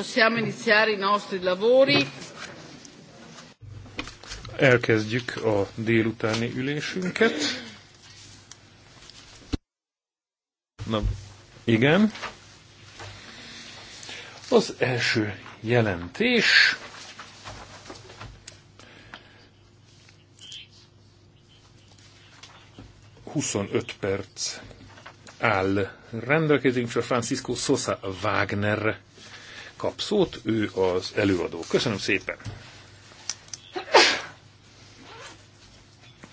Possiamo iniziare i nostri lavori. Elkezdjük a délutáni ülésünket. Na, igen. Az első jelentés. Huszonöt perc áll rendelkezésünkre Francisco Sosa Wagner kap szót, ő az előadó. Köszönöm szépen!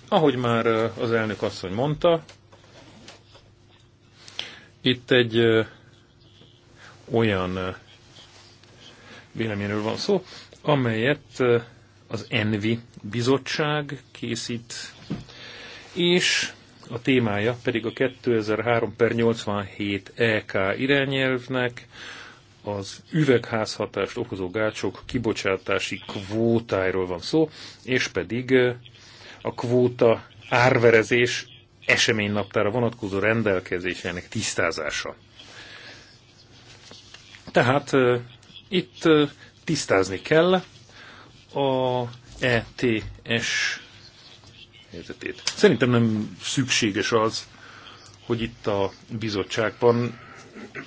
Ahogy már eh, az elnök asszony mondta, itt egy eh, olyan eh, véleményről van szó, amelyet az Envi bizottság készít, és a témája pedig a 2003 per 87 EK irányelvnek, az üvegházhatást okozó gácsok kibocsátási kvótáiról van szó, és pedig a kvóta árverezés eseménynaptára vonatkozó rendelkezésének tisztázása. Tehát itt tisztázni kell a ETS helyzetét. Szerintem nem szükséges az, hogy itt a bizottságban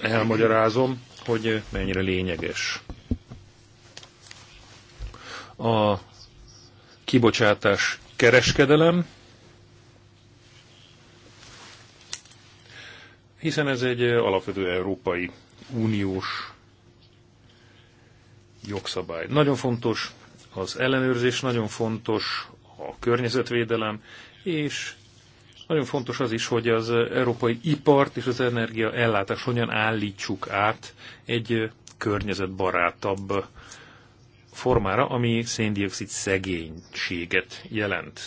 elmagyarázom, hogy mennyire lényeges. A kibocsátás kereskedelem, hiszen ez egy alapvető európai uniós jogszabály. Nagyon fontos az ellenőrzés, nagyon fontos a környezetvédelem, és nagyon fontos az is, hogy az európai ipart és az energia ellátás hogyan állítsuk át egy környezetbarátabb formára, ami széndiokszid szegénységet jelent.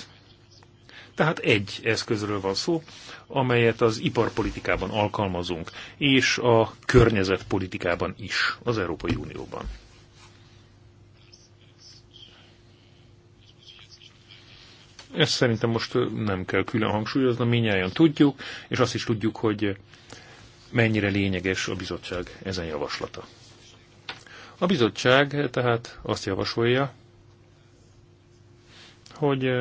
Tehát egy eszközről van szó, amelyet az iparpolitikában alkalmazunk, és a környezetpolitikában is az Európai Unióban. Ezt szerintem most nem kell külön hangsúlyozni, minnyáján tudjuk, és azt is tudjuk, hogy mennyire lényeges a bizottság ezen javaslata. A bizottság tehát azt javasolja, hogy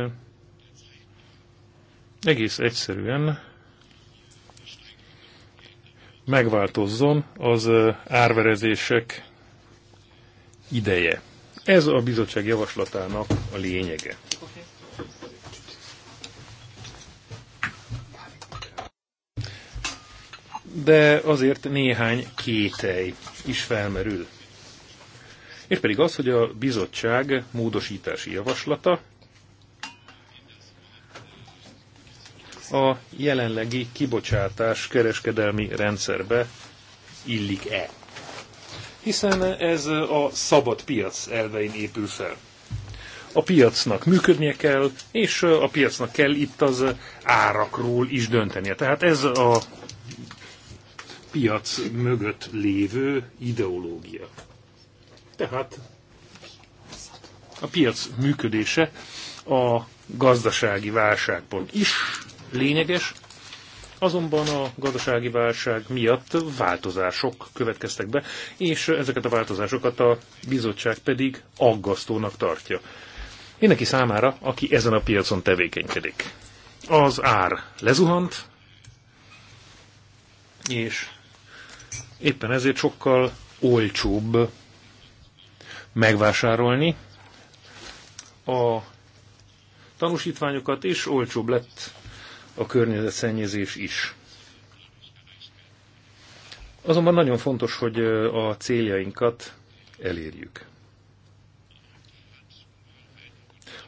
egész egyszerűen megváltozzon az árverezések ideje. Ez a bizottság javaslatának a lényege. de azért néhány kételj is felmerül. És pedig az, hogy a bizottság módosítási javaslata a jelenlegi kibocsátás kereskedelmi rendszerbe illik-e. Hiszen ez a szabad piac elvein épül fel. A piacnak működnie kell, és a piacnak kell itt az árakról is döntenie. Tehát ez a piac mögött lévő ideológia. Tehát a piac működése a gazdasági válságban is lényeges, azonban a gazdasági válság miatt változások következtek be, és ezeket a változásokat a bizottság pedig aggasztónak tartja. Mindenki számára, aki ezen a piacon tevékenykedik. Az ár lezuhant, és Éppen ezért sokkal olcsóbb megvásárolni a tanúsítványokat, és olcsóbb lett a környezetszennyezés is. Azonban nagyon fontos, hogy a céljainkat elérjük.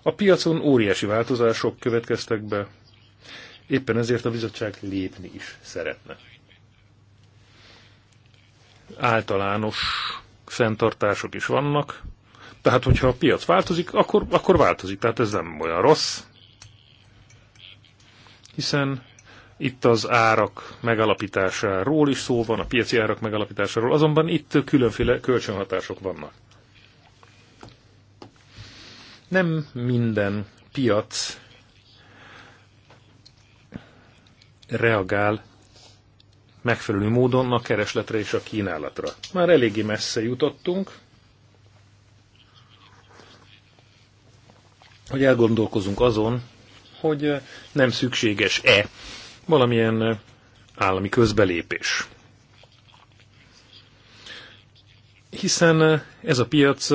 A piacon óriási változások következtek be, éppen ezért a bizottság lépni is szeretne általános fenntartások is vannak. Tehát, hogyha a piac változik, akkor, akkor változik. Tehát ez nem olyan rossz, hiszen itt az árak megalapításáról is szó van, a piaci árak megalapításáról, azonban itt különféle kölcsönhatások vannak. Nem minden piac reagál megfelelő módon a keresletre és a kínálatra. Már eléggé messze jutottunk, hogy elgondolkozunk azon, hogy nem szükséges-e valamilyen állami közbelépés. Hiszen ez a piac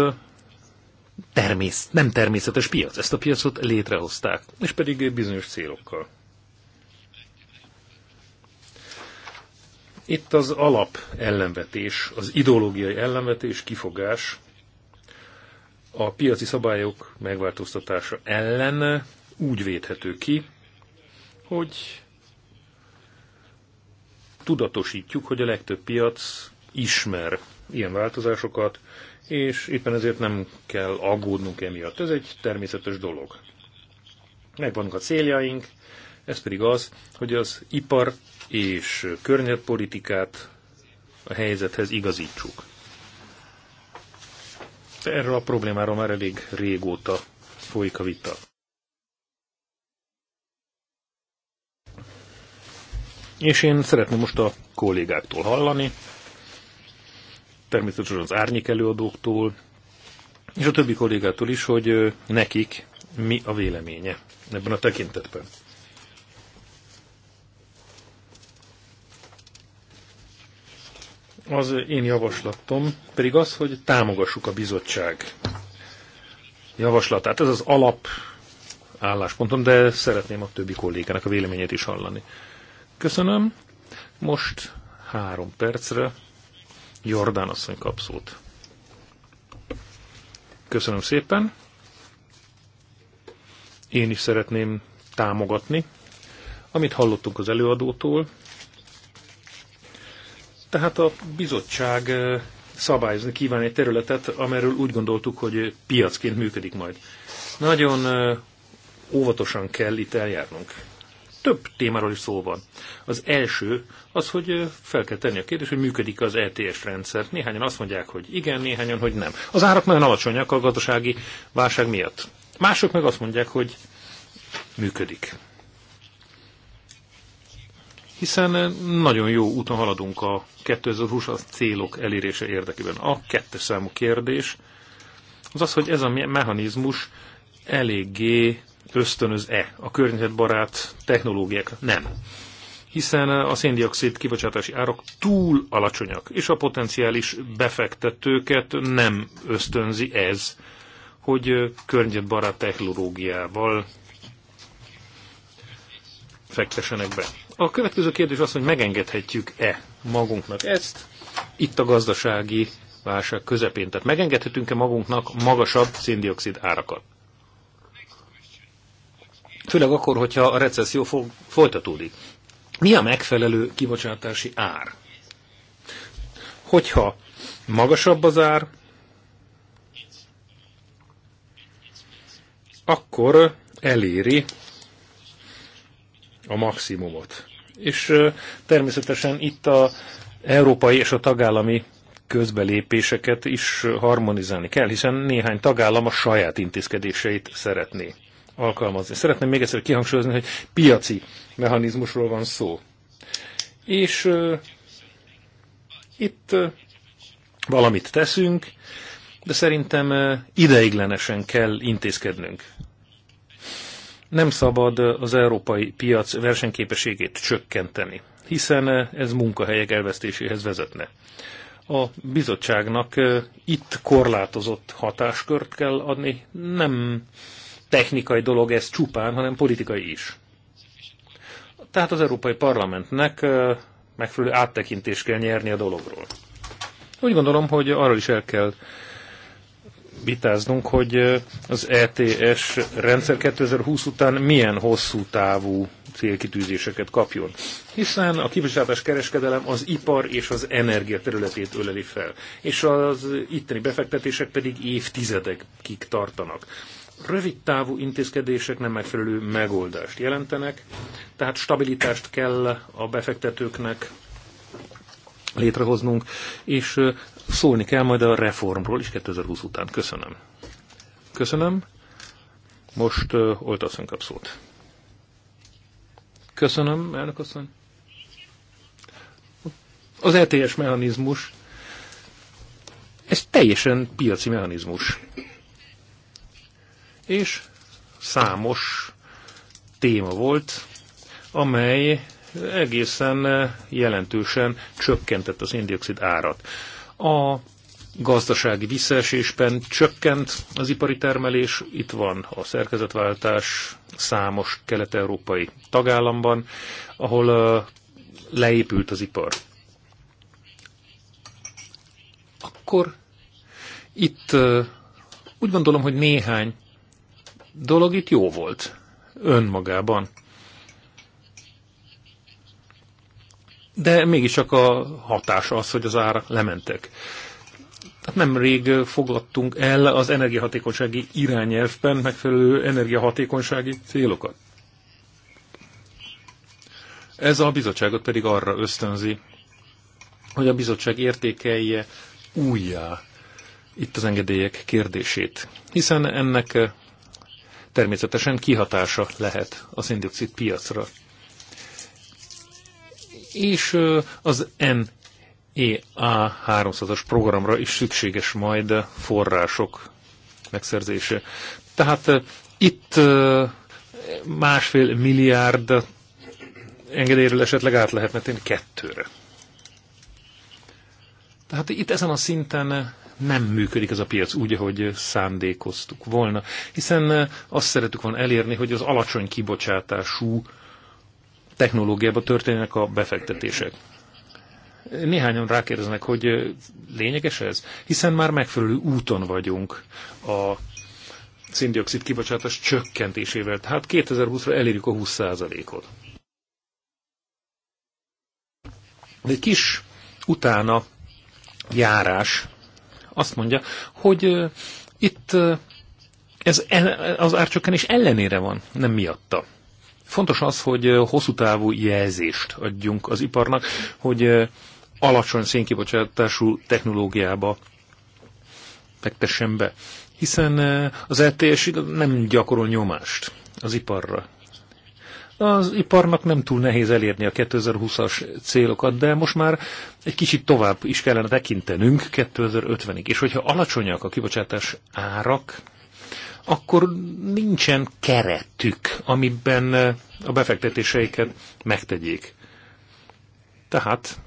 termész, nem természetes piac, ezt a piacot létrehozták, és pedig bizonyos célokkal. Itt az alap ellenvetés, az ideológiai ellenvetés, kifogás a piaci szabályok megváltoztatása ellen úgy védhető ki, hogy tudatosítjuk, hogy a legtöbb piac ismer ilyen változásokat, és éppen ezért nem kell aggódnunk emiatt. Ez egy természetes dolog. Megvannak a céljaink, ez pedig az, hogy az ipar és környezetpolitikát a helyzethez igazítsuk. Erről a problémáról már elég régóta folyik a vita. És én szeretném most a kollégáktól hallani, természetesen az árnyék előadóktól, és a többi kollégától is, hogy nekik mi a véleménye ebben a tekintetben. Az én javaslatom pedig az, hogy támogassuk a bizottság javaslatát. Ez az alap álláspontom, de szeretném a többi kollégának a véleményét is hallani. Köszönöm. Most három percre Jordán asszony kap szót. Köszönöm szépen. Én is szeretném támogatni, amit hallottunk az előadótól, tehát a bizottság szabályozni kíván egy területet, amerről úgy gondoltuk, hogy piacként működik majd. Nagyon óvatosan kell itt eljárnunk. Több témáról is szó van. Az első az, hogy fel kell tenni a kérdést, hogy működik az ETS rendszer. Néhányan azt mondják, hogy igen, néhányan, hogy nem. Az árak nagyon alacsonyak a gazdasági válság miatt. Mások meg azt mondják, hogy működik hiszen eh, nagyon jó úton haladunk a 2020-as célok elérése érdekében. A kettes számú kérdés az az, hogy ez a mechanizmus eléggé ösztönöz-e a környezetbarát technológiákra? Nem. Hiszen eh, a széndiokszid kibocsátási árak túl alacsonyak, és a potenciális befektetőket nem ösztönzi ez, hogy eh, környezetbarát technológiával fektessenek be. A következő kérdés az, hogy megengedhetjük-e magunknak ezt itt a gazdasági válság közepén. Tehát megengedhetünk-e magunknak magasabb széndiokszid árakat? Főleg akkor, hogyha a recesszió fog, folytatódik. Mi a megfelelő kibocsátási ár? Hogyha magasabb az ár, akkor eléri a maximumot. És természetesen itt a európai és a tagállami közbelépéseket is harmonizálni kell, hiszen néhány tagállam a saját intézkedéseit szeretné alkalmazni. Szeretném még egyszer kihangsúlyozni, hogy piaci mechanizmusról van szó. És uh, itt uh, valamit teszünk, de szerintem uh, ideiglenesen kell intézkednünk. Nem szabad az európai piac versenyképességét csökkenteni, hiszen ez munkahelyek elvesztéséhez vezetne. A bizottságnak itt korlátozott hatáskört kell adni, nem technikai dolog ez csupán, hanem politikai is. Tehát az Európai Parlamentnek megfelelő áttekintést kell nyerni a dologról. Úgy gondolom, hogy arról is el kell vitáznunk, hogy az ETS rendszer 2020 után milyen hosszú távú célkitűzéseket kapjon. Hiszen a kibocsátás kereskedelem az ipar és az energia területét öleli fel, és az itteni befektetések pedig évtizedekig tartanak. Rövid távú intézkedések nem megfelelő megoldást jelentenek, tehát stabilitást kell a befektetőknek létrehoznunk, és Szólni kell majd a reformról is 2020 után. Köszönöm. Köszönöm. Most uh, oltasszony kap szót. Köszönöm, elnök asszony. Az ETS mechanizmus, ez teljesen piaci mechanizmus. És számos téma volt, amely egészen jelentősen csökkentett az indioxid árat. A gazdasági visszaesésben csökkent az ipari termelés, itt van a szerkezetváltás számos kelet-európai tagállamban, ahol leépült az ipar. Akkor itt úgy gondolom, hogy néhány dolog itt jó volt önmagában. de mégiscsak a hatás az, hogy az árak lementek. Tehát nemrég fogadtunk el az energiahatékonysági irányelvben megfelelő energiahatékonysági célokat. Ez a bizottságot pedig arra ösztönzi, hogy a bizottság értékelje újjá itt az engedélyek kérdését, hiszen ennek természetesen kihatása lehet a széndiokszid piacra és az MEA 300-as programra is szükséges majd források megszerzése. Tehát itt másfél milliárd engedélyről esetleg át lehetne tenni kettőre. Tehát itt ezen a szinten nem működik ez a piac úgy, ahogy szándékoztuk volna, hiszen azt szeretük volna elérni, hogy az alacsony kibocsátású technológiába történnek a befektetések. Néhányan rákérdeznek, hogy lényeges ez? Hiszen már megfelelő úton vagyunk a széndiokszid kibocsátás csökkentésével. Tehát 2020-ra elérjük a 20%-ot. Egy kis utána járás azt mondja, hogy itt ez az árcsökkenés ellenére van, nem miatta. Fontos az, hogy hosszú távú jelzést adjunk az iparnak, hogy alacsony szénkibocsátású technológiába fektessen be. Hiszen az LTS e nem gyakorol nyomást az iparra. Az iparnak nem túl nehéz elérni a 2020-as célokat, de most már egy kicsit tovább is kellene tekintenünk 2050-ig. És hogyha alacsonyak a kibocsátás árak, akkor nincsen keretük, amiben eh, a befektetéseiket megtegyék. Tehát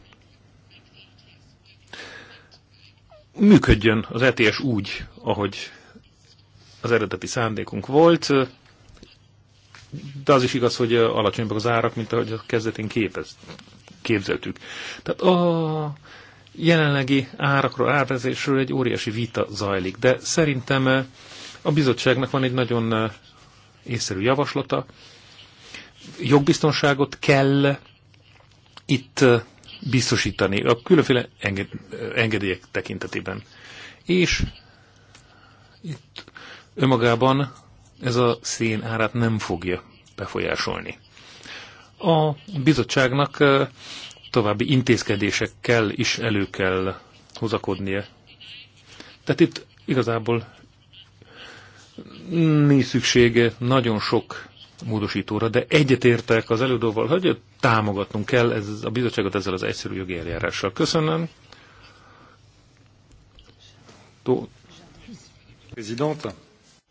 működjön az ETS úgy, ahogy az eredeti szándékunk volt, de az is igaz, hogy eh, alacsonyabbak az árak, mint ahogy a kezdetén képez, képzeltük. Tehát a jelenlegi árakról, árvezésről egy óriási vita zajlik, de szerintem eh, a bizottságnak van egy nagyon eh, észszerű javaslata. Jogbiztonságot kell itt eh, biztosítani a különféle enged engedélyek tekintetében. És itt önmagában ez a szén árát nem fogja befolyásolni. A bizottságnak eh, további intézkedésekkel is elő kell hozakodnia. Tehát itt igazából mi szüksége nagyon sok módosítóra, de egyetértek az előadóval, hogy támogatnunk kell ez, a bizottságot ezzel az egyszerű jogi eljárással. Köszönöm. Tó.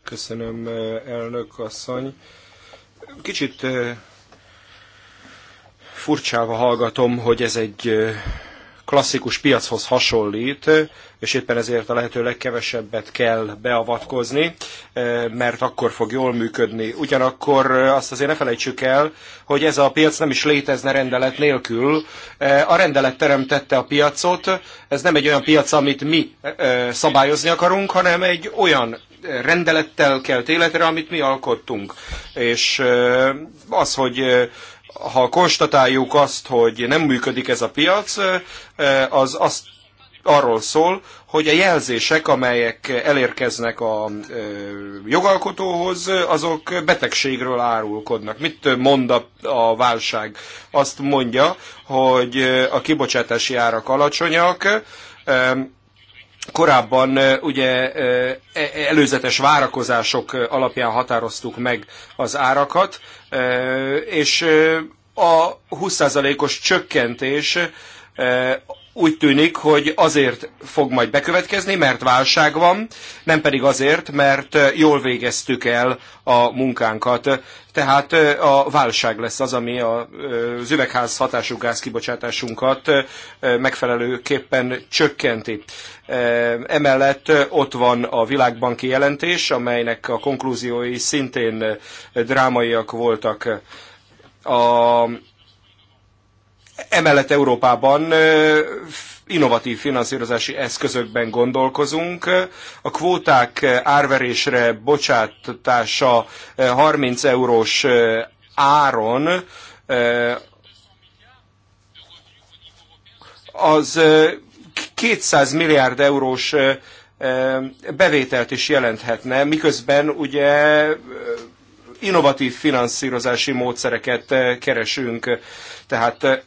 Köszönöm, elnök asszony. Kicsit eh, furcsáva hallgatom, hogy ez egy eh, klasszikus piachoz hasonlít, és éppen ezért a lehető legkevesebbet kell beavatkozni, eh, mert akkor fog jól működni. Ugyanakkor eh, azt azért ne felejtsük el, hogy ez a piac nem is létezne rendelet nélkül. Eh, a rendelet teremtette a piacot, ez nem egy olyan piac, amit mi szabályozni akarunk, hanem egy olyan rendelettel kelt életre, amit mi alkottunk. És az, hogy ha konstatáljuk azt, hogy nem működik ez a piac, az azt arról szól, hogy a jelzések, amelyek elérkeznek a jogalkotóhoz, azok betegségről árulkodnak. Mit mond a, a válság? Azt mondja, hogy a kibocsátási árak alacsonyak, Korábban ugye e, előzetes várakozások alapján határoztuk meg az árakat, és a 20%-os csökkentés úgy tűnik, hogy azért fog majd bekövetkezni, mert válság van, nem pedig azért, mert jól végeztük el a munkánkat. Tehát a válság lesz az, ami a üvegház hatású gázkibocsátásunkat megfelelőképpen csökkenti. Emellett ott van a világbanki jelentés, amelynek a konklúziói szintén drámaiak voltak. A Emellett Európában innovatív finanszírozási eszközökben gondolkozunk. A kvóták árverésre bocsátása 30 eurós áron az 200 milliárd eurós bevételt is jelenthetne, miközben ugye innovatív finanszírozási módszereket keresünk. Tehát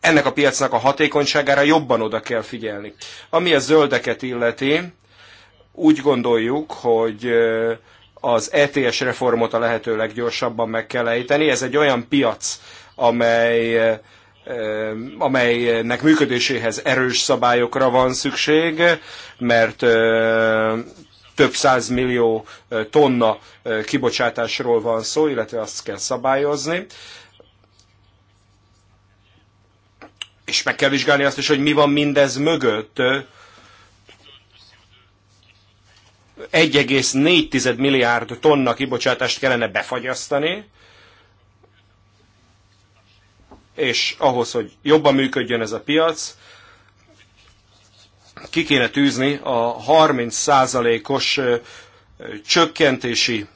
ennek a piacnak a hatékonyságára jobban oda kell figyelni. Ami a zöldeket illeti, úgy gondoljuk, hogy az ETS reformot a lehető leggyorsabban meg kell ejteni. Ez egy olyan piac, amely amelynek működéséhez erős szabályokra van szükség, mert több száz millió tonna kibocsátásról van szó, illetve azt kell szabályozni. és meg kell vizsgálni azt is, hogy mi van mindez mögött. 1,4 milliárd tonna kibocsátást kellene befagyasztani, és ahhoz, hogy jobban működjön ez a piac, ki kéne tűzni a 30%-os csökkentési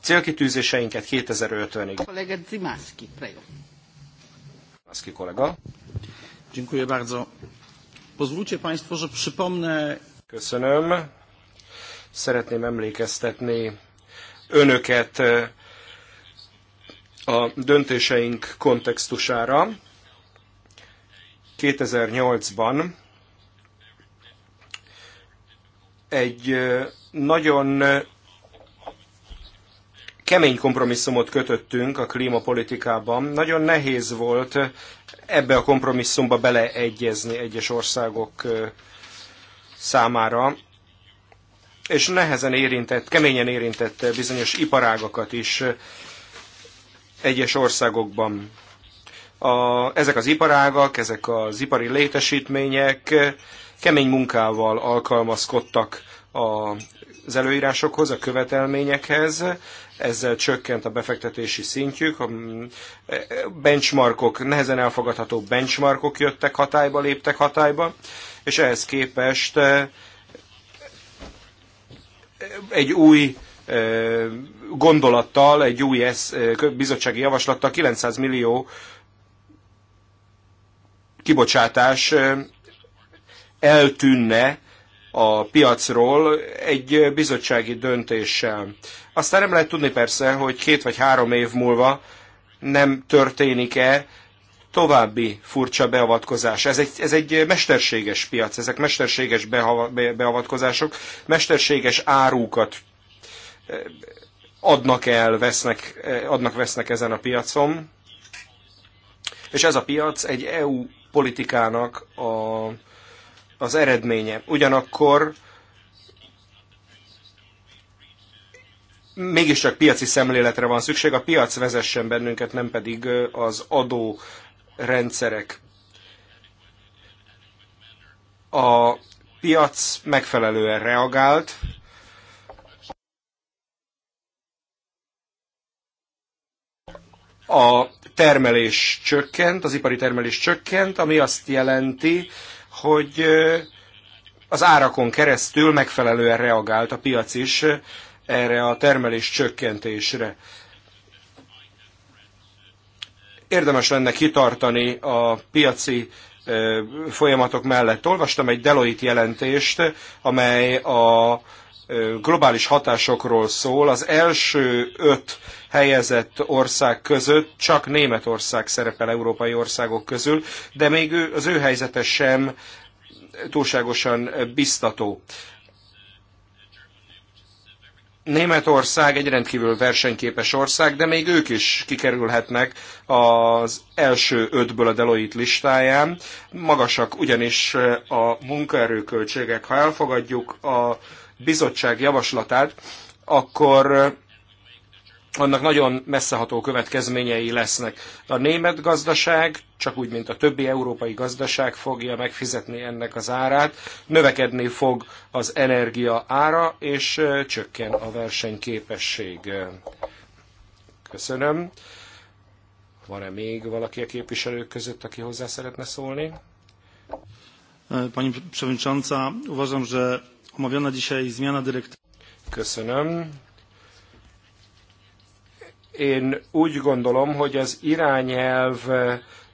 célkitűzéseinket 2050-ig. Dziękuję bardzo. Pozwólcie Państwo, że przypomnę... Köszönöm. Szeretném emlékeztetni önöket e, a döntéseink kontextusára. 2008-ban egy e, nagyon kemény kompromisszumot kötöttünk a klímapolitikában. Nagyon nehéz volt ebbe a kompromisszumba beleegyezni egyes országok számára, és nehezen érintett, keményen érintett bizonyos iparágakat is egyes országokban. A, ezek az iparágak, ezek az ipari létesítmények kemény munkával alkalmazkodtak a az előírásokhoz, a követelményekhez, ezzel csökkent a befektetési szintjük, a benchmarkok, nehezen elfogadható benchmarkok jöttek hatályba, léptek hatályba, és ehhez képest eh, egy új eh, gondolattal, egy új eh, bizottsági javaslattal 900 millió kibocsátás eltűnne a piacról egy bizottsági döntéssel. Aztán nem lehet tudni persze, hogy két vagy három év múlva nem történik-e további furcsa beavatkozás. Ez egy, ez egy mesterséges piac, ezek mesterséges beavatkozások, mesterséges árukat eh, adnak el, vesznek, eh, adnak, vesznek ezen a piacon. És ez a piac egy EU politikának a az eredménye. Ugyanakkor mégiscsak piaci szemléletre van szükség, a piac vezessen bennünket, nem pedig az adó rendszerek. A piac megfelelően reagált, a termelés csökkent, az ipari termelés csökkent, ami azt jelenti, hogy az árakon keresztül megfelelően reagált a piac is erre a termelés csökkentésre. Érdemes lenne kitartani a piaci folyamatok mellett. Olvastam egy Deloitte jelentést, amely a globális hatásokról szól. Az első öt helyezett ország között csak Németország szerepel európai országok közül, de még ő, az ő helyzete sem túlságosan biztató. Németország egy rendkívül versenyképes ország, de még ők is kikerülhetnek az első ötből a Deloitte listáján. Magasak ugyanis a munkaerőköltségek. Ha elfogadjuk a bizottság javaslatát, akkor annak nagyon messzeható következményei lesznek. A német gazdaság, csak úgy, mint a többi európai gazdaság fogja megfizetni ennek az árát, növekedni fog az energia ára, és csökken a versenyképesség. Köszönöm. Van-e még valaki a képviselők között, aki hozzá szeretne szólni? Pani Przewodnicząca, uważam, że Omawiana dzisiaj zmiana dyrektywy. Köszönöm. Én úgy gondolom, hogy az irányelv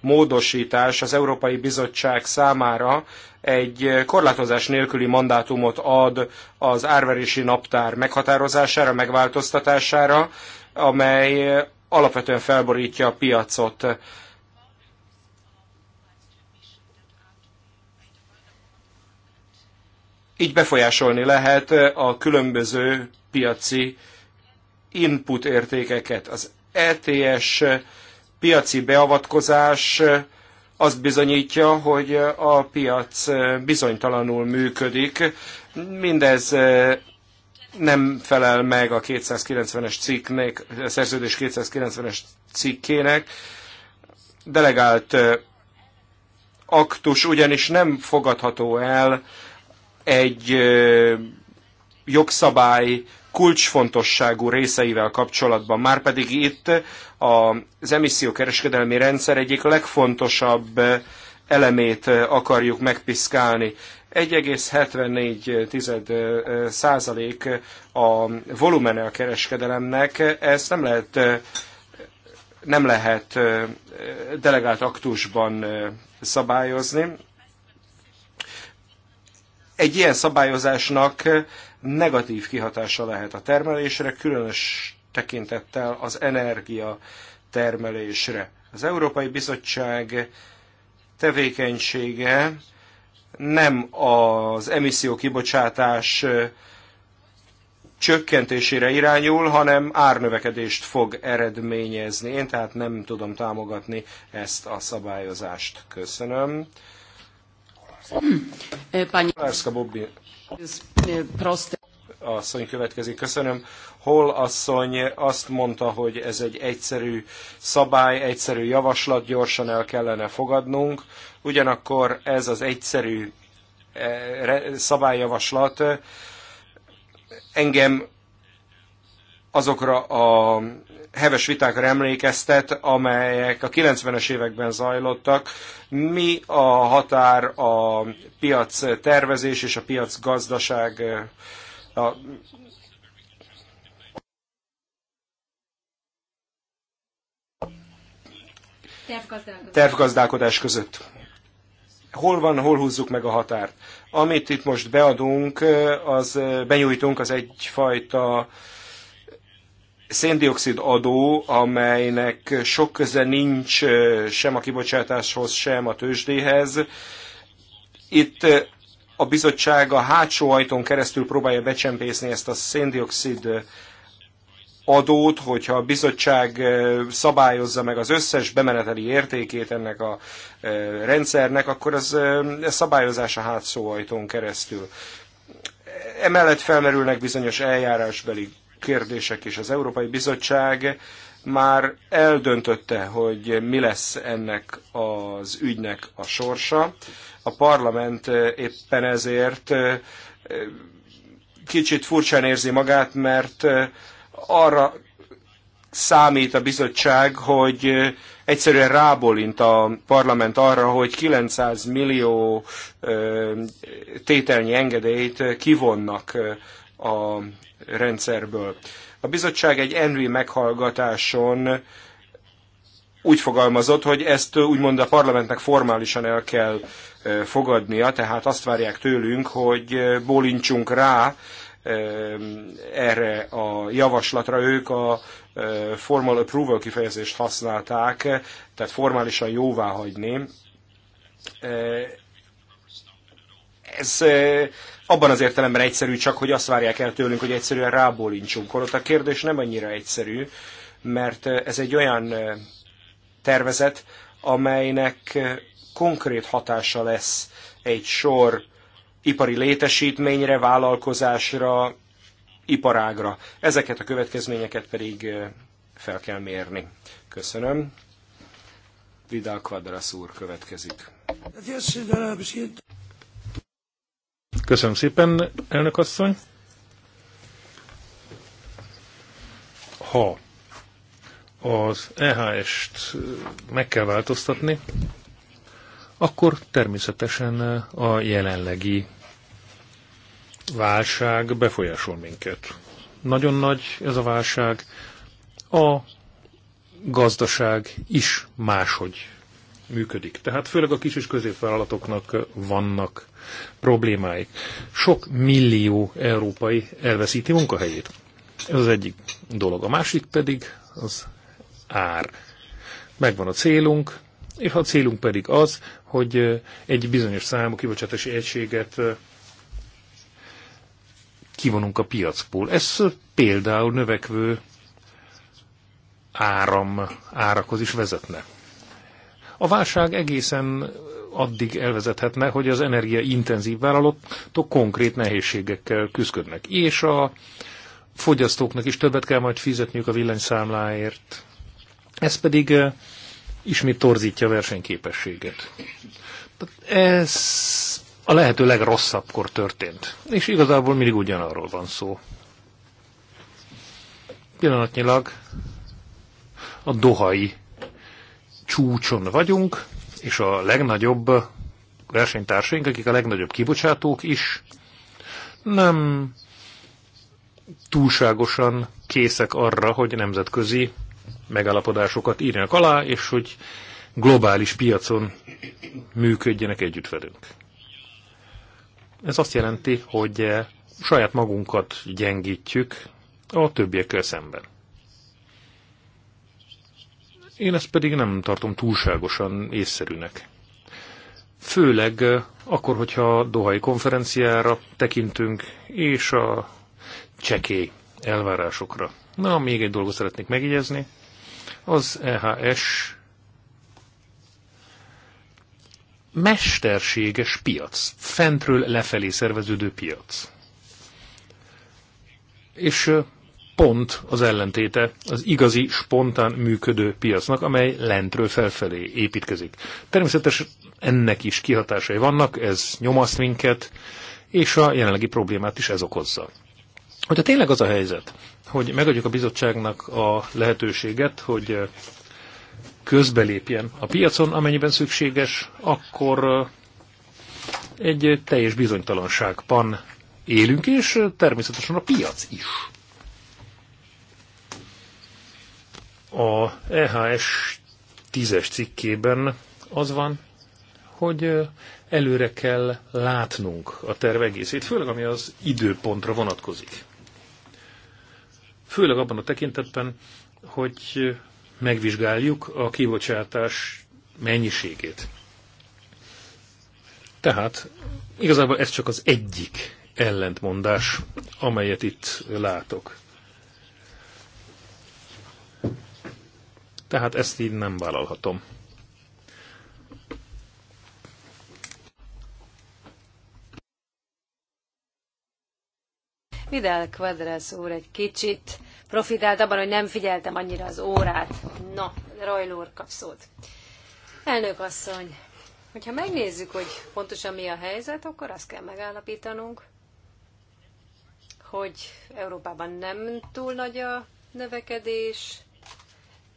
módosítás az Európai Bizottság számára egy korlátozás nélküli mandátumot ad az árverési naptár meghatározására, megváltoztatására, amely alapvetően felborítja a piacot. Így befolyásolni lehet a különböző piaci input értékeket. Az ETS piaci beavatkozás azt bizonyítja, hogy a piac bizonytalanul működik. Mindez nem felel meg a 290-es cikknek, a szerződés 290-es cikkének. Delegált aktus ugyanis nem fogadható el egy jogszabály kulcsfontosságú részeivel kapcsolatban. Márpedig itt az emissziókereskedelmi rendszer egyik legfontosabb elemét akarjuk megpiszkálni. 1,74 százalék a volumene a kereskedelemnek, ezt nem lehet, nem lehet delegált aktusban szabályozni egy ilyen szabályozásnak negatív kihatása lehet a termelésre, különös tekintettel az energia termelésre. Az Európai Bizottság tevékenysége nem az emisszió kibocsátás csökkentésére irányul, hanem árnövekedést fog eredményezni. Én tehát nem tudom támogatni ezt a szabályozást. Köszönöm. Hm. Pani Lárszka Bobbi. E, asszony következik, köszönöm. Hol asszony azt mondta, hogy ez egy egyszerű szabály, egyszerű javaslat, gyorsan el kellene fogadnunk. Ugyanakkor ez az egyszerű e, szabályjavaslat e, engem azokra a heves vitákra emlékeztet, amelyek a 90-es években zajlottak. Mi a határ a piac tervezés és a piac gazdaság a tervgazdálkodás. között. Hol van, hol húzzuk meg a határt? Amit itt most beadunk, az benyújtunk, az egyfajta uh, széndiokszid adó, amelynek sok köze nincs sem a kibocsátáshoz, sem a tőzsdéhez. Itt a bizottság a hátsó ajtón keresztül próbálja becsempészni ezt a széndiokszid adót, hogyha a bizottság szabályozza meg az összes bemeneteli értékét ennek a rendszernek, akkor az szabályozás a hátsó ajtón keresztül. Emellett felmerülnek bizonyos eljárásbeli kérdések és Az Európai Bizottság már eldöntötte, hogy mi lesz ennek az ügynek a sorsa. A parlament éppen ezért kicsit furcsán érzi magát, mert arra számít a bizottság, hogy egyszerűen rábólint a parlament arra, hogy 900 millió tételnyi engedélyt kivonnak a rendszerből. A bizottság egy ENVI meghallgatáson úgy fogalmazott, hogy ezt úgymond a parlamentnek formálisan el kell fogadnia, tehát azt várják tőlünk, hogy bólintsunk rá erre a javaslatra. Ők a formal approval kifejezést használták, tehát formálisan jóvá hagyni ez abban az értelemben egyszerű csak, hogy azt várják el tőlünk, hogy egyszerűen rábólincsunk. Holott a kérdés nem annyira egyszerű, mert ez egy olyan tervezet, amelynek konkrét hatása lesz egy sor ipari létesítményre, vállalkozásra, iparágra. Ezeket a következményeket pedig fel kell mérni. Köszönöm. Vidal Quadras úr következik. Köszönöm szépen, elnök asszony. Ha az EHS-t meg kell változtatni, akkor természetesen a jelenlegi válság befolyásol minket. Nagyon nagy ez a válság, a gazdaság is máshogy működik. Tehát főleg a kis és középvállalatoknak vannak problémáik. Sok millió európai elveszíti munkahelyét. Ez az egyik dolog. A másik pedig az ár. Megvan a célunk, és a célunk pedig az, hogy egy bizonyos számú kibocsátási egységet kivonunk a piacból. Ez például növekvő áram, árakhoz is vezetne. A válság egészen addig elvezethetne, hogy az energiaintenzív vállalatok konkrét nehézségekkel küzdködnek. És a fogyasztóknak is többet kell majd fizetniük a villanyszámláért. Ez pedig eh, ismét torzítja a versenyképességet. Ez a lehető legrosszabbkor történt. És igazából mindig ugyanarról van szó. Pillanatnyilag a dohai csúcson vagyunk, és a legnagyobb versenytársaink, akik a legnagyobb kibocsátók is, nem túlságosan készek arra, hogy nemzetközi megállapodásokat írjanak alá, és hogy globális piacon működjenek együtt velünk. Ez azt jelenti, hogy saját magunkat gyengítjük a többiekkel szemben. Én ezt pedig nem tartom túlságosan észszerűnek. Főleg eh, akkor, hogyha a Dohai konferenciára tekintünk, és a csekély elvárásokra. Na, még egy dolgot szeretnék megjegyezni. Az EHS mesterséges piac, fentről lefelé szerveződő piac. És eh, pont az ellentéte az igazi, spontán működő piacnak, amely lentről felfelé építkezik. Természetesen ennek is kihatásai vannak, ez nyomaszt minket, és a jelenlegi problémát is ez okozza. Hogyha tényleg az a helyzet, hogy megadjuk a bizottságnak a lehetőséget, hogy közbelépjen a piacon, amennyiben szükséges, akkor eh, egy teljes bizonytalanságban élünk, és természetesen a piac is. a EHS 10-es cikkében az van, hogy előre kell látnunk a terv egészét, főleg ami az időpontra vonatkozik. Főleg abban a tekintetben, hogy megvizsgáljuk a kibocsátás mennyiségét. Tehát igazából ez csak az egyik ellentmondás, amelyet itt látok. Tehát ezt így nem vállalhatom. Vidal Quadras úr egy kicsit profitált abban, hogy nem figyeltem annyira az órát. Na, Rajl úr kap szót. Elnök asszony, hogyha megnézzük, hogy pontosan mi a helyzet, akkor azt kell megállapítanunk, hogy Európában nem túl nagy a növekedés,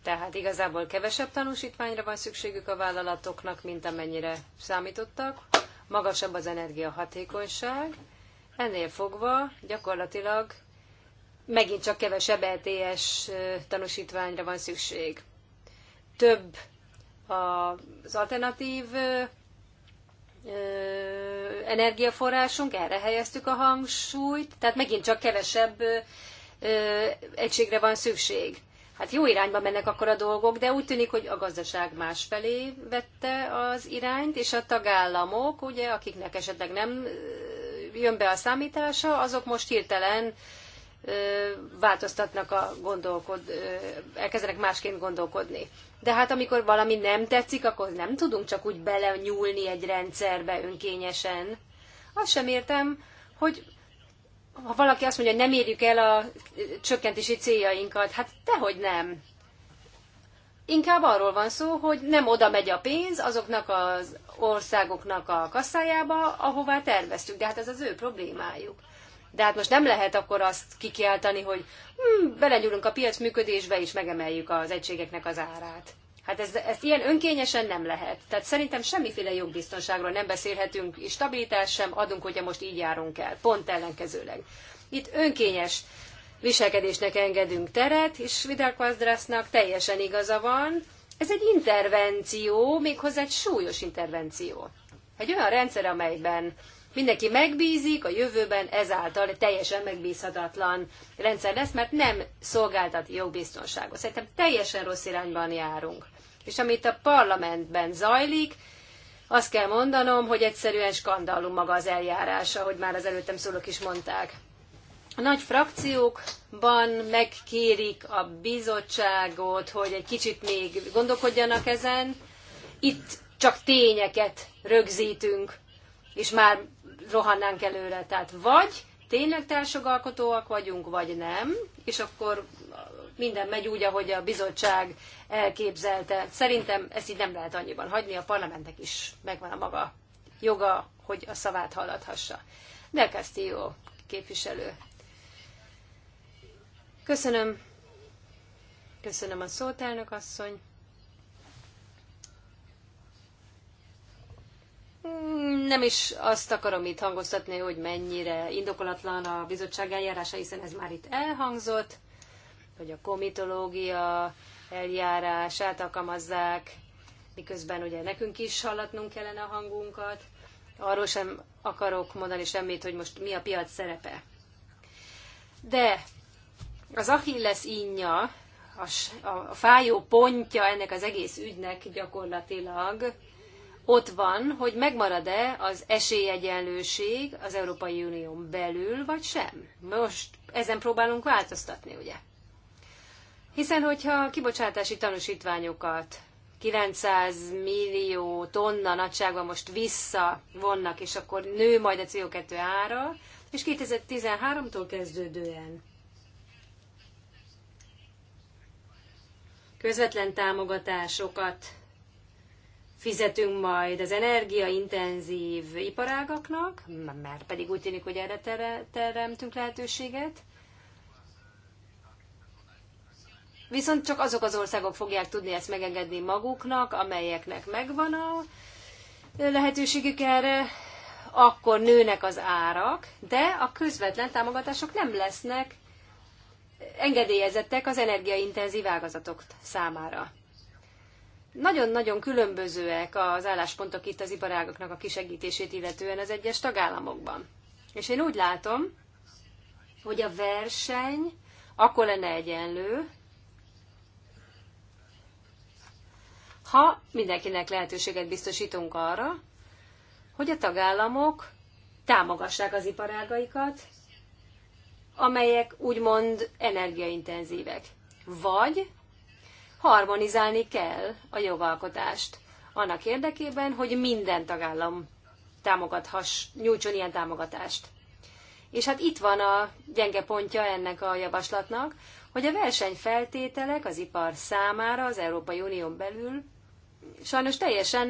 tehát igazából kevesebb tanúsítványra van szükségük a vállalatoknak, mint amennyire számítottak. Magasabb az energiahatékonyság, ennél fogva gyakorlatilag megint csak kevesebb ETS tanúsítványra van szükség. Több az alternatív energiaforrásunk, erre helyeztük a hangsúlyt, tehát megint csak kevesebb egységre van szükség. Hát jó irányba mennek akkor a dolgok, de úgy tűnik, hogy a gazdaság másfelé vette az irányt, és a tagállamok, ugye, akiknek esetleg nem jön be a számítása, azok most hirtelen változtatnak a gondolkod, elkezdenek másként gondolkodni. De hát amikor valami nem tetszik, akkor nem tudunk csak úgy bele nyúlni egy rendszerbe önkényesen. Azt sem értem, hogy ha valaki azt mondja, hogy nem érjük el a csökkentési céljainkat, hát tehogy nem. Inkább arról van szó, hogy nem oda megy a pénz azoknak az országoknak a kasszájába, ahová terveztük, de hát ez az ő problémájuk. De hát most nem lehet akkor azt kikiáltani, hogy hm, belegyúrunk a piac működésbe, és megemeljük az egységeknek az árát. Hát ez, ezt ilyen önkényesen nem lehet. Tehát szerintem semmiféle jogbiztonságról nem beszélhetünk, és stabilitás sem adunk, hogyha most így járunk el. Pont ellenkezőleg. Itt önkényes viselkedésnek engedünk teret, és Vidal Quadrasnak teljesen igaza van. Ez egy intervenció, méghozzá egy súlyos intervenció. Egy olyan rendszer, amelyben Mindenki megbízik, a jövőben ezáltal egy teljesen megbízhatatlan rendszer lesz, mert nem szolgáltat jogbiztonságot. Szerintem teljesen rossz irányban járunk. És amit a parlamentben zajlik, azt kell mondanom, hogy egyszerűen skandalum maga az eljárás, ahogy már az előttem szólók is mondták. A nagy frakciókban megkérik a bizottságot, hogy egy kicsit még gondolkodjanak ezen. Itt csak tényeket rögzítünk, és már rohannánk előre. Tehát vagy tényleg társogalkotóak vagyunk, vagy nem, és akkor minden megy úgy, ahogy a bizottság elképzelte. Szerintem ezt így nem lehet annyiban hagyni, a parlamentnek is megvan a maga joga, hogy a szavát hallathassa. De jó képviselő. Köszönöm. Köszönöm a szót, elnök asszony. Hmm, nem is azt akarom itt hangoztatni, hogy mennyire indokolatlan a bizottság eljárása, hiszen ez már itt elhangzott, hogy a komitológia eljárását alkalmazzák, miközben ugye nekünk is hallatnunk kellene a hangunkat. Arról sem akarok mondani semmit, hogy most mi a piac szerepe. De az Achilles inja, a, a fájó pontja ennek az egész ügynek gyakorlatilag ott van, hogy megmarad-e az esélyegyenlőség az Európai Unión belül, vagy sem. Most ezen próbálunk változtatni, ugye? Hiszen, hogyha kibocsátási tanúsítványokat 900 millió tonna nagyságban most visszavonnak, és akkor nő majd a CO2 ára, és 2013-tól kezdődően közvetlen támogatásokat fizetünk majd az energiaintenzív iparágaknak, mert pedig úgy tűnik, hogy erre teremtünk lehetőséget. Viszont csak azok az országok fogják tudni ezt megengedni maguknak, amelyeknek megvan a lehetőségük erre, akkor nőnek az árak, de a közvetlen támogatások nem lesznek engedélyezettek az energiaintenzív ágazatok számára. Nagyon-nagyon különbözőek az álláspontok itt az iparágoknak a kisegítését illetően az egyes tagállamokban. És én úgy látom, hogy a verseny akkor lenne egyenlő, ha mindenkinek lehetőséget biztosítunk arra, hogy a tagállamok támogassák az iparágaikat, amelyek úgymond energiaintenzívek. Vagy harmonizálni kell a jogalkotást. Annak érdekében, hogy minden tagállam támogathass, nyújtson ilyen támogatást. És hát itt van a gyenge pontja ennek a javaslatnak, hogy a versenyfeltételek az ipar számára az Európai Unión belül sajnos teljesen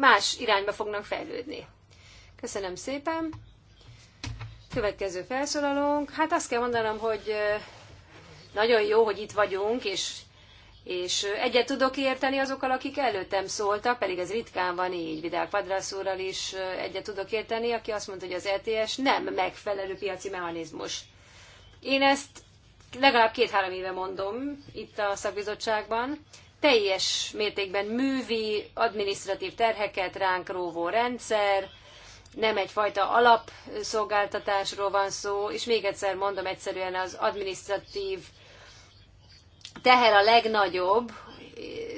más irányba fognak fejlődni. Köszönöm szépen. Következő felszólalónk. Hát azt kell mondanom, hogy nagyon jó, hogy itt vagyunk, és és egyet tudok érteni azokkal, akik előttem szóltak, pedig ez ritkán van így. Vidal Padrasz úrral is egyet tudok érteni, aki azt mondta, hogy az ETS nem megfelelő piaci mechanizmus. Én ezt legalább két-három éve mondom itt a szakbizottságban. Teljes mértékben művi, administratív terheket ránk róvó rendszer, nem egyfajta alapszolgáltatásról van szó, és még egyszer mondom egyszerűen az administratív teher a legnagyobb,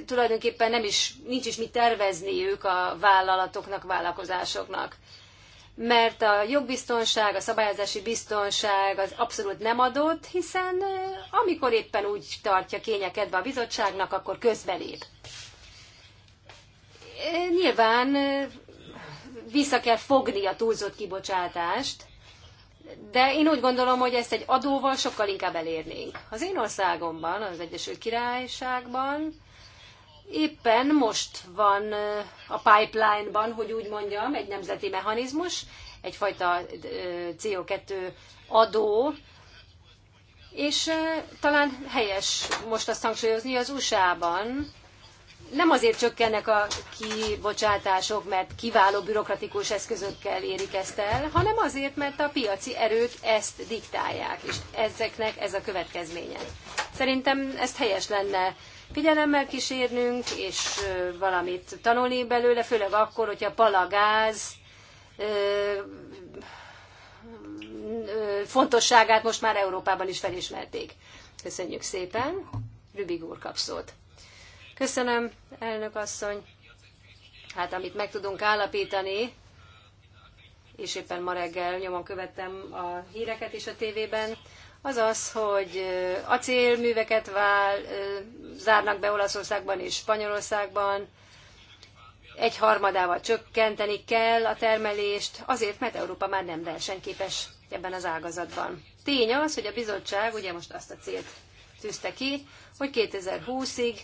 tulajdonképpen nem is, nincs is mit tervezniük a vállalatoknak, vállalkozásoknak. Mert a jogbiztonság, a szabályozási biztonság az abszolút nem adott, hiszen amikor éppen úgy tartja kényekedve a bizottságnak, akkor közbelép. Nyilván vissza kell fogni a túlzott kibocsátást, de én úgy gondolom, hogy ezt egy adóval sokkal inkább elérnénk. Az én országomban, az Egyesült Királyságban éppen most van a pipeline-ban, hogy úgy mondjam, egy nemzeti mechanizmus, egyfajta CO2 adó, és talán helyes most azt hangsúlyozni, az USA-ban nem azért csökkennek a kibocsátások, mert kiváló bürokratikus eszközökkel érik ezt el, hanem azért, mert a piaci erők ezt diktálják, és ezeknek ez a következménye. Szerintem ezt helyes lenne figyelemmel kísérnünk, és valamit tanulni belőle, főleg akkor, hogyha palagáz fontosságát most már Európában is felismerték. Köszönjük szépen. Rübig úr kap szót. Köszönöm, elnök asszony. Hát amit meg tudunk állapítani, és éppen ma reggel nyomon követtem a híreket is a tévében, az az, hogy acélműveket vál, zárnak be Olaszországban és Spanyolországban, egy harmadával csökkenteni kell a termelést, azért, mert Európa már nem versenyképes ebben az ágazatban. Tény az, hogy a bizottság ugye most azt a célt tűzte ki, hogy 2020-ig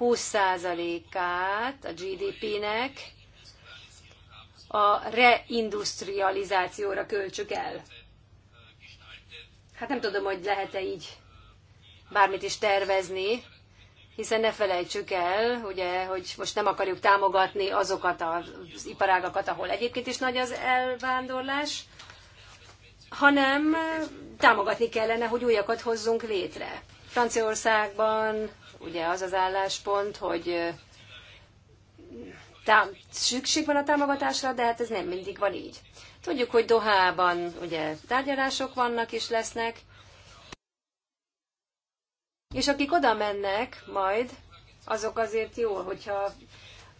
20%-át a GDP-nek a reindustrializációra költsük el. Hát nem tudom, hogy lehet-e így bármit is tervezni, hiszen ne felejtsük el, ugye, hogy most nem akarjuk támogatni azokat az iparágakat, ahol egyébként is nagy az elvándorlás, hanem támogatni kellene, hogy újakat hozzunk létre. Franciaországban ugye az az álláspont, hogy szükség van a támogatásra, de hát ez nem mindig van így. Tudjuk, hogy Dohában ugye tárgyalások vannak és lesznek, és akik oda mennek majd, azok azért jó, hogyha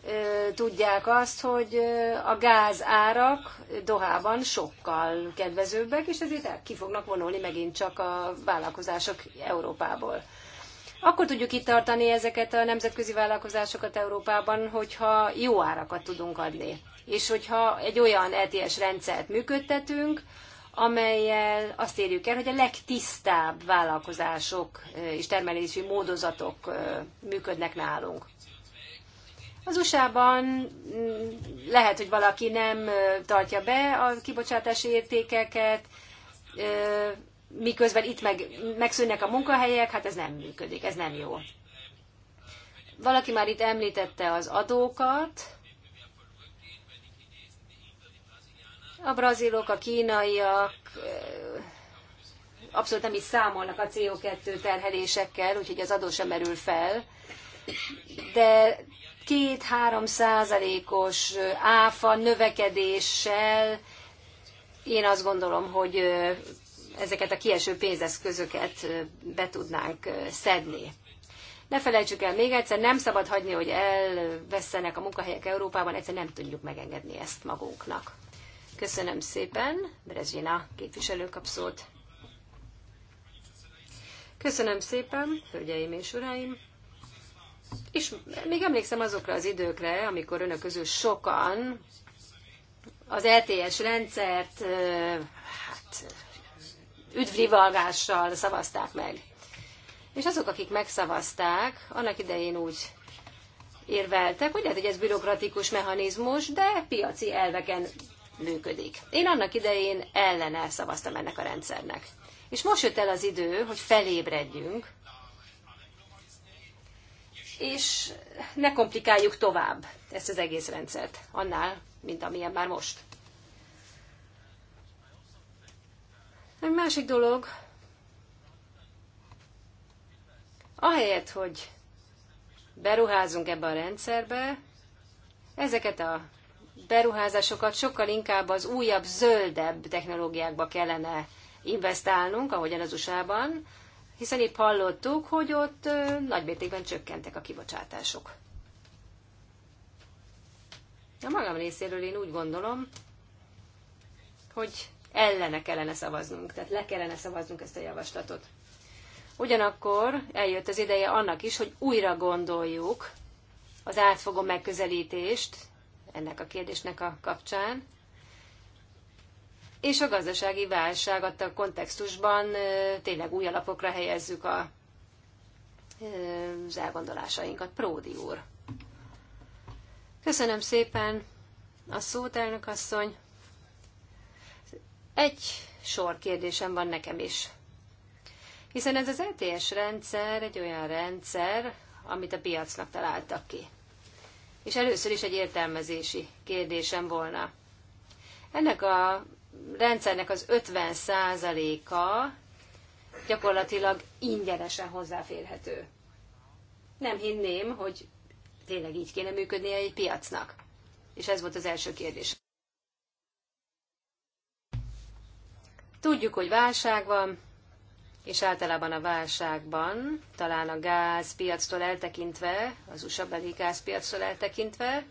ö, tudják azt, hogy ö, a gáz árak Dohában sokkal kedvezőbbek, és ezért ki fognak vonulni megint csak a vállalkozások Európából. Akkor tudjuk itt tartani ezeket a nemzetközi vállalkozásokat Európában, hogyha jó árakat tudunk adni. És hogyha egy olyan ETS rendszert működtetünk, amelyel azt érjük el, hogy a legtisztább vállalkozások és termelési módozatok működnek nálunk. Az USA-ban mm, lehet, hogy valaki nem tartja be a kibocsátási értékeket, miközben itt meg, megszűnnek a munkahelyek, hát ez nem működik, ez nem jó. Valaki már itt említette az adókat, a brazilok, a kínaiak eh, abszolút nem is számolnak a CO2 terhelésekkel, úgyhogy az adó sem merül fel. De két-három százalékos áfa növekedéssel én azt gondolom, hogy eh, ezeket a kieső pénzeszközöket be tudnánk szedni. Ne felejtsük el még egyszer, nem szabad hagyni, hogy elvesztenek a munkahelyek Európában, egyszer nem tudjuk megengedni ezt magunknak. Köszönöm szépen, Brezsina képviselő kap szót. Köszönöm szépen, hölgyeim és uraim. És még emlékszem azokra az időkre, amikor önök közül sokan az LTS e rendszert üdvrivalgással szavazták meg. És azok, akik megszavazták, annak idején úgy érveltek, hogy lehet, hogy ez bürokratikus mechanizmus, de piaci elveken működik. Én annak idején ellene szavaztam ennek a rendszernek. És most jött el az idő, hogy felébredjünk, és ne komplikáljuk tovább ezt az egész rendszert, annál, mint amilyen már most. Egy másik dolog, ahelyett, hogy beruházunk ebbe a rendszerbe, ezeket a beruházásokat sokkal inkább az újabb, zöldebb technológiákba kellene investálnunk, ahogyan az USA-ban, hiszen itt hallottuk, hogy ott nagymértékben csökkentek a kibocsátások. A magam részéről én úgy gondolom, hogy ellene kellene szavaznunk, tehát le kellene szavaznunk ezt a javaslatot. Ugyanakkor eljött az ideje annak is, hogy újra gondoljuk az átfogó megközelítést ennek a kérdésnek a kapcsán, és a gazdasági válság adta kontextusban tényleg új alapokra helyezzük a, az elgondolásainkat. Pródi úr. Köszönöm szépen a szót, elnök asszony. Egy sor kérdésem van nekem is. Hiszen ez az ETS rendszer egy olyan rendszer, amit a piacnak találtak ki. És először is egy értelmezési kérdésem volna. Ennek a rendszernek az 50%-a gyakorlatilag ingyenesen hozzáférhető. Nem hinném, hogy tényleg így kéne működnie egy piacnak. És ez volt az első kérdés. Tudjuk, hogy válság van, és általában a válságban, talán a gázpiactól eltekintve, az USA beli gázpiactól eltekintve,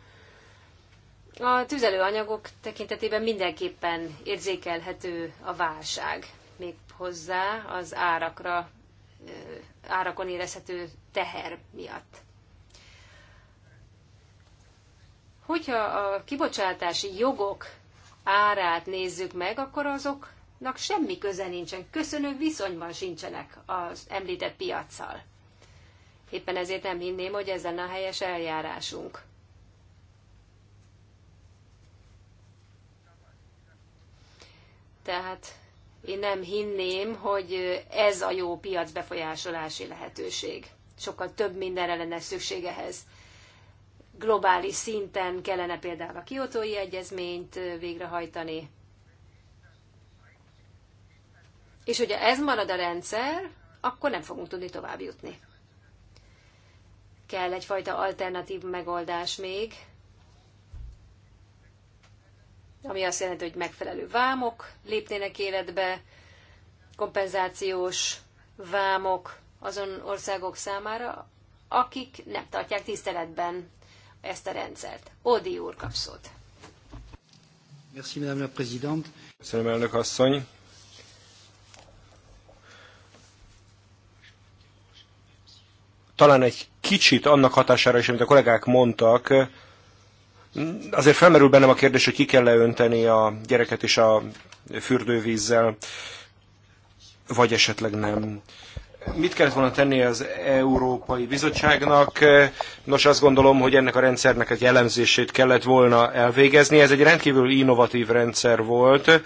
a tüzelőanyagok tekintetében mindenképpen érzékelhető a válság, még hozzá az árakra, árakon érezhető teher miatt. Hogyha a kibocsátási jogok árát nézzük meg, akkor azok nak semmi köze nincsen, köszönő viszonyban sincsenek az említett piacsal. Éppen ezért nem hinném, hogy ez lenne a helyes eljárásunk. Tehát én nem hinném, hogy ez a jó piac befolyásolási lehetőség. Sokkal több mindenre lenne szükség ehhez. Globális szinten kellene például a kiotói egyezményt végrehajtani, És hogyha ez marad a rendszer, akkor nem fogunk tudni tovább jutni. Kell egyfajta alternatív megoldás még, ami azt jelenti, hogy megfelelő vámok lépnének életbe, kompenzációs vámok azon országok számára, akik nem tartják tiszteletben ezt a rendszert. Odi úr kap szót. Merci, Madame la Présidente. Köszönöm, elnök asszony. talán egy kicsit annak hatására is, amit a kollégák mondtak, azért felmerül bennem a kérdés, hogy ki kell leönteni a gyereket is a fürdővízzel, vagy esetleg nem. Mit kellett volna tenni az Európai Bizottságnak? Nos, azt gondolom, hogy ennek a rendszernek egy elemzését kellett volna elvégezni. Ez egy rendkívül innovatív rendszer volt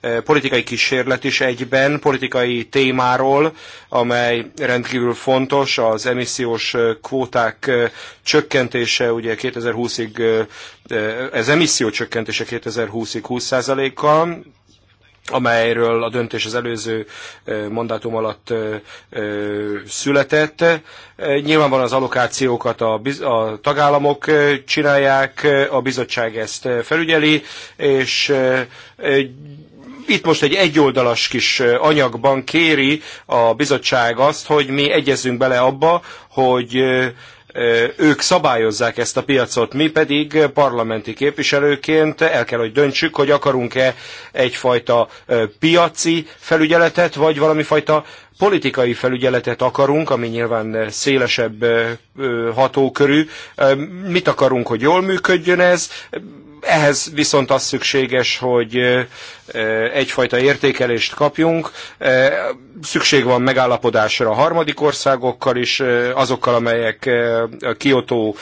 Eh, politikai kísérlet is egyben, politikai témáról, amely rendkívül fontos, az emissziós eh, kvóták eh, csökkentése, ugye 2020-ig, ez emisszió csökkentése 2020-ig 20%-kal, amelyről a döntés az előző mandátum alatt született. Nyilvánvalóan az alokációkat a, a tagállamok csinálják, a bizottság ezt felügyeli, és itt most egy egyoldalas kis anyagban kéri a bizottság azt, hogy mi egyezzünk bele abba, hogy ők szabályozzák ezt a piacot, mi pedig parlamenti képviselőként el kell, hogy döntsük, hogy akarunk-e egyfajta piaci felügyeletet, vagy valami fajta politikai felügyeletet akarunk, ami nyilván szélesebb hatókörű. Mit akarunk, hogy jól működjön ez? Ehhez viszont az szükséges, hogy egyfajta értékelést kapjunk. Szükség van megállapodásra a harmadik országokkal is, azokkal, amelyek a Kyoto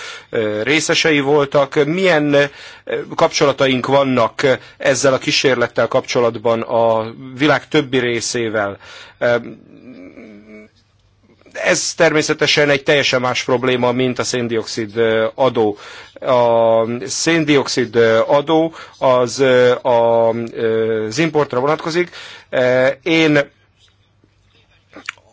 részesei voltak. Milyen kapcsolataink vannak ezzel a kísérlettel kapcsolatban a világ többi részével? Ez természetesen egy teljesen más probléma, mint a széndiokszid adó. A széndiokszid adó az az importra vonatkozik. Én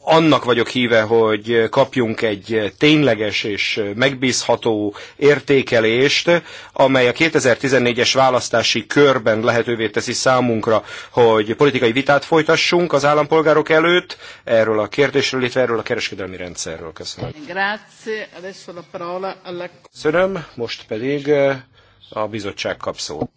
annak vagyok híve, hogy kapjunk egy tényleges és megbízható értékelést, amely a 2014-es választási körben lehetővé teszi számunkra, hogy politikai vitát folytassunk az állampolgárok előtt erről a kérdésről, illetve erről a kereskedelmi rendszerről. Köszönöm. Grazie. Köszönöm, most pedig eh, a bizottság kap szót.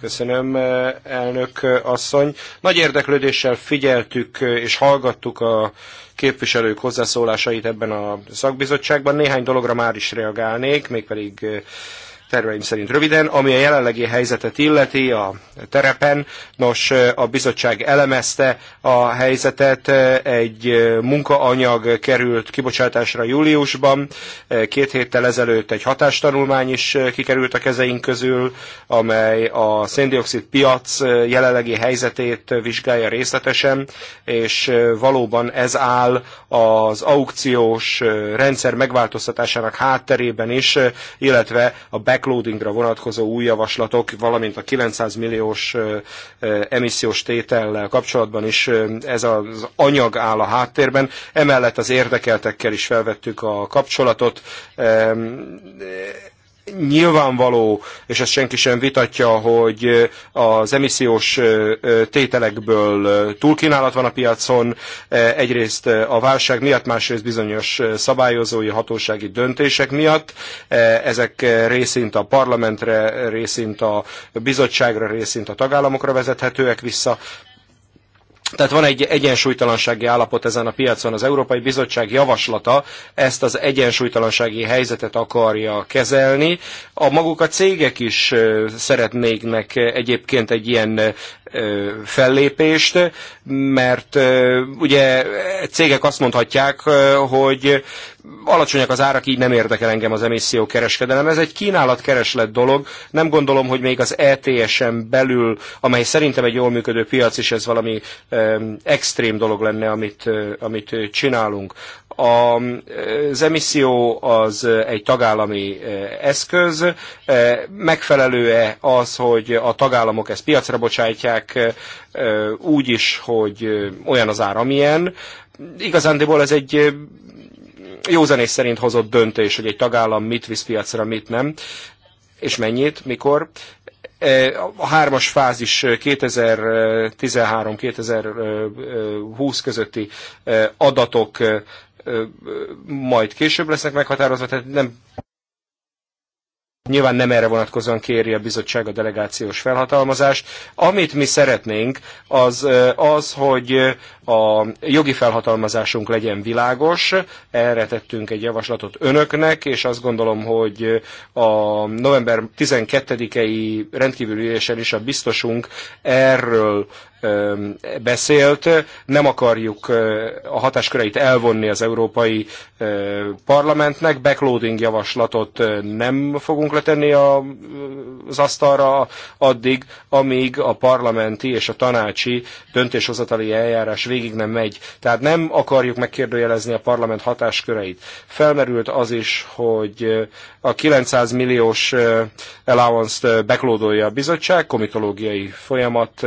Köszönöm, eh, elnök eh, asszony. Nagy érdeklődéssel figyeltük eh, és hallgattuk a képviselők hozzászólásait ebben a szakbizottságban. Néhány dologra már is reagálnék, mégpedig terveim szerint röviden. Ami a jelenlegi helyzetet illeti a terepen, nos, a bizottság elemezte a helyzetet, egy munkaanyag került kibocsátásra júliusban, két héttel ezelőtt egy hatástanulmány is kikerült a kezeink közül, amely a széndiokszid piac jelenlegi helyzetét vizsgálja részletesen, és valóban ez áll az aukciós rendszer megváltoztatásának hátterében is, illetve a back backloadingra vonatkozó új javaslatok, valamint a 900 milliós emissziós tétellel kapcsolatban is ez az anyag áll a háttérben. Emellett az érdekeltekkel is felvettük a kapcsolatot nyilvánvaló, és ezt senki sem vitatja, hogy az emissziós tételekből túlkínálat van a piacon, egyrészt a válság miatt, másrészt bizonyos szabályozói hatósági döntések miatt. Ezek részint a parlamentre, részint a bizottságra, részint a tagállamokra vezethetőek vissza. Tehát van egy egyensúlytalansági állapot ezen a piacon. Az Európai Bizottság javaslata ezt az egyensúlytalansági helyzetet akarja kezelni. A maguk a cégek is szeretnéknek egyébként egy ilyen fellépést, mert ugye cégek azt mondhatják, hogy alacsonyak az árak, így nem érdekel engem az emisszió kereskedelem. Ez egy kínálat-kereslet dolog. Nem gondolom, hogy még az ETS-en belül, amely szerintem egy jól működő piac és ez valami um, extrém dolog lenne, amit, uh, amit csinálunk. A, az emisszió az egy tagállami eszköz. Megfelelő-e az, hogy a tagállamok ezt piacra bocsájtják úgy is, hogy olyan az ára, amilyen? igazándiból ez egy józanész szerint hozott döntés, hogy egy tagállam mit visz piacra, mit nem, és mennyit, mikor. E, a hármas fázis 2013-2020 közötti e, adatok e, majd később lesznek meghatározva, tehát nem Nyilván nem erre vonatkozóan kéri a bizottság a delegációs felhatalmazást. Amit mi szeretnénk, az az, hogy a jogi felhatalmazásunk legyen világos. Erre tettünk egy javaslatot önöknek, és azt gondolom, hogy a november 12-i rendkívüli ülésen is a biztosunk erről beszélt. Nem akarjuk a hatásköreit elvonni az Európai Parlamentnek. Backloading javaslatot nem fogunk letenni az asztalra addig, amíg a parlamenti és a tanácsi döntéshozatali eljárás végül végig nem megy. Tehát nem akarjuk megkérdőjelezni a parlament hatásköreit. Felmerült az is, hogy eh, a 900 milliós eh, allowance-t eh, beklódolja a bizottság, komitológiai folyamat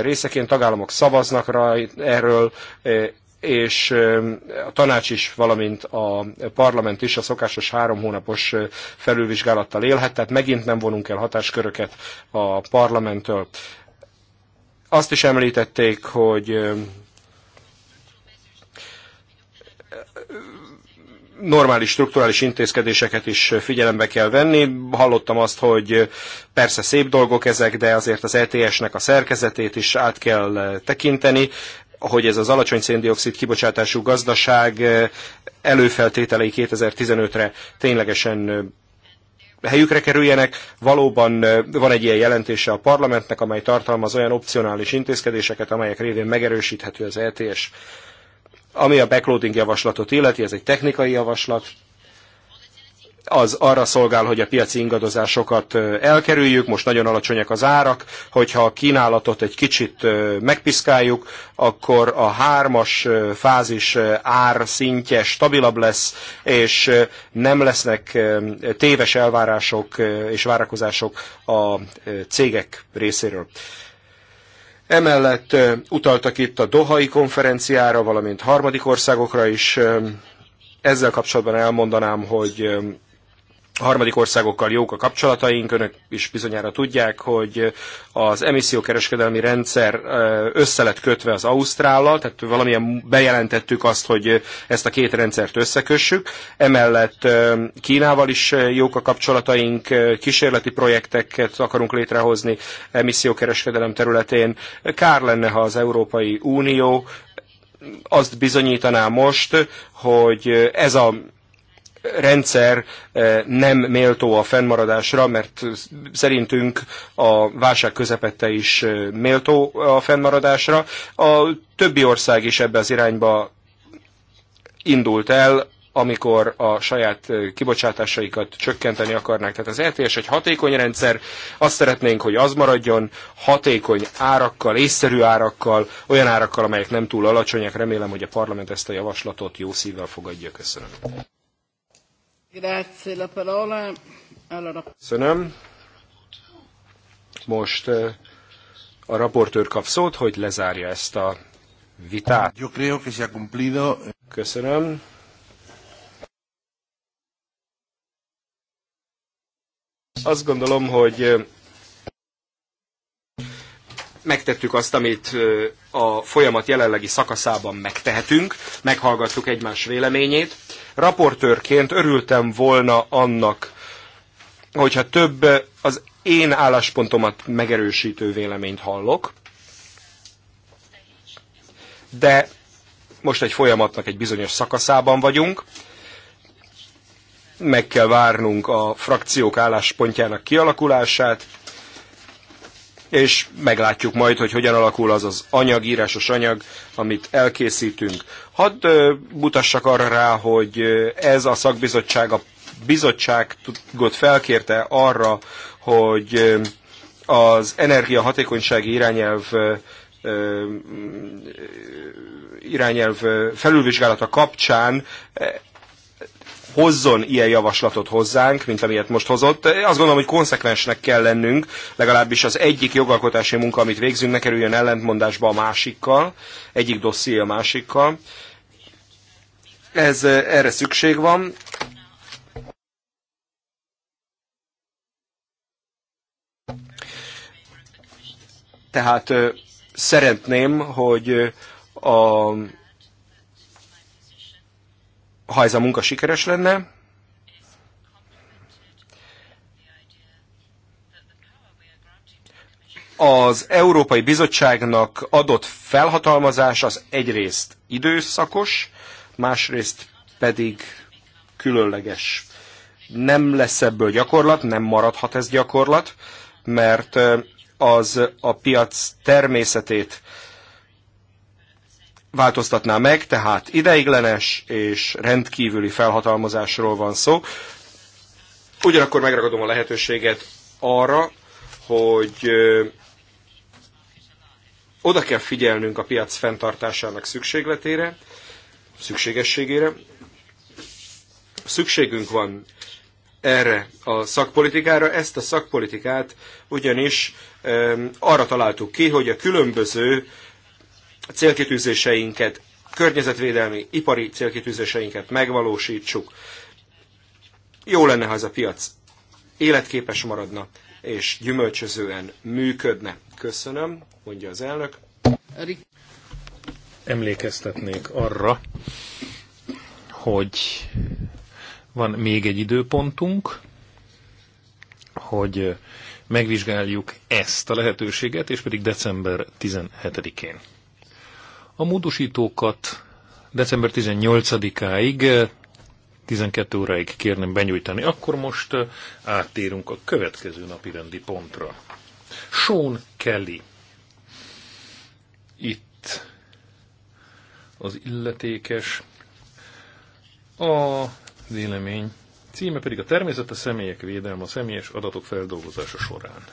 részeként tagállamok szavaznak rá erről, és a tanács is, valamint a parlament is a szokásos három hónapos felülvizsgálattal élhet, tehát megint nem vonunk el hatásköröket a parlamenttől. Azt is említették, hogy normális strukturális intézkedéseket is figyelembe kell venni. Hallottam azt, hogy persze szép dolgok ezek, de azért az ETS-nek a szerkezetét is át kell tekinteni, hogy ez az alacsony széndiokszid kibocsátású gazdaság előfeltételei 2015-re ténylegesen helyükre kerüljenek. Valóban van egy ilyen jelentése a parlamentnek, amely tartalmaz olyan opcionális intézkedéseket, amelyek révén megerősíthető az ETS ami a backloading javaslatot illeti, ez egy technikai javaslat, az arra szolgál, hogy a piaci ingadozásokat elkerüljük, most nagyon alacsonyak az árak, hogyha a kínálatot egy kicsit megpiszkáljuk, akkor a hármas fázis ár szintje stabilabb lesz, és nem lesznek téves elvárások és várakozások a cégek részéről. Emellett utaltak itt a Dohai konferenciára, valamint harmadik országokra is. Ezzel kapcsolatban elmondanám, hogy a harmadik országokkal jók a kapcsolataink, önök is bizonyára tudják, hogy az emissziókereskedelmi rendszer össze lett kötve az Ausztrállal, tehát valamilyen bejelentettük azt, hogy ezt a két rendszert összekössük. Emellett Kínával is jók a kapcsolataink, kísérleti projekteket akarunk létrehozni emissziókereskedelem területén. Kár lenne, ha az Európai Unió azt bizonyítaná most, hogy ez a rendszer eh, nem méltó a fennmaradásra, mert szerintünk a válság közepette is eh, méltó a fennmaradásra. A többi ország is ebbe az irányba indult el, amikor a saját eh, kibocsátásaikat csökkenteni akarnák. Tehát az ETS egy hatékony rendszer, azt szeretnénk, hogy az maradjon hatékony árakkal, észszerű árakkal, olyan árakkal, amelyek nem túl alacsonyak. Remélem, hogy a parlament ezt a javaslatot jó szívvel fogadja. Köszönöm. Köszönöm. Most eh, a raportőr kap szót, hogy lezárja ezt a vitát. Köszönöm. Azt gondolom, hogy eh, megtettük azt, amit a folyamat jelenlegi szakaszában megtehetünk, meghallgattuk egymás véleményét. Raportőrként örültem volna annak, hogyha több az én álláspontomat megerősítő véleményt hallok, de most egy folyamatnak egy bizonyos szakaszában vagyunk, meg kell várnunk a frakciók álláspontjának kialakulását, és meglátjuk majd, hogy hogyan alakul az az anyag, írásos anyag, amit elkészítünk. Hadd mutassak arra rá, hogy ez a szakbizottság, a bizottságot felkérte arra, hogy az energiahatékonysági irányelv irányelv felülvizsgálata kapcsán hozzon ilyen javaslatot hozzánk, mint amilyet most hozott. Azt gondolom, hogy konszekvensnek kell lennünk, legalábbis az egyik jogalkotási munka, amit végzünk, ne kerüljön ellentmondásba a másikkal, egyik dosszié a másikkal. Ez, eh, erre szükség van. Tehát eh, szeretném, hogy eh, a ha ez a munka sikeres lenne, az Európai Bizottságnak adott felhatalmazás az egyrészt időszakos, másrészt pedig különleges. Nem lesz ebből gyakorlat, nem maradhat ez gyakorlat, mert az a piac természetét változtatná meg, tehát ideiglenes és rendkívüli felhatalmazásról van szó. Ugyanakkor megragadom a lehetőséget arra, hogy oda kell figyelnünk a piac fenntartásának szükségletére, szükségességére. Szükségünk van erre a szakpolitikára, ezt a szakpolitikát ugyanis arra találtuk ki, hogy a különböző célkitűzéseinket, környezetvédelmi, ipari célkitűzéseinket megvalósítsuk. Jó lenne, ha ez a piac életképes maradna, és gyümölcsözően működne. Köszönöm, mondja az elnök. Emlékeztetnék arra, hogy van még egy időpontunk, hogy megvizsgáljuk ezt a lehetőséget, és pedig december 17-én. A módosítókat december 18-áig 12 eh, óráig kérném benyújtani. Akkor most eh, áttérünk a következő napi rendi pontra. Sean Kelly. Itt az illetékes. A vélemény címe pedig a természet a személyek védelme a személyes adatok feldolgozása során.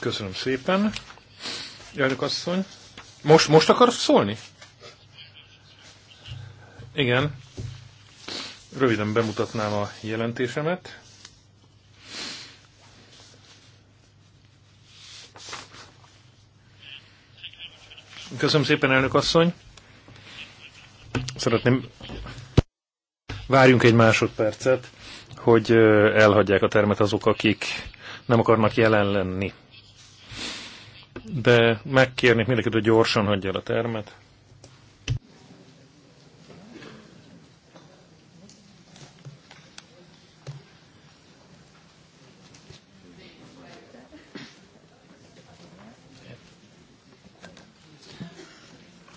Köszönöm szépen, elnök asszony. Most, most akarsz szólni? Igen. Röviden bemutatnám a jelentésemet. Köszönöm szépen, elnök asszony. Szeretném... Várjunk egy másodpercet, hogy elhagyják a termet azok, akik nem akarnak jelen lenni de megkérnék mindenkit, hogy gyorsan hagyja el a termet.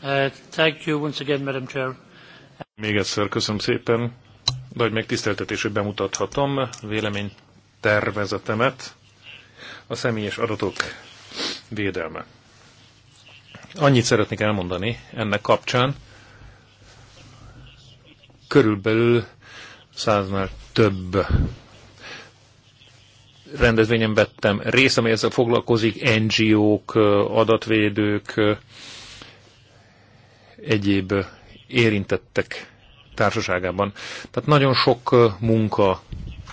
Uh, thank you once again, Madam Chair. Még egyszer köszönöm szépen, nagy megtiszteltetés, hogy bemutathatom véleménytervezetemet a személyes adatok védelme. Annyit szeretnék elmondani ennek kapcsán, körülbelül száznál több rendezvényen vettem részt, amely ezzel foglalkozik, NGO-k, adatvédők, egyéb érintettek társaságában. Tehát nagyon sok munka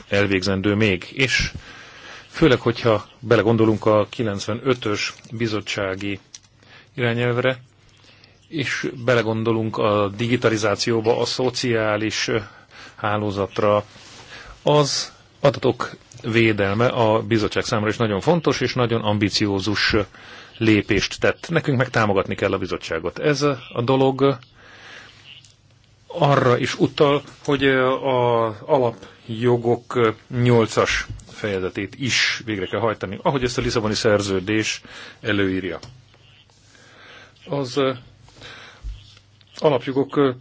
elvégzendő még, és Főleg, hogyha belegondolunk a 95-ös bizottsági irányelvre, és belegondolunk a digitalizációba, a szociális hálózatra, az adatok védelme a bizottság számára is nagyon fontos és nagyon ambiciózus lépést tett. Nekünk meg támogatni kell a bizottságot. Ez a dolog arra is utal, hogy az alapjogok 8-as fejezetét is végre kell hajtani, ahogy ezt a Lisszaboni szerződés előírja. Az alapjogok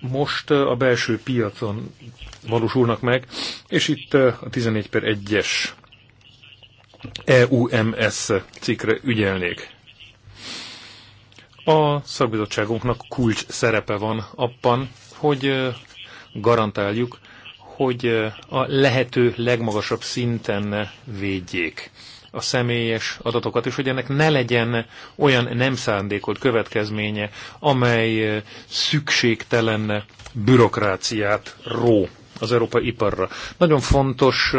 most a belső piacon valósulnak meg, és itt a 14 per 1-es EUMS cikkre ügyelnék. A szakbizottságunknak kulcs szerepe van abban, hogy garantáljuk, hogy a lehető legmagasabb szinten védjék a személyes adatokat, és hogy ennek ne legyen olyan nem szándékolt következménye, amely szükségtelen bürokráciát ró az európai iparra. Nagyon fontos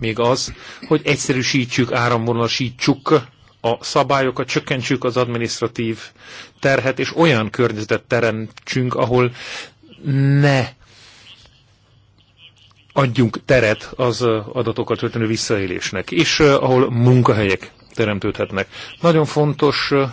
még az, hogy egyszerűsítsük, áramvonalasítsuk a szabályokat, csökkentsük az administratív terhet, és olyan környezetet teremtsünk, ahol ne adjunk teret az adatokat történő visszaélésnek, és eh, ahol munkahelyek teremtődhetnek. Nagyon fontos eh,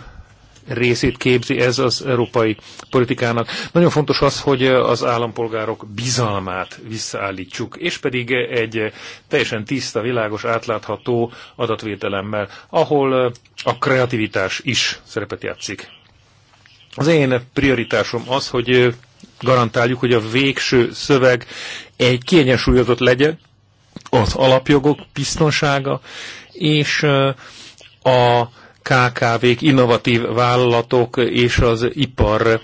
részét képzi ez az európai politikának. Nagyon fontos az, hogy az állampolgárok bizalmát visszaállítsuk, és pedig egy teljesen tiszta, világos, átlátható adatvételemmel, ahol a kreativitás is szerepet játszik. Az én prioritásom az, hogy garantáljuk, hogy a végső szöveg egy kiegyensúlyozott legyen, az alapjogok biztonsága, és a KKV-k, innovatív vállalatok és az ipar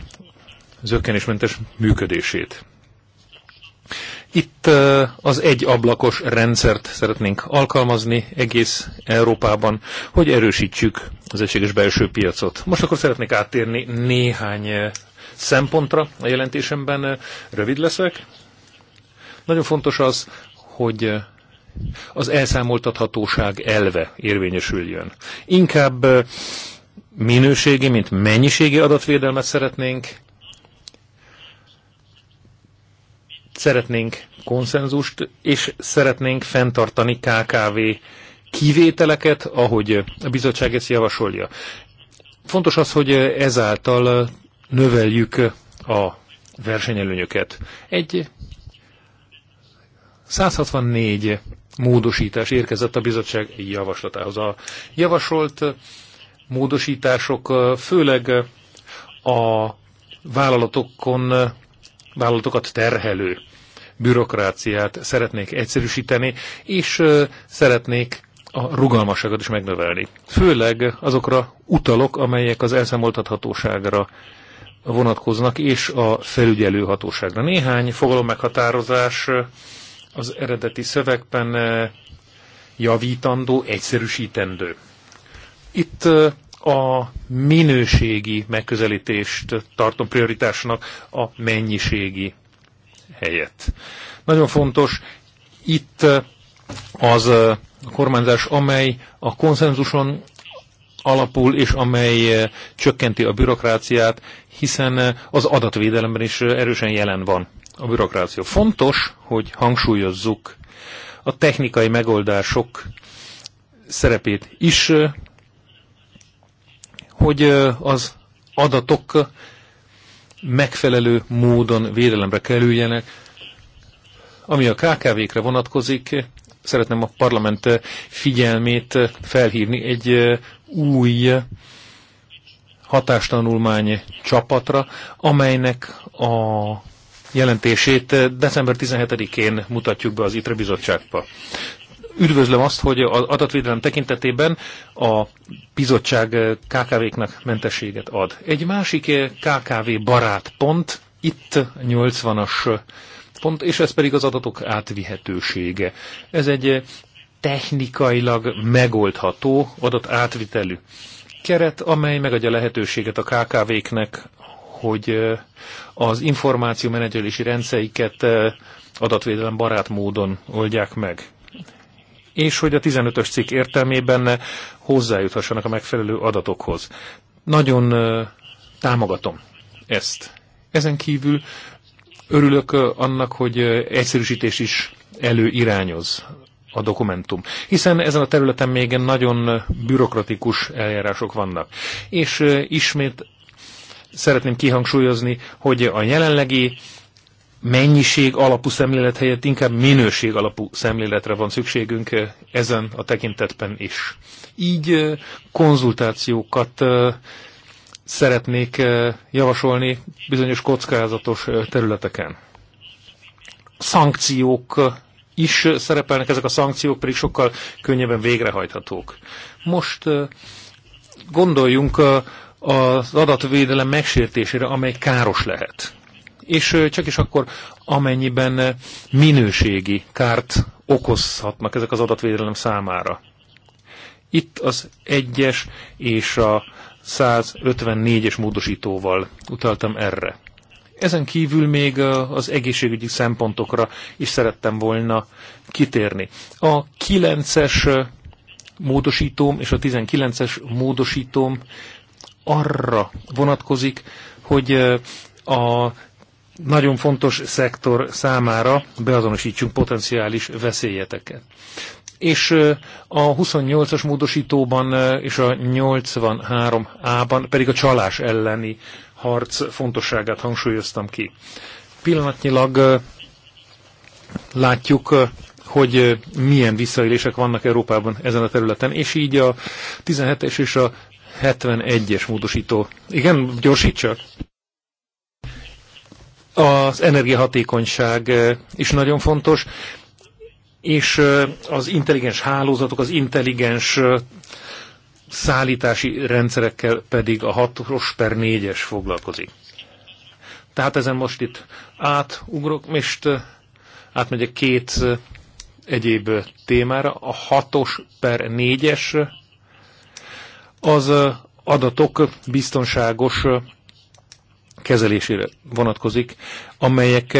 zökkenésmentes működését. Itt eh, az egy ablakos rendszert szeretnénk alkalmazni egész Európában, hogy erősítsük az egységes belső piacot. Most akkor szeretnék áttérni néhány eh, szempontra a jelentésemben. Eh, rövid leszek. Nagyon fontos az, hogy az elszámoltathatóság elve érvényesüljön. Inkább minőségi, mint mennyiségi adatvédelmet szeretnénk. Szeretnénk konszenzust, és szeretnénk fenntartani KKV kivételeket, ahogy a bizottság ezt javasolja. Fontos az, hogy ezáltal növeljük a versenyelőnyöket. Egy 164 módosítás érkezett a bizottság javaslatához. A javasolt módosítások főleg a vállalatokon, vállalatokat terhelő bürokráciát szeretnék egyszerűsíteni, és szeretnék a rugalmasságot is megnövelni. Főleg azokra utalok, amelyek az elszámoltathatóságra vonatkoznak, és a felügyelő hatóságra. Néhány fogalommeghatározás meghatározás az eredeti szövegben eh, javítandó, egyszerűsítendő. Itt eh, a minőségi megközelítést tartom prioritásnak a mennyiségi helyett. Nagyon fontos itt eh, az a kormányzás, amely a konszenzuson alapul, és amely csökkenti a bürokráciát, hiszen az adatvédelemben is erősen jelen van a bürokráció. Fontos, hogy hangsúlyozzuk a technikai megoldások szerepét is, hogy az adatok megfelelő módon védelemre kerüljenek. Ami a KKV-kre vonatkozik, szeretném a parlament figyelmét felhívni egy új hatástanulmány csapatra, amelynek a jelentését december 17-én mutatjuk be az ITRE bizottságba. Üdvözlöm azt, hogy az adatvédelem tekintetében a bizottság KKV-knak mentességet ad. Egy másik KKV barát pont, itt 80-as pont, és ez pedig az adatok átvihetősége. Ez egy technikailag megoldható adatátvitelű keret, amely megadja lehetőséget a KKV-knek hogy az információ menedzselési rendszeiket adatvédelem barát módon oldják meg. És hogy a 15-ös cikk értelmében hozzájuthassanak a megfelelő adatokhoz. Nagyon támogatom ezt. Ezen kívül örülök annak, hogy egyszerűsítés is előirányoz a dokumentum. Hiszen ezen a területen még nagyon bürokratikus eljárások vannak. És ismét szeretném kihangsúlyozni, hogy a jelenlegi mennyiség alapú szemlélet helyett inkább minőség alapú szemléletre van szükségünk eh, ezen a tekintetben is. Így eh, konzultációkat eh, szeretnék javasolni bizonyos kockázatos területeken. Szankciók is szerepelnek, ezek a szankciók pedig sokkal könnyebben végrehajthatók. Most gondoljunk az adatvédelem megsértésére, amely káros lehet. És csak is akkor, amennyiben minőségi kárt okozhatnak ezek az adatvédelem számára. Itt az egyes és a 154-es módosítóval utaltam erre. Ezen kívül még az egészségügyi szempontokra is szerettem volna kitérni. A 9-es módosítóm és a 19-es módosítóm arra vonatkozik, hogy a nagyon fontos szektor számára beazonosítsunk potenciális veszélyeteket. És a 28-as módosítóban és a 83 ában ban pedig a csalás elleni harc fontosságát hangsúlyoztam ki. Pillanatnyilag látjuk, hogy milyen visszaélések vannak Európában ezen a területen, és így a 17-es és a 71-es módosító. Igen, gyorsítsa. Az energiahatékonyság is nagyon fontos, és az intelligens hálózatok, az intelligens szállítási rendszerekkel pedig a 6-os per 4-es foglalkozik. Tehát ezen most itt átugrok, most átmegyek két egyéb témára, a 6-os per 4-es az adatok biztonságos kezelésére vonatkozik, amelyek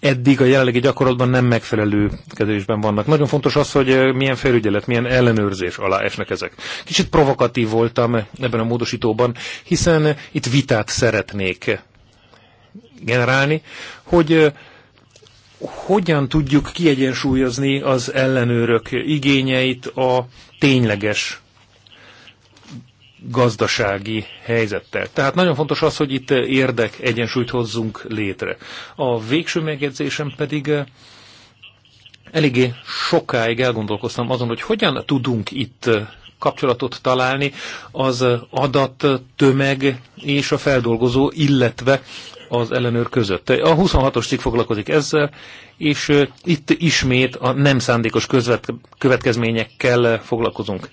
eddig a jelenlegi gyakorlatban nem megfelelő kezelésben vannak. Nagyon fontos az, hogy milyen felügyelet, milyen ellenőrzés alá esnek ezek. Kicsit provokatív voltam ebben a módosítóban, hiszen itt vitát szeretnék generálni, hogy hogyan tudjuk kiegyensúlyozni az ellenőrök igényeit a tényleges gazdasági helyzettel. Tehát nagyon fontos az, hogy itt érdek egyensúlyt hozzunk létre. A végső megjegyzésem pedig eh, eléggé sokáig elgondolkoztam azon, hogy hogyan tudunk itt eh, kapcsolatot találni az adat, tömeg és a feldolgozó, illetve az ellenőr között. A 26-os cikk foglalkozik ezzel, és eh, itt ismét a nem szándékos közvet, következményekkel foglalkozunk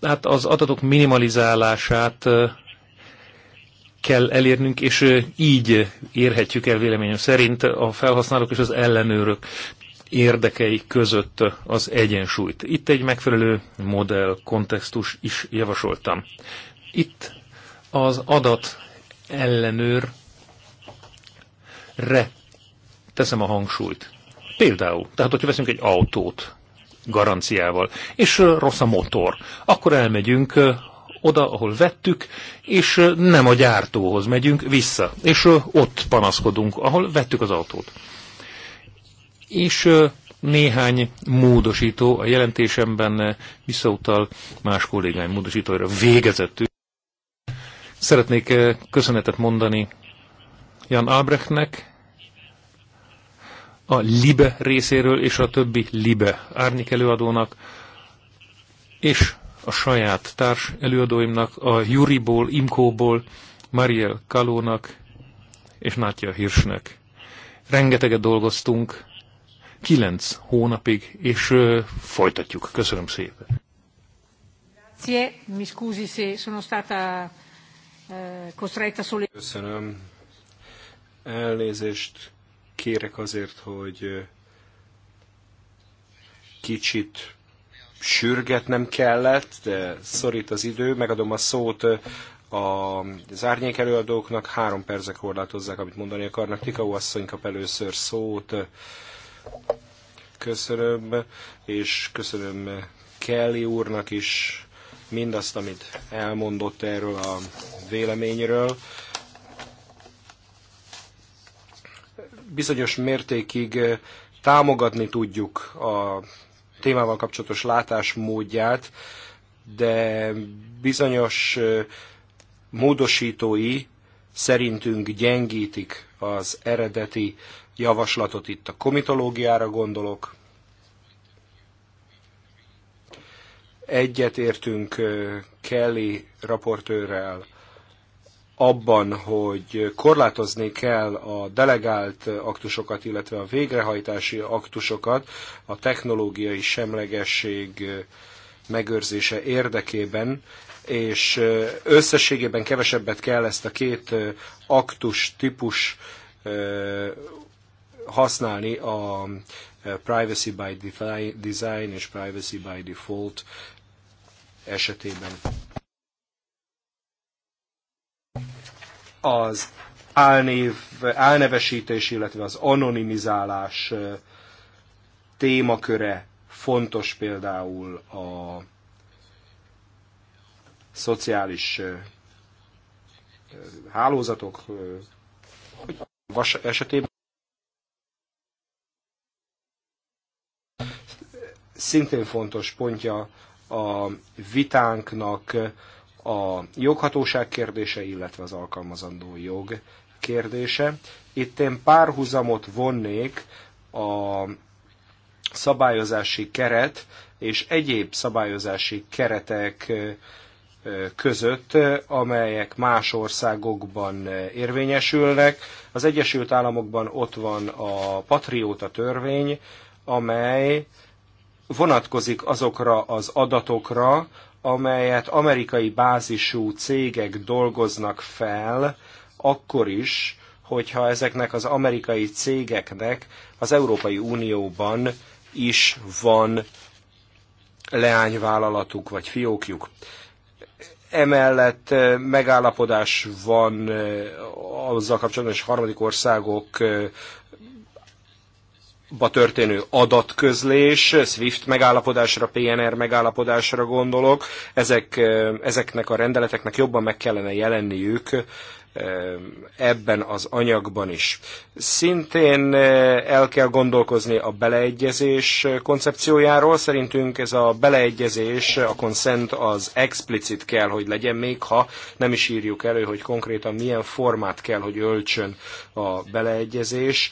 hát az adatok minimalizálását kell elérnünk, és így érhetjük el véleményem szerint a felhasználók és az ellenőrök érdekei között az egyensúlyt. Itt egy megfelelő modell kontextus is javasoltam. Itt az adat ellenőrre teszem a hangsúlyt. Például, tehát hogyha veszünk egy autót, garanciával, és rossz a motor. Akkor elmegyünk oda, ahol vettük, és nem a gyártóhoz megyünk vissza, és ott panaszkodunk, ahol vettük az autót. És néhány módosító a jelentésemben visszautal más kollégáim módosítóira végezetül. Szeretnék köszönetet mondani Jan Albrechtnek, a LIBE részéről és a többi LIBE árnyék előadónak, és a saját társ előadóimnak, a Juriból, Imkóból, Mariel Kalónak és Nátya Hirsnek. Rengeteget dolgoztunk, kilenc hónapig, és ö, folytatjuk. Köszönöm szépen. Eh, Köszönöm. Elnézést kérek azért, hogy kicsit sürgetnem kellett, de szorít az idő. Megadom a szót az árnyék előadóknak, három percre korlátozzák, amit mondani akarnak. Tikau asszony kap először szót. Köszönöm, és köszönöm Kelly úrnak is mindazt, amit elmondott erről a véleményről. bizonyos mértékig támogatni tudjuk a témával kapcsolatos látásmódját, de bizonyos módosítói szerintünk gyengítik az eredeti javaslatot. Itt a komitológiára gondolok. Egyetértünk Kelly raportőrrel abban, hogy korlátozni kell a delegált aktusokat, illetve a végrehajtási aktusokat a technológiai semlegesség megőrzése érdekében, és összességében kevesebbet kell ezt a két aktus típus használni a Privacy by Design és Privacy by Default esetében az álnév, álnevesítés, illetve az anonimizálás témaköre fontos például a szociális hálózatok esetében. Szintén fontos pontja a vitánknak a joghatóság kérdése, illetve az alkalmazandó jog kérdése. Itt én párhuzamot vonnék a szabályozási keret és egyéb szabályozási keretek között, amelyek más országokban érvényesülnek. Az Egyesült Államokban ott van a patrióta törvény, amely vonatkozik azokra az adatokra, amelyet amerikai bázisú cégek dolgoznak fel, akkor is, hogyha ezeknek az amerikai cégeknek az Európai Unióban is van leányvállalatuk vagy fiókjuk. Emellett eh, megállapodás van eh, azzal kapcsolatban, hogy harmadik országok eh, ba történő adatközlés, SWIFT megállapodásra, PNR megállapodásra gondolok, ezek, ezeknek a rendeleteknek jobban meg kellene jelenniük ebben az anyagban is. Szintén el kell gondolkozni a beleegyezés koncepciójáról. Szerintünk ez a beleegyezés, a consent az explicit kell, hogy legyen, még ha nem is írjuk elő, hogy konkrétan milyen formát kell, hogy öltsön a beleegyezés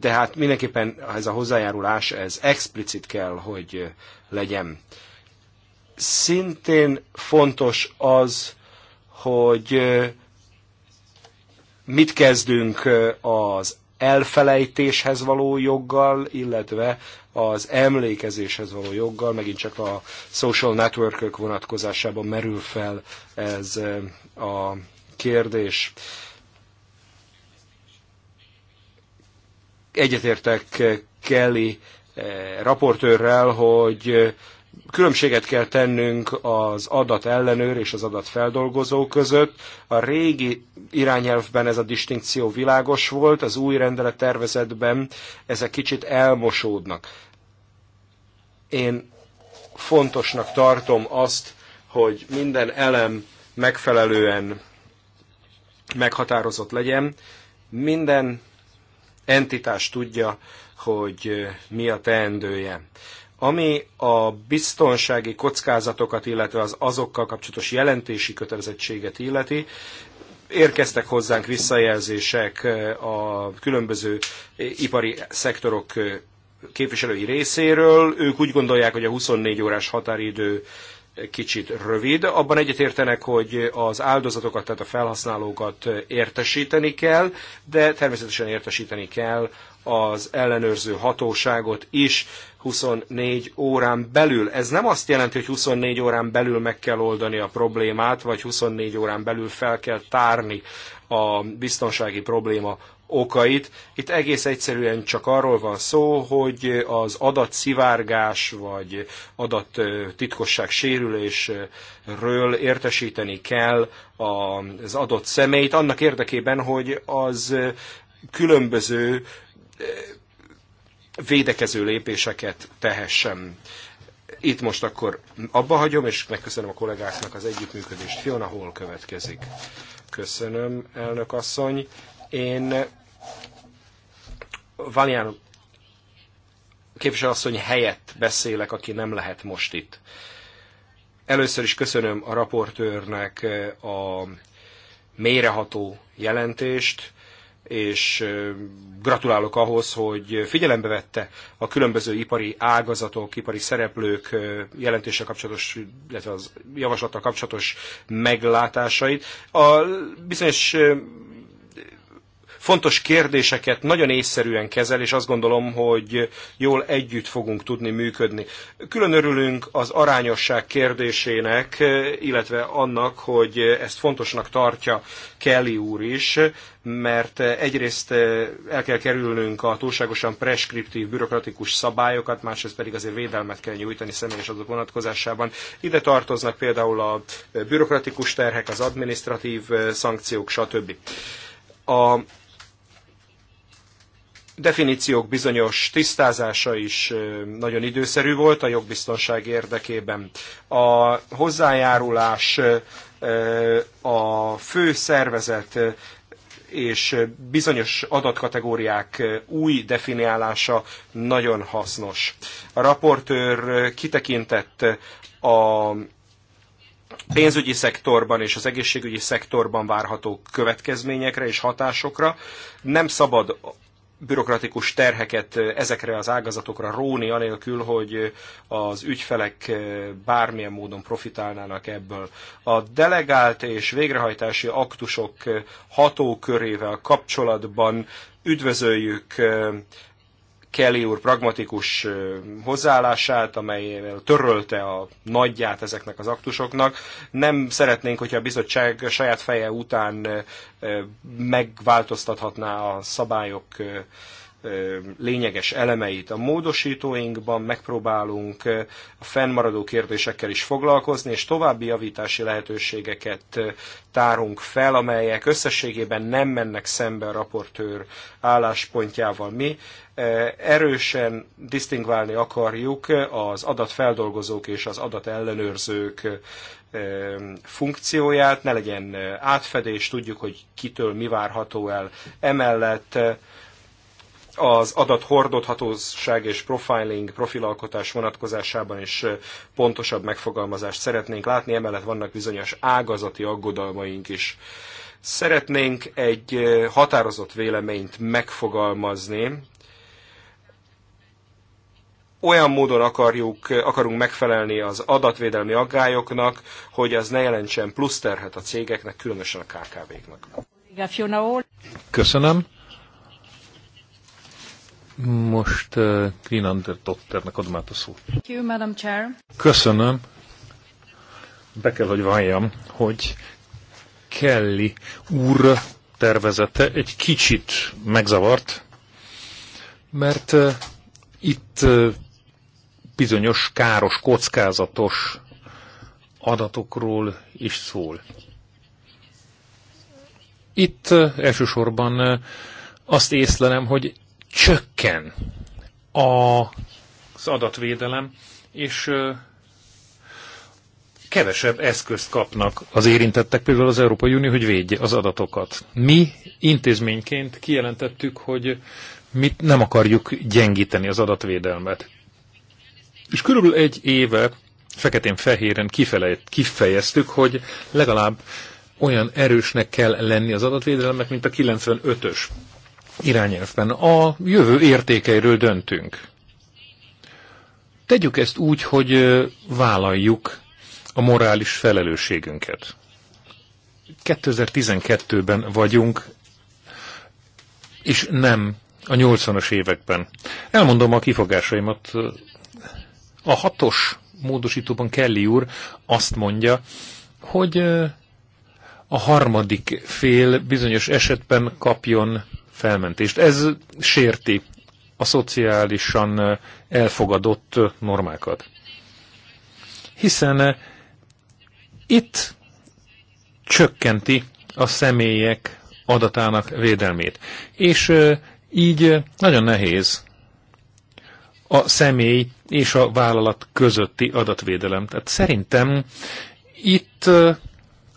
de hát mindenképpen ez a hozzájárulás, ez explicit kell, hogy legyen. Szintén fontos az, hogy mit kezdünk az elfelejtéshez való joggal, illetve az emlékezéshez való joggal, megint csak a social network vonatkozásában merül fel ez a kérdés. egyetértek Kelly eh, raportőrrel, hogy eh, különbséget kell tennünk az adatellenőr és az adatfeldolgozó között. A régi irányelvben ez a distinkció világos volt, az új rendelet tervezetben ezek kicsit elmosódnak. Én fontosnak tartom azt, hogy minden elem megfelelően meghatározott legyen, minden entitás tudja, hogy mi a teendője. Ami a biztonsági kockázatokat, illetve az azokkal kapcsolatos jelentési kötelezettséget illeti, érkeztek hozzánk visszajelzések a különböző ipari szektorok képviselői részéről. Ők úgy gondolják, hogy a 24 órás határidő kicsit rövid. Abban egyetértenek, hogy az áldozatokat, tehát a felhasználókat értesíteni kell, de természetesen értesíteni kell az ellenőrző hatóságot is 24 órán belül. Ez nem azt jelenti, hogy 24 órán belül meg kell oldani a problémát, vagy 24 órán belül fel kell tárni a biztonsági probléma okait. Itt egész egyszerűen csak arról van szó, hogy az adatszivárgás vagy adat titkosság sérülésről értesíteni kell az adott személyt, annak érdekében, hogy az különböző eh, védekező lépéseket tehessen. Itt most akkor abba hagyom, és megköszönöm a kollégáknak az együttműködést. Fiona hol következik? Köszönöm, elnök asszony. Én Valian képviselőasszony helyett beszélek, aki nem lehet most itt. Először is köszönöm a raportőrnek eh, a méreható jelentést, és eh, gratulálok ahhoz, hogy figyelembe vette a különböző ipari ágazatok, ipari szereplők eh, jelentéssel kapcsolatos, illetve az javaslattal kapcsolatos meglátásait. A bizonyos fontos kérdéseket nagyon észszerűen kezel, és azt gondolom, hogy jól együtt fogunk tudni működni. Külön örülünk az arányosság kérdésének, illetve annak, hogy ezt fontosnak tartja Kelly úr is, mert egyrészt el kell kerülnünk a túlságosan preskriptív, bürokratikus szabályokat, másrészt pedig azért védelmet kell nyújtani személyes adatok vonatkozásában. Ide tartoznak például a bürokratikus terhek, az administratív eh, szankciók, stb. A definíciók bizonyos tisztázása is nagyon időszerű volt a jogbiztonság érdekében. A hozzájárulás a fő szervezet és bizonyos adatkategóriák új definiálása nagyon hasznos. A raportőr kitekintett a pénzügyi szektorban és az egészségügyi szektorban várható következményekre és hatásokra. Nem szabad bürokratikus terheket ezekre az ágazatokra róni, anélkül, hogy az ügyfelek bármilyen módon profitálnának ebből. A delegált és végrehajtási aktusok hatókörével kapcsolatban üdvözöljük Kelly úr pragmatikus hozzáállását, amelyel törölte a nagyját ezeknek az aktusoknak. Nem szeretnénk, hogyha a bizottság saját feje után megváltoztathatná a szabályok lényeges elemeit. A módosítóinkban megpróbálunk a fennmaradó kérdésekkel is foglalkozni, és további javítási lehetőségeket tárunk fel, amelyek összességében nem mennek szembe a raportőr álláspontjával. Mi erősen disztingválni akarjuk az adatfeldolgozók és az adatellenőrzők funkcióját, ne legyen átfedés, tudjuk, hogy kitől mi várható el. Emellett az adat hordozhatóság és profiling, profilalkotás vonatkozásában is pontosabb megfogalmazást szeretnénk látni, emellett vannak bizonyos ágazati aggodalmaink is. Szeretnénk egy határozott véleményt megfogalmazni, olyan módon akarjuk, akarunk megfelelni az adatvédelmi aggályoknak, hogy az ne jelentsen plusz terhet a cégeknek, különösen a KKV-knak. Köszönöm. Most uh, Green Under Dotternek adom át a szót. Köszönöm. Be kell, hogy valljam, hogy Kelly úr tervezete egy kicsit megzavart, mert uh, itt uh, bizonyos káros, kockázatos adatokról is szól. Itt uh, elsősorban uh, azt észlelem, hogy csökken a az adatvédelem, és kevesebb eszközt kapnak az érintettek, például az Európai Unió, hogy védje az adatokat. Mi intézményként kijelentettük, hogy mi nem akarjuk gyengíteni az adatvédelmet. És körülbelül egy éve feketén-fehéren kifejeztük, hogy legalább olyan erősnek kell lenni az adatvédelemnek, mint a 95-ös irányelvben. A jövő értékeiről döntünk. Tegyük ezt úgy, hogy vállaljuk a morális felelősségünket. 2012-ben vagyunk, és nem a 80-as években. Elmondom a kifogásaimat. A hatos módosítóban Kelly úr azt mondja, hogy a harmadik fél bizonyos esetben kapjon felmentést. Ez sérti a szociálisan elfogadott normákat. Hiszen itt csökkenti a személyek adatának védelmét. És így nagyon nehéz a személy és a vállalat közötti adatvédelem. Tehát szerintem itt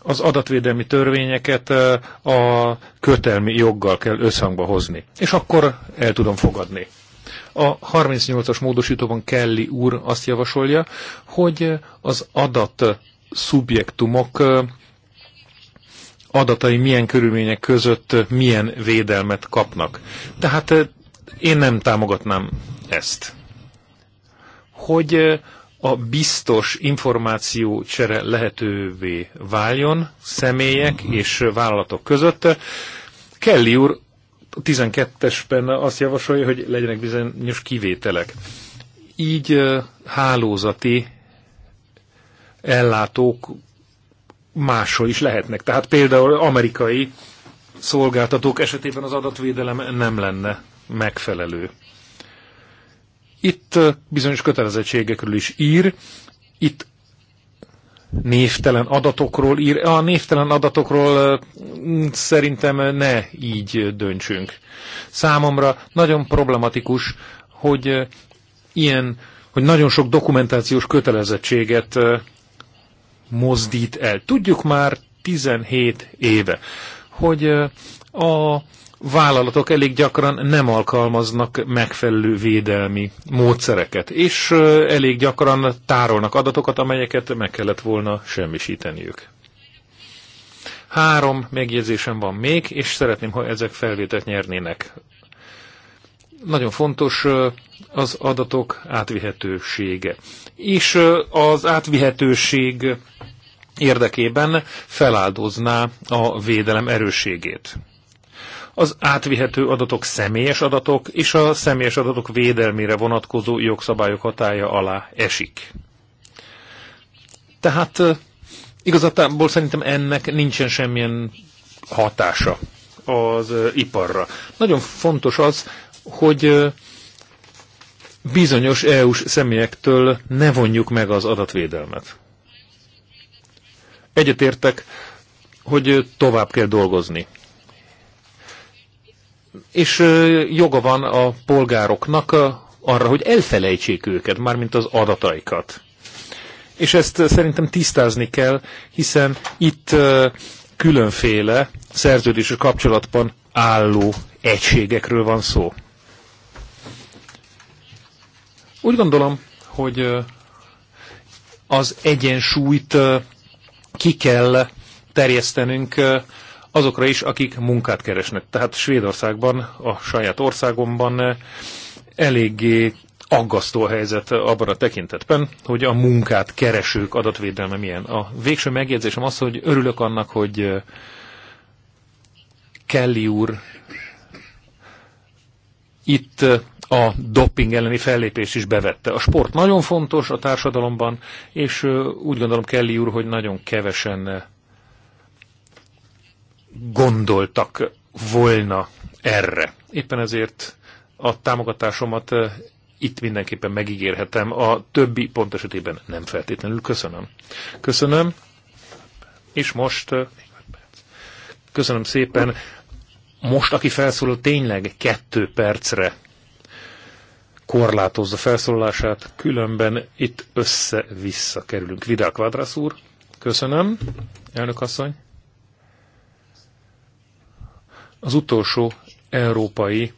az adatvédelmi törvényeket eh, a kötelmi joggal kell összhangba hozni. És akkor el tudom fogadni. A 38-as módosítóban Kelly úr azt javasolja, hogy az adat szubjektumok eh, adatai milyen körülmények között milyen védelmet kapnak. Tehát eh, én nem támogatnám ezt. Hogy a biztos információ csere lehetővé váljon személyek és vállalatok között. Kelly úr 12-esben azt javasolja, hogy legyenek bizonyos kivételek. Így hálózati ellátók máshol is lehetnek. Tehát például amerikai szolgáltatók esetében az adatvédelem nem lenne megfelelő. Itt bizonyos kötelezettségekről is ír, itt névtelen adatokról ír. A névtelen adatokról mm, szerintem ne így döntsünk. Számomra nagyon problematikus, hogy ilyen, hogy nagyon sok dokumentációs kötelezettséget mozdít el. Tudjuk már 17 éve, hogy a vállalatok elég gyakran nem alkalmaznak megfelelő védelmi módszereket, és elég gyakran tárolnak adatokat, amelyeket meg kellett volna semmisíteniük. Három megjegyzésem van még, és szeretném, ha ezek felvételt nyernének. Nagyon fontos az adatok átvihetősége. És az átvihetőség érdekében feláldozná a védelem erősségét az átvihető adatok személyes adatok és a személyes adatok védelmére vonatkozó jogszabályok hatája alá esik. Tehát igazából szerintem ennek nincsen semmilyen hatása az iparra. Nagyon fontos az, hogy bizonyos EU-s személyektől ne vonjuk meg az adatvédelmet. Egyetértek, hogy tovább kell dolgozni és joga van a polgároknak arra, hogy elfelejtsék őket, mármint az adataikat. És ezt szerintem tisztázni kell, hiszen itt különféle szerződéses kapcsolatban álló egységekről van szó. Úgy gondolom, hogy az egyensúlyt ki kell terjesztenünk azokra is, akik munkát keresnek. Tehát Svédországban, a saját országomban eh, eléggé aggasztó a helyzet abban a tekintetben, hogy a munkát keresők adatvédelme milyen. A végső megjegyzésem az, hogy örülök annak, hogy eh, Kelly úr itt eh, a doping elleni fellépést is bevette. A sport nagyon fontos a társadalomban, és úgy gondolom Kelly úr, hogy nagyon kevesen gondoltak volna erre. Éppen ezért a támogatásomat eh, itt mindenképpen megígérhetem, a többi pont esetében nem feltétlenül. Köszönöm. Köszönöm. És most eh, köszönöm szépen. Most, aki felszólal, tényleg kettő percre korlátozza felszólalását, különben itt össze-vissza kerülünk. Vidal Quadrász úr, köszönöm, elnök asszony. Az utolsó európai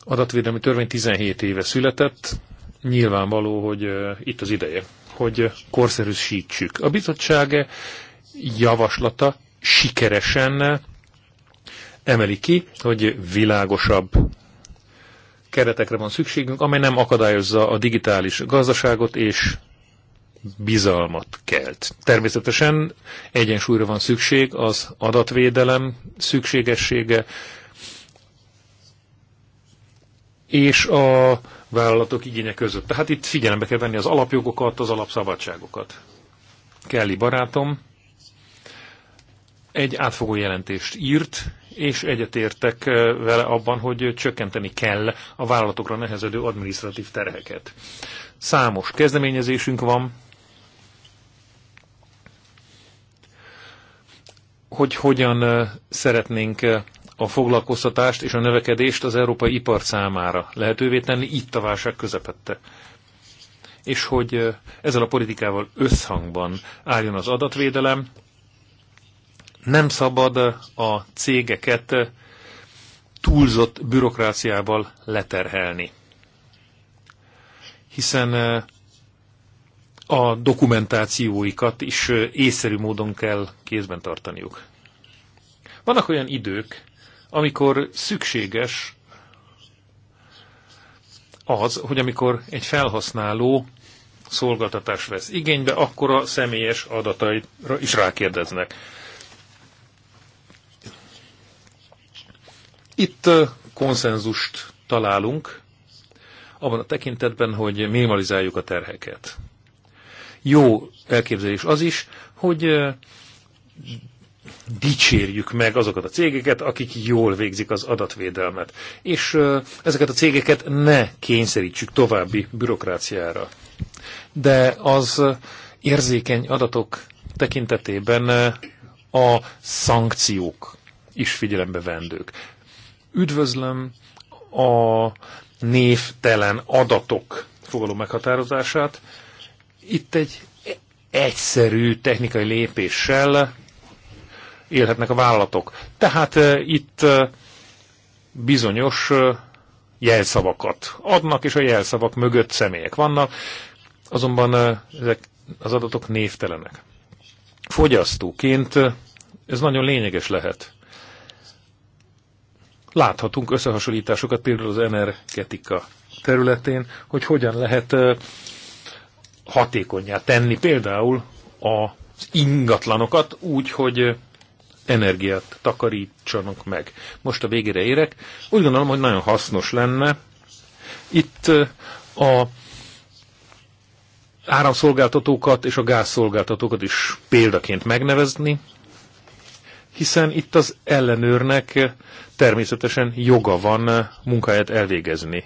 adatvédelmi törvény 17 éve született, nyilvánvaló, hogy itt az ideje, hogy korszerűsítsük. A bizottság javaslata sikeresen emeli ki, hogy világosabb keretekre van szükségünk, amely nem akadályozza a digitális gazdaságot és bizalmat kelt. Természetesen egyensúlyra van szükség, az adatvédelem szükségessége, és a vállalatok igénye között. Tehát itt figyelembe kell venni az alapjogokat, az alapszabadságokat. Kelly barátom egy átfogó jelentést írt, és egyetértek eh, vele abban, hogy csökkenteni kell a vállalatokra nehezedő adminisztratív terheket. Számos kezdeményezésünk van, hogy hogyan szeretnénk a foglalkoztatást és a növekedést az európai ipar számára lehetővé tenni itt a válság közepette. És hogy ezzel a politikával összhangban álljon az adatvédelem, nem szabad a cégeket túlzott bürokráciával leterhelni. Hiszen a dokumentációikat is észszerű módon kell kézben tartaniuk. Vannak olyan idők, amikor szükséges az, hogy amikor egy felhasználó szolgáltatás vesz igénybe, akkor a személyes adataira is rákérdeznek. Itt konszenzust találunk, abban a tekintetben, hogy minimalizáljuk a terheket jó elképzelés az is, hogy dicsérjük meg azokat a cégeket, akik jól végzik az adatvédelmet. És ezeket a cégeket ne kényszerítsük további bürokráciára. De az érzékeny adatok tekintetében a szankciók is figyelembe vendők. Üdvözlöm a névtelen adatok fogalom meghatározását, itt egy egyszerű technikai lépéssel élhetnek a vállalatok. Tehát itt bizonyos jelszavakat adnak, és a jelszavak mögött személyek vannak, azonban ezek az adatok névtelenek. Fogyasztóként ez nagyon lényeges lehet. Láthatunk összehasonlításokat például az energetika területén, hogy hogyan lehet hatékonyá tenni például az ingatlanokat úgy, hogy energiát takarítsanak meg. Most a végére érek. Úgy gondolom, hogy nagyon hasznos lenne itt a áramszolgáltatókat és a gázszolgáltatókat is példaként megnevezni, hiszen itt az ellenőrnek természetesen joga van munkáját elvégezni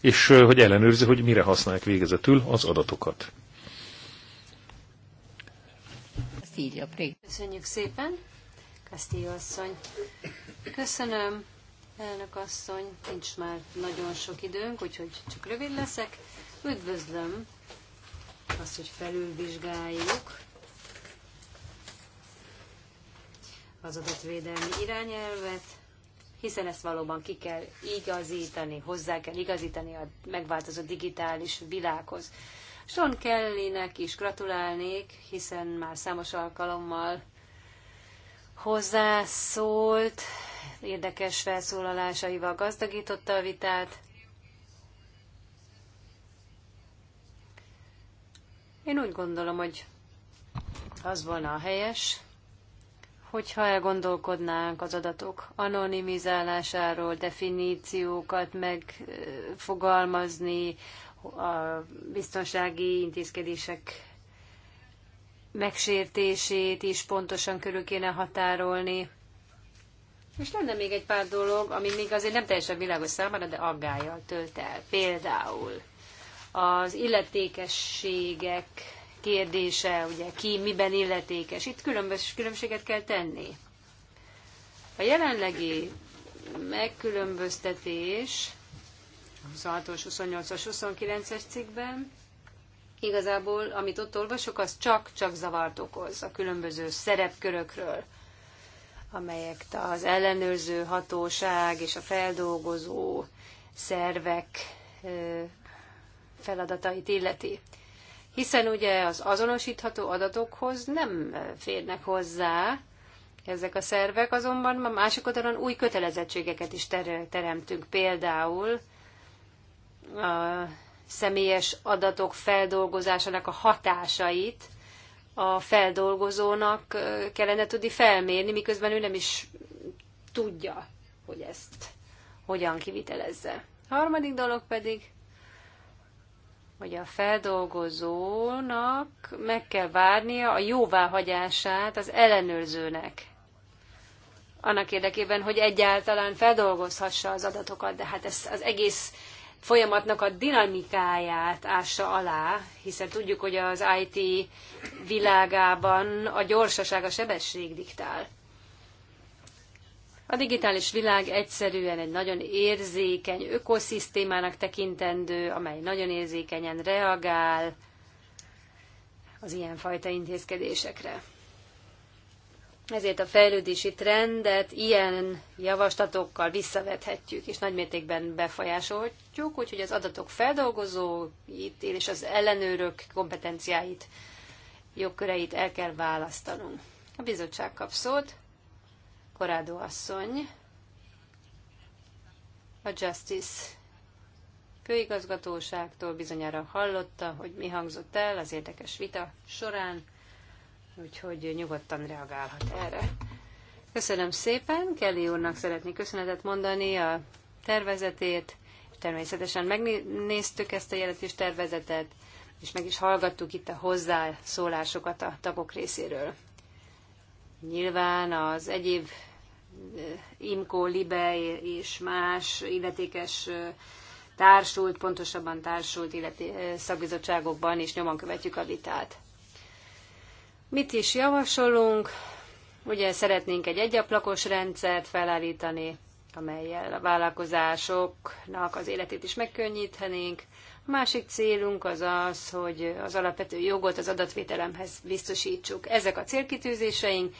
és hogy ellenőrzi, hogy mire használják végezetül az adatokat. Köszönjük szépen, Kastélyi asszony. Köszönöm, elnök asszony. Nincs már nagyon sok időnk, úgyhogy csak rövid leszek. Üdvözlöm azt, hogy felülvizsgáljuk az adatvédelmi irányelvet, hiszen ezt valóban ki kell igazítani, hozzá kell igazítani a megváltozott digitális világhoz. Sean Kellynek is gratulálnék, hiszen már számos alkalommal hozzászólt, érdekes felszólalásaival gazdagította a vitát. Én úgy gondolom, hogy az volna a helyes, hogyha elgondolkodnánk az adatok anonimizálásáról, definíciókat megfogalmazni, a biztonsági intézkedések megsértését is pontosan körül kéne határolni. És lenne még egy pár dolog, ami még azért nem teljesen világos számára, de aggájjal tölt el. Például az illetékességek kérdése, ugye ki miben illetékes. Itt különbös, különbséget kell tenni. A jelenlegi megkülönböztetés 26-os, 28-as, 29-es cikkben igazából, amit ott olvasok, az csak-csak zavart okoz a különböző szerepkörökről, amelyek az ellenőrző hatóság és a feldolgozó szervek feladatait illeti hiszen ugye az azonosítható adatokhoz nem eh, férnek hozzá ezek a szervek, azonban a másik oldalon új kötelezettségeket is ter- teremtünk, például a személyes adatok feldolgozásának a hatásait a feldolgozónak eh, kellene tudni felmérni, miközben ő nem is tudja, hogy ezt hogyan kivitelezze. A harmadik dolog pedig hogy a feldolgozónak meg kell várnia a jóváhagyását az ellenőrzőnek. Annak érdekében, hogy egyáltalán feldolgozhassa az adatokat, de hát ez az egész folyamatnak a dinamikáját ássa alá, hiszen tudjuk, hogy az IT világában a gyorsaság, a sebesség diktál. A digitális világ egyszerűen egy nagyon érzékeny ökoszisztémának tekintendő, amely nagyon érzékenyen reagál az ilyenfajta intézkedésekre. Ezért a fejlődési trendet ilyen javaslatokkal visszavethetjük, és nagymértékben befolyásolhatjuk, úgyhogy az adatok feldolgozóit és az ellenőrök kompetenciáit, jogköreit el kell választanunk. A bizottság kap szót. Korádó asszony, a Justice főigazgatóságtól bizonyára hallotta, hogy mi hangzott el az érdekes vita során, úgyhogy nyugodtan reagálhat erre. Köszönöm szépen, Kelly úrnak szeretnék köszönetet mondani a tervezetét, természetesen megnéztük ezt a jelentés tervezetet, és meg is hallgattuk itt a hozzászólásokat a tagok részéről. Nyilván az egyéb eh, Imko, LIBE és más illetékes eh, társult, pontosabban társult illeti, eh, szakbizottságokban is nyomon követjük a vitát. Mit is javasolunk? Ugye szeretnénk egy egyablakos rendszert felállítani, amelyel a vállalkozásoknak az életét is megkönnyíthenénk, Másik célunk az az, hogy az alapvető jogot az adatvételemhez biztosítsuk. Ezek a célkitűzéseink,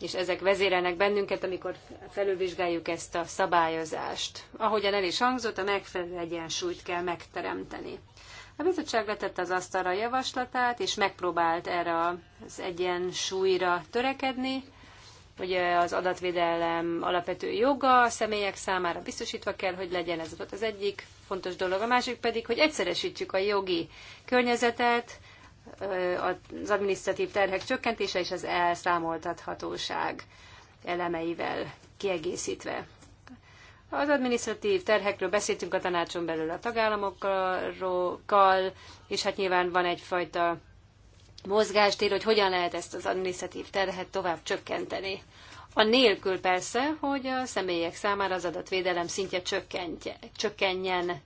és ezek vezérelnek bennünket, amikor felülvizsgáljuk ezt a szabályozást. Ahogyan el is hangzott, a megfelelő egyensúlyt kell megteremteni. A bizottság letette az asztalra a javaslatát, és megpróbált erre az egyensúlyra törekedni. hogy az adatvédelem alapvető joga a személyek számára biztosítva kell, hogy legyen ez volt az egyik fontos dolog. A másik pedig, hogy egyszeresítjük a jogi környezetet, az adminisztratív terhek csökkentése és az elszámoltathatóság elemeivel kiegészítve. Az adminisztratív terhekről beszéltünk a tanácson belül a tagállamokkal, és hát nyilván van egyfajta mozgástér, hogy hogyan lehet ezt az adminisztratív terhet tovább csökkenteni. Anélkül persze, hogy a személyek számára az adatvédelem szintje csökkenjen.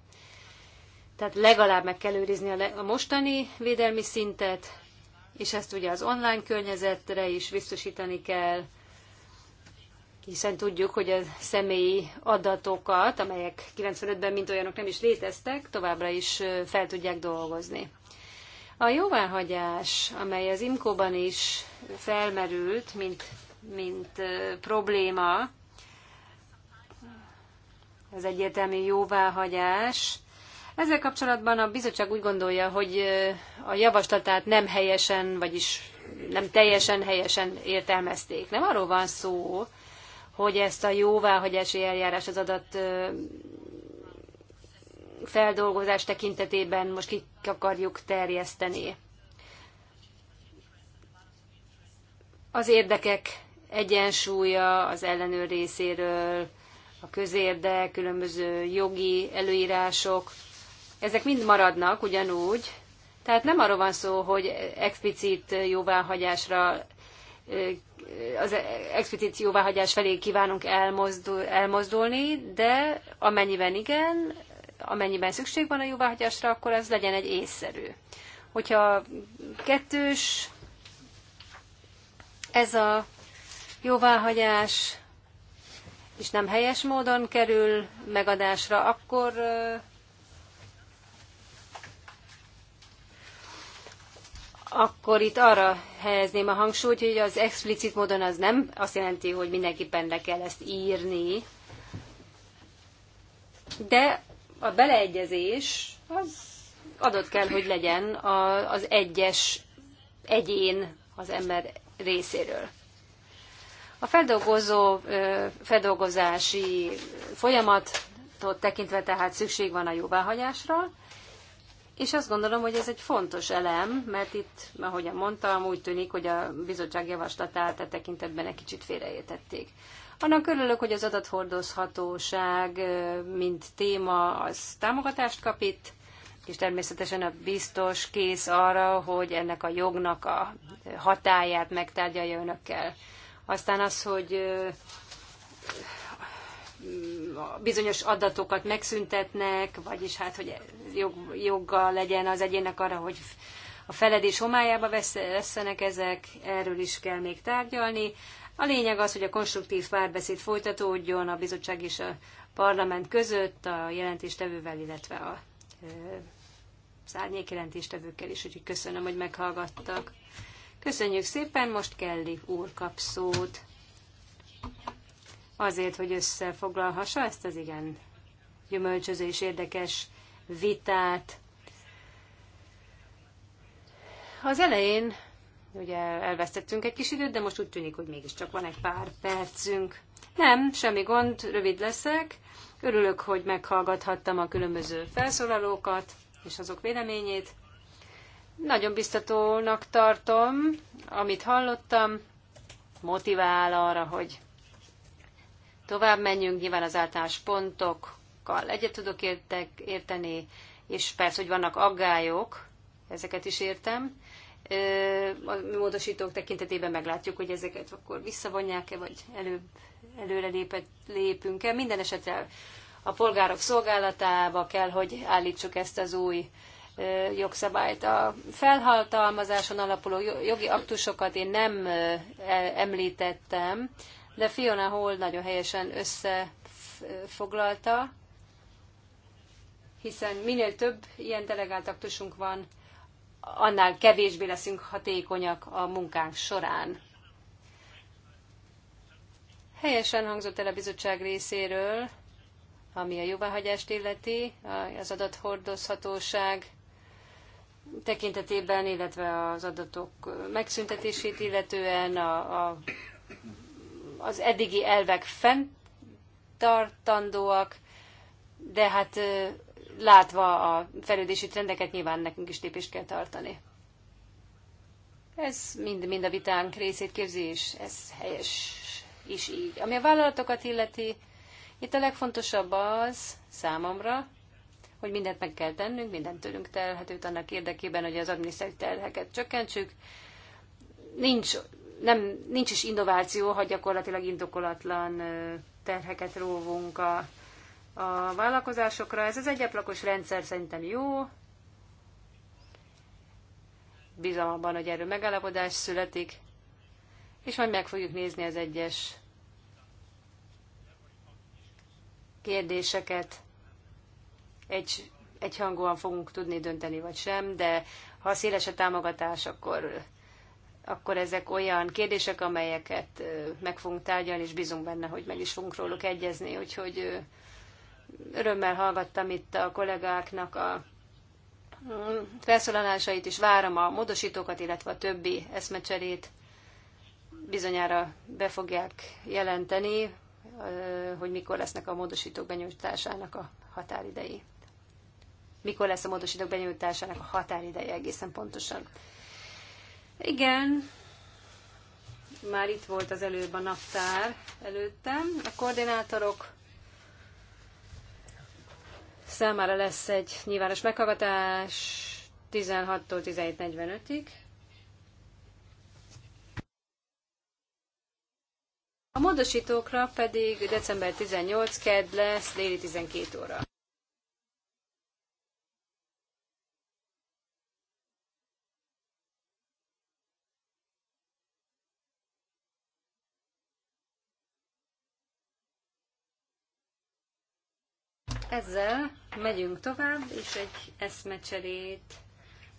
Tehát legalább meg kell őrizni a, le, a mostani védelmi szintet, és ezt ugye az online környezetre is biztosítani kell, hiszen tudjuk, hogy a személyi adatokat, amelyek 95-ben mint olyanok nem is léteztek, továbbra is fel tudják dolgozni. A jóváhagyás, amely az IMCO-ban is felmerült, mint mint probléma, az egyértelmű jóváhagyás. Ezzel kapcsolatban a bizottság úgy gondolja, hogy a javaslatát nem helyesen, vagyis nem teljesen helyesen értelmezték. Nem arról van szó, hogy ezt a jóváhagyási eljárás az adat feldolgozás tekintetében most ki akarjuk terjeszteni. Az érdekek egyensúlya az ellenőr részéről, a közérdek, különböző jogi előírások, ezek mind maradnak ugyanúgy, tehát nem arról van szó, hogy explicit jóváhagyásra az explicit jóváhagyás felé kívánunk elmozdul, elmozdulni, de amennyiben igen, amennyiben szükség van a jóváhagyásra, akkor ez legyen egy észszerű. Hogyha kettős ez a jóváhagyás és nem helyes módon kerül megadásra, akkor akkor itt arra helyezném a hangsúlyt, hogy az explicit módon az nem azt jelenti, hogy mindenképpen le kell ezt írni, de a beleegyezés az adott kell, hogy legyen az egyes egyén az ember részéről. A feldolgozó, feldolgozási folyamatot tekintve tehát szükség van a jóváhagyásra, és azt gondolom, hogy ez egy fontos elem, mert itt, ahogyan mondtam, úgy tűnik, hogy a bizottság javaslatát a e tekintetben egy kicsit félreértették. Annak örülök, hogy az adathordozhatóság, mint téma, az támogatást kap itt, és természetesen a biztos kész arra, hogy ennek a jognak a hatáját megtárgyalja önökkel. Aztán az, hogy bizonyos adatokat megszüntetnek, vagyis hát, hogy jog, joggal legyen az egyének arra, hogy a feledés homályába vesztenek ezek, erről is kell még tárgyalni. A lényeg az, hogy a konstruktív párbeszéd folytatódjon a bizottság és a parlament között, a jelentéstevővel, illetve a szárnyék jelentéstevőkkel is, úgyhogy köszönöm, hogy meghallgattak. Köszönjük szépen, most Kelly úr kap szót. Azért, hogy összefoglalhassa ezt az igen gyümölcsöző és érdekes vitát. Az elején ugye elvesztettünk egy kis időt, de most úgy tűnik, hogy mégiscsak van egy pár percünk. Nem, semmi gond, rövid leszek. Örülök, hogy meghallgathattam a különböző felszólalókat és azok véleményét. Nagyon biztatónak tartom, amit hallottam, motivál arra, hogy tovább menjünk, nyilván az általános pontokkal egyet tudok értek, érteni, és persze, hogy vannak aggályok, ezeket is értem. A módosítók tekintetében meglátjuk, hogy ezeket akkor visszavonják-e, vagy elő, előre lépünk-e. Minden esetre a polgárok szolgálatába kell, hogy állítsuk ezt az új jogszabályt. A felhatalmazáson alapuló jogi aktusokat én nem említettem, de Fiona Hall nagyon helyesen összefoglalta, hiszen minél több ilyen delegált aktusunk van, annál kevésbé leszünk hatékonyak a munkánk során. Helyesen hangzott el a bizottság részéről, ami a jóváhagyást illeti, az adathordozhatóság tekintetében, illetve az adatok megszüntetését illetően a, a, az eddigi elvek fenntartandóak, de hát látva a fejlődési trendeket nyilván nekünk is lépést kell tartani. Ez mind, mind a vitánk részét képzi, és ez helyes is így. Ami a vállalatokat illeti, itt a legfontosabb az számomra, hogy mindent meg kell tennünk, mindent tőlünk telhetőt annak érdekében, hogy az adminisztrált terheket csökkentsük. Nincs, nem, nincs is innováció, ha gyakorlatilag indokolatlan terheket róvunk a, a vállalkozásokra. Ez az egyablakos rendszer szerintem jó, bízom abban, hogy erről megállapodás születik, és majd meg fogjuk nézni az egyes kérdéseket, egy, hangúan fogunk tudni dönteni, vagy sem, de ha széles a támogatás, akkor, akkor ezek olyan kérdések, amelyeket meg fogunk tárgyalni, és bízunk benne, hogy meg is fogunk róluk egyezni. Úgyhogy örömmel hallgattam itt a kollégáknak a mm, felszólalásait, és várom a módosítókat, illetve a többi eszmecserét. Bizonyára be fogják jelenteni, hogy mikor lesznek a módosítók benyújtásának a határidei mikor lesz a módosítók benyújtásának a határideje egészen pontosan. Igen, már itt volt az előbb a naptár előttem. A koordinátorok számára lesz egy nyilvános meghallgatás 16-tól 17.45-ig. A módosítókra pedig december 18 kedd lesz déli 12 óra. ezzel megyünk tovább, és egy eszmecserét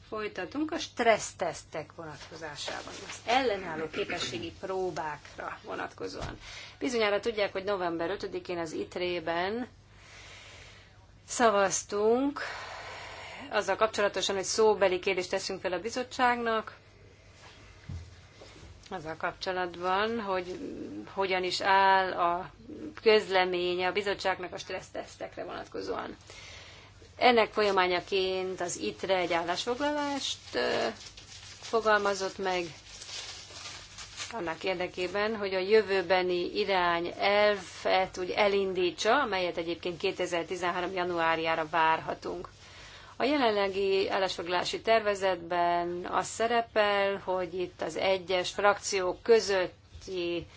folytatunk a stressztesztek vonatkozásában, az ellenálló képességi próbákra vonatkozóan. Bizonyára tudják, hogy november 5-én az ITRE-ben szavaztunk azzal kapcsolatosan, hogy szóbeli kérdést teszünk fel a bizottságnak, azzal kapcsolatban, hogy hogyan is áll a közleménye a bizottságnak a stressztesztekre vonatkozóan. Ennek folyamányaként az ITRE egy állásfoglalást fogalmazott meg annak érdekében, hogy a jövőbeni irány elfet úgy elindítsa, amelyet egyébként 2013. januárjára várhatunk. A jelenlegi állásfoglalási tervezetben az szerepel, hogy itt az egyes frakciók közötti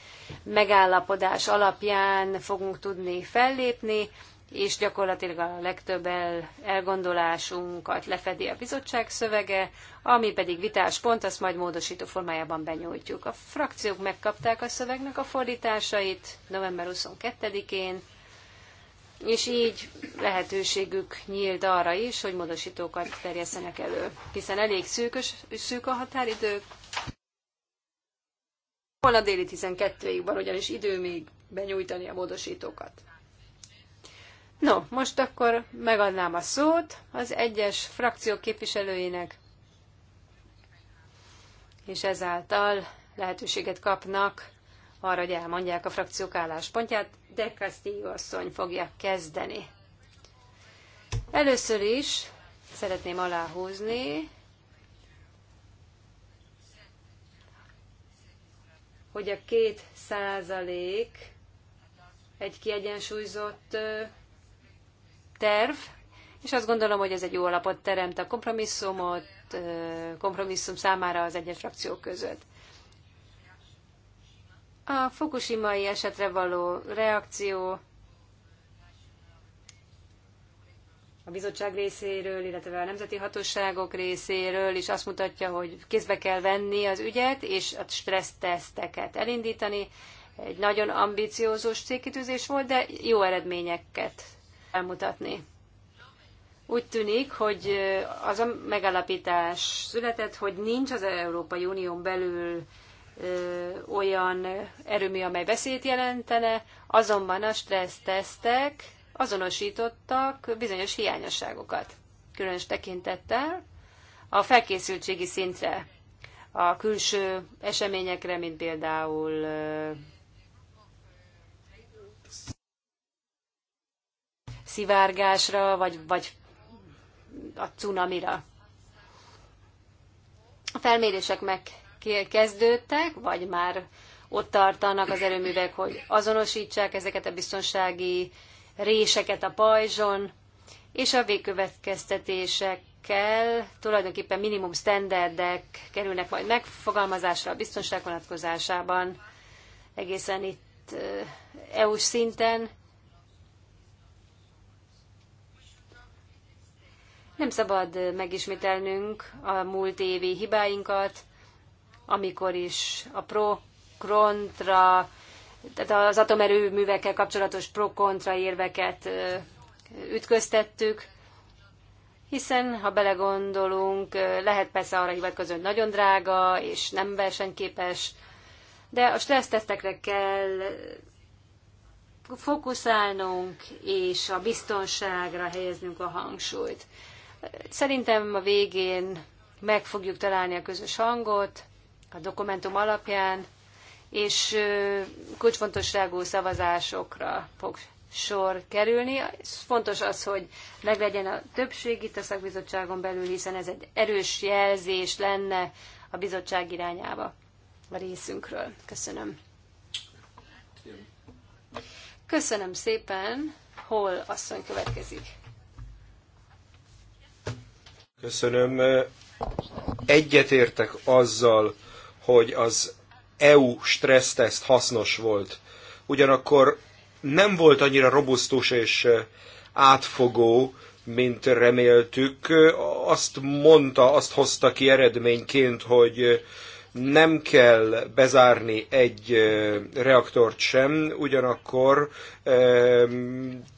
megállapodás alapján fogunk tudni fellépni, és gyakorlatilag a legtöbb el, elgondolásunkat lefedi a bizottság szövege, ami pedig vitás pont, azt majd módosító formájában benyújtjuk. A frakciók megkapták a szövegnek a fordításait november 22-én, és így lehetőségük nyílt arra is, hogy módosítókat terjesztenek elő, hiszen elég szűkös, szűk a határidő. Holna déli 12-ig van ugyanis idő még benyújtani a módosítókat. No, most akkor megadnám a szót az egyes frakciók képviselőinek, és ezáltal lehetőséget kapnak arra, hogy elmondják a frakciók álláspontját, de Castillo asszony fogja kezdeni. Először is szeretném aláhúzni, hogy a két százalék egy kiegyensúlyzott terv, és azt gondolom, hogy ez egy jó alapot teremt a kompromisszumot, kompromisszum számára az egyes frakciók között. A fukushimai esetre való reakció a bizottság részéről, illetve a nemzeti hatóságok részéről is azt mutatja, hogy kézbe kell venni az ügyet, és a stresszteszteket elindítani. Egy nagyon ambiciózus cégkitűzés volt, de jó eredményeket elmutatni. Úgy tűnik, hogy az a megállapítás született, hogy nincs az Európai Unión belül olyan erőmű, amely veszélyt jelentene, azonban a stressztesztek azonosítottak bizonyos hiányosságokat, különös tekintettel a felkészültségi szintre, a külső eseményekre, mint például szivárgásra, vagy, vagy a cunamira. A felmérések meg kezdődtek, vagy már ott tartanak az erőművek, hogy azonosítsák ezeket a biztonsági réseket a pajzson, és a végkövetkeztetésekkel tulajdonképpen minimum standardek kerülnek majd megfogalmazásra a biztonság vonatkozásában, egészen itt EU-s szinten. Nem szabad megismételnünk a múlt évi hibáinkat, amikor is a pro-kontra, tehát az atomerőművekkel kapcsolatos pro-kontra érveket ütköztettük, hiszen ha belegondolunk, lehet persze arra hivatkozni, hogy nagyon drága és nem versenyképes, de a stressztesztekre kell fókuszálnunk, és a biztonságra helyeznünk a hangsúlyt. Szerintem a végén meg fogjuk találni a közös hangot, a dokumentum alapján, és kulcsfontosságú szavazásokra fog sor kerülni. Fontos az, hogy meglegyen a többség itt a szakbizottságon belül, hiszen ez egy erős jelzés lenne a bizottság irányába a részünkről. Köszönöm. Köszönöm szépen. Hol asszony következik? Köszönöm. Egyetértek azzal, hogy az EU stresszteszt hasznos volt. Ugyanakkor nem volt annyira robusztus és átfogó, mint reméltük. Azt mondta, azt hozta ki eredményként, hogy nem kell bezárni egy reaktort sem, ugyanakkor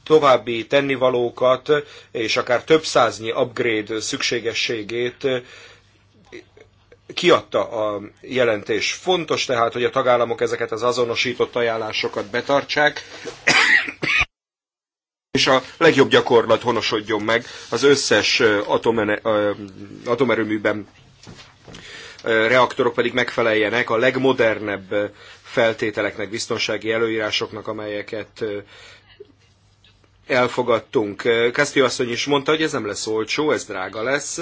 további tennivalókat és akár több száznyi upgrade szükségességét kiadta a jelentés. Fontos tehát, hogy a tagállamok ezeket az azonosított ajánlásokat betartsák, és a legjobb gyakorlat honosodjon meg az összes atomene, atomerőműben reaktorok pedig megfeleljenek a legmodernebb feltételeknek, biztonsági előírásoknak, amelyeket elfogadtunk. Kesztyű asszony is mondta, hogy ez nem lesz olcsó, ez drága lesz,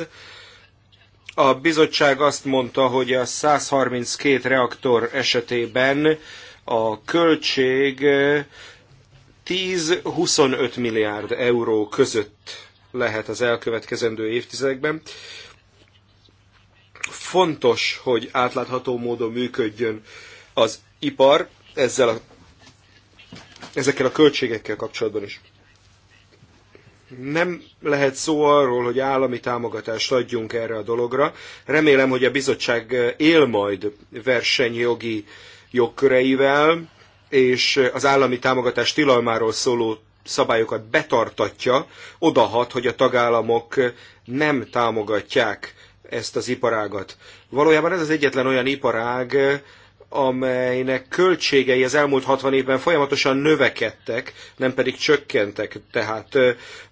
a bizottság azt mondta, hogy a 132 reaktor esetében a költség 10-25 milliárd euró között lehet az elkövetkezendő évtizedekben. Fontos, hogy átlátható módon működjön az ipar ezzel a, ezekkel a költségekkel kapcsolatban is nem lehet szó arról, hogy állami támogatást adjunk erre a dologra. Remélem, hogy a bizottság él majd versenyjogi jogköreivel, és az állami támogatás tilalmáról szóló szabályokat betartatja, odahat, hogy a tagállamok nem támogatják ezt az iparágat. Valójában ez az egyetlen olyan iparág, amelynek költségei az elmúlt 60 évben folyamatosan növekedtek, nem pedig csökkentek. Tehát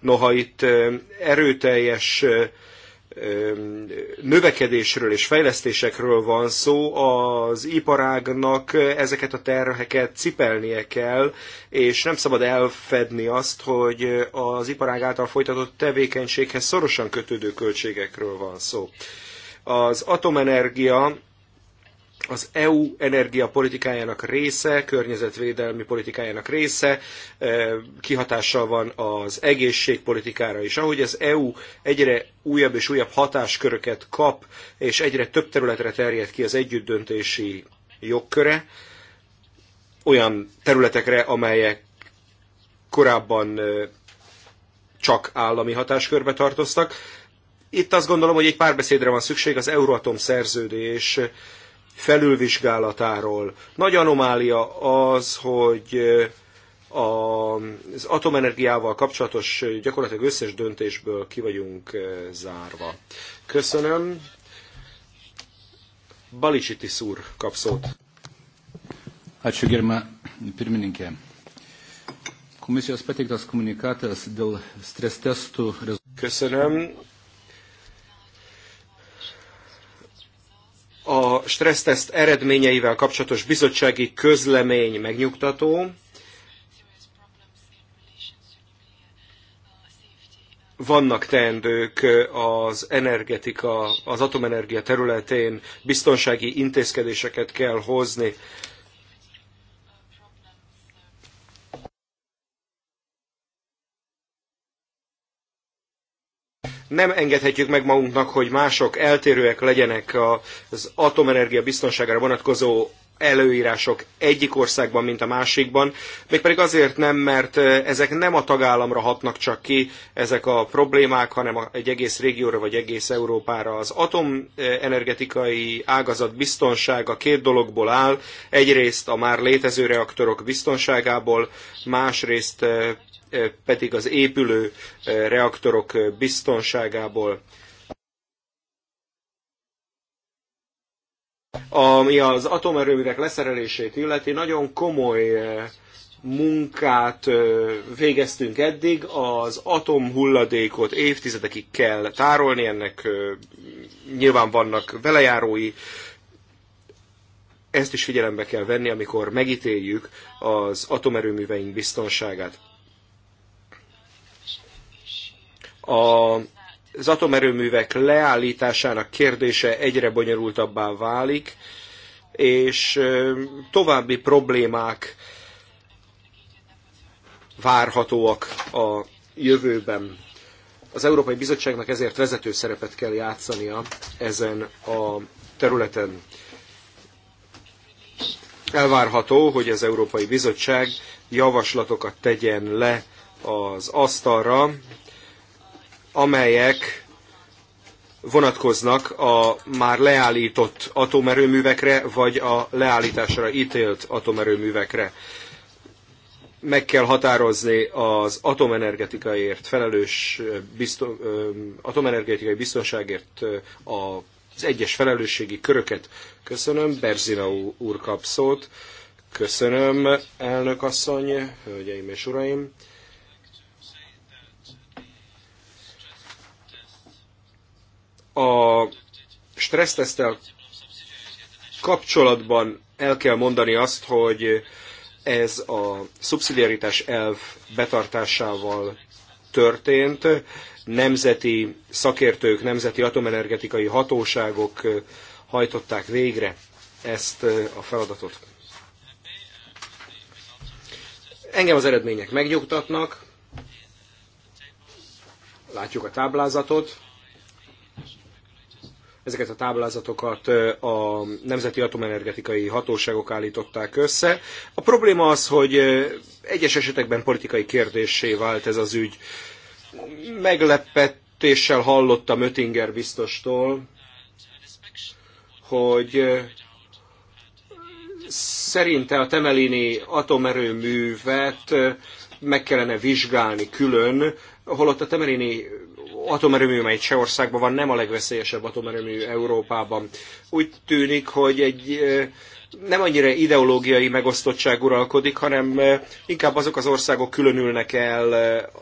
noha itt erőteljes növekedésről és fejlesztésekről van szó, az iparágnak ezeket a terheket cipelnie kell, és nem szabad elfedni azt, hogy az iparág által folytatott tevékenységhez szorosan kötődő költségekről van szó. Az atomenergia az EU energiapolitikájának része, környezetvédelmi politikájának része, e, kihatással van az egészségpolitikára is. Ahogy az EU egyre újabb és újabb hatásköröket kap, és egyre több területre terjed ki az együttdöntési jogköre, olyan területekre, amelyek korábban e, csak állami hatáskörbe tartoztak. Itt azt gondolom, hogy egy párbeszédre van szükség az Euratom szerződés felülvizsgálatáról. Nagy anomália az, hogy eh, az atomenergiával kapcsolatos eh, gyakorlatilag összes döntésből ki vagyunk eh, zárva. Köszönöm. Balicsiti szúr kap szót. Ačiū germa pirmininkė. Komisijos pateiktas az dėl az testų rezultatų. Köszönöm. a stresszteszt eredményeivel kapcsolatos bizottsági közlemény megnyugtató. Vannak teendők az energetika, az atomenergia területén biztonsági intézkedéseket kell hozni. nem engedhetjük meg magunknak, hogy mások eltérőek legyenek az atomenergia biztonságára vonatkozó előírások egyik országban, mint a másikban, mégpedig azért nem, mert eh, ezek nem a tagállamra hatnak csak ki ezek a problémák, hanem egy egész régióra vagy egész Európára. Az atomenergetikai ágazat biztonsága két dologból áll, egyrészt a már létező reaktorok biztonságából, másrészt eh, pedig az épülő reaktorok biztonságából. Ami az atomerőművek leszerelését illeti, nagyon komoly munkát végeztünk eddig, az atomhulladékot évtizedekig kell tárolni, ennek nyilván vannak velejárói, ezt is figyelembe kell venni, amikor megítéljük az atomerőműveink biztonságát. a az atomerőművek leállításának kérdése egyre bonyolultabbá válik, és további problémák várhatóak a jövőben. Az Európai Bizottságnak ezért vezető szerepet kell játszania ezen a területen. Elvárható, hogy az Európai Bizottság javaslatokat tegyen le az asztalra amelyek vonatkoznak a már leállított atomerőművekre, vagy a leállításra ítélt atomerőművekre. Meg kell határozni az atomenergetikaiért felelős, bizton, atomenergetikai biztonságért az egyes felelősségi köröket. Köszönöm, Berzina úr kap szót. Köszönöm, elnök asszony, hölgyeim és uraim. A stressztesztel kapcsolatban el kell mondani azt, hogy ez a szubszidiaritás elv betartásával történt. Nemzeti szakértők, nemzeti atomenergetikai hatóságok hajtották végre ezt a feladatot. Engem az eredmények megnyugtatnak. Látjuk a táblázatot. Ezeket a táblázatokat a Nemzeti Atomenergetikai Hatóságok állították össze. A probléma az, hogy egyes esetekben politikai kérdéssé vált ez az ügy. Meglepetéssel hallottam Ötinger biztostól, hogy szerinte a temelini atomerőművet meg kellene vizsgálni külön, holott a temelini atomerőmű, amely Csehországban van, nem a legveszélyesebb atomerőmű Európában. Úgy tűnik, hogy egy nem annyira ideológiai megosztottság uralkodik, hanem inkább azok az országok különülnek el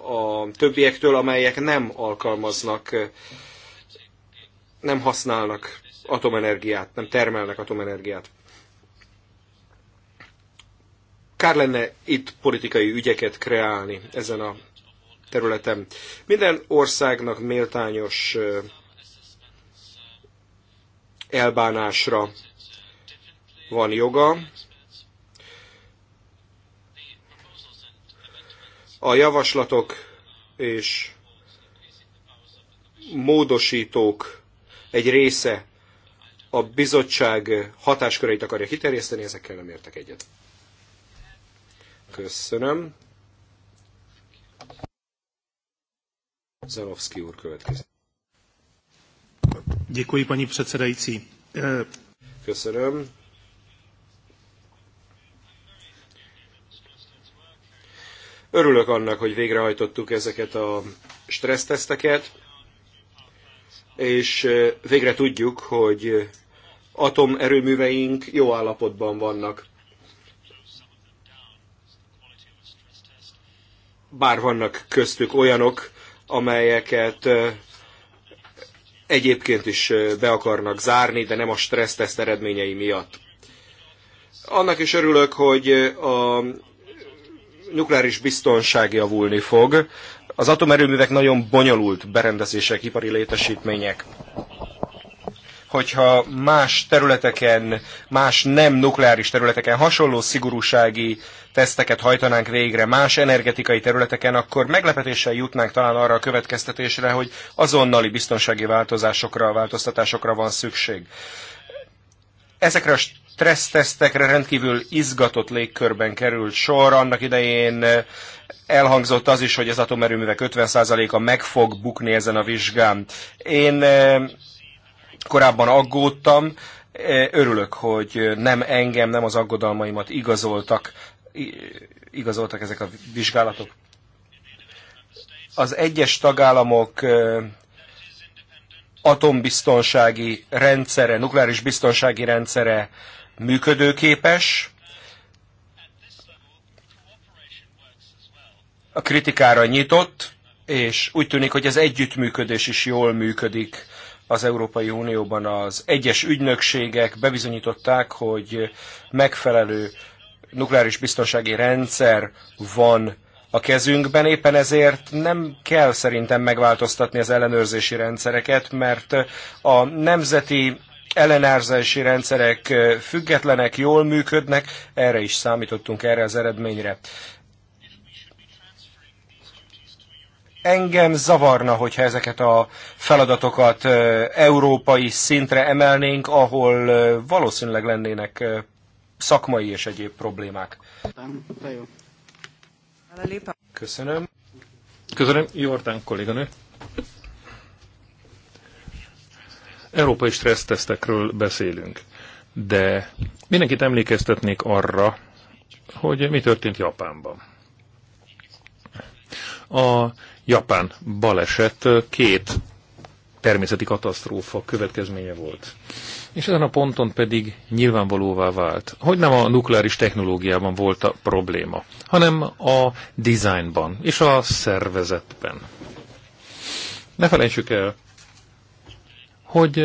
a többiektől, amelyek nem alkalmaznak, nem használnak atomenergiát, nem termelnek atomenergiát. Kár lenne itt politikai ügyeket kreálni ezen a területen. Minden országnak méltányos elbánásra van joga. A javaslatok és módosítók egy része a bizottság hatásköreit akarja kiterjeszteni, ezekkel nem értek egyet. Köszönöm. úr következik. Děkuji, paní předsedající. Eh, Köszönöm. Örülök annak, hogy végrehajtottuk ezeket a stresszteszteket, és eh, végre tudjuk, hogy atomerőműveink jó állapotban vannak. Bár vannak köztük olyanok, amelyeket eh, egyébként is eh, be akarnak zárni, de nem a stresszteszt eredményei miatt. Annak is örülök, hogy eh, a nukleáris biztonság javulni fog. Az atomerőművek nagyon bonyolult berendezések, ipari létesítmények hogyha más területeken, más nem nukleáris területeken hasonló szigorúsági teszteket hajtanánk végre más energetikai területeken, akkor meglepetéssel jutnánk talán arra a következtetésre, hogy azonnali biztonsági változásokra, változtatásokra van szükség. Ezekre a stressztesztekre rendkívül izgatott légkörben került sor. Annak idején elhangzott az is, hogy az atomerőművek 50%-a meg fog bukni ezen a vizsgán. Én eh, korábban aggódtam, e, örülök, hogy nem engem, nem az aggodalmaimat igazoltak, igazoltak ezek a vizsgálatok. Az egyes tagállamok e, atombiztonsági rendszere, nukleáris biztonsági rendszere működőképes. A kritikára nyitott, és úgy tűnik, hogy az együttműködés is jól működik az Európai Unióban az egyes ügynökségek bebizonyították, hogy megfelelő nukleáris biztonsági rendszer van a kezünkben, éppen ezért nem kell szerintem megváltoztatni az ellenőrzési rendszereket, mert a nemzeti ellenárzási rendszerek függetlenek, jól működnek, erre is számítottunk erre az eredményre. engem zavarna, hogyha ezeket a feladatokat európai szintre emelnénk, ahol valószínűleg lennének szakmai és egyéb problémák. Köszönöm. Köszönöm, Jortán kolléganő. Európai stressztesztekről beszélünk, de mindenkit emlékeztetnék arra, hogy mi történt Japánban. A japán baleset két természeti katasztrófa következménye volt. És ezen a ponton pedig nyilvánvalóvá vált, hogy nem a nukleáris technológiában volt a probléma, hanem a dizájnban és a szervezetben. Ne felejtsük el, hogy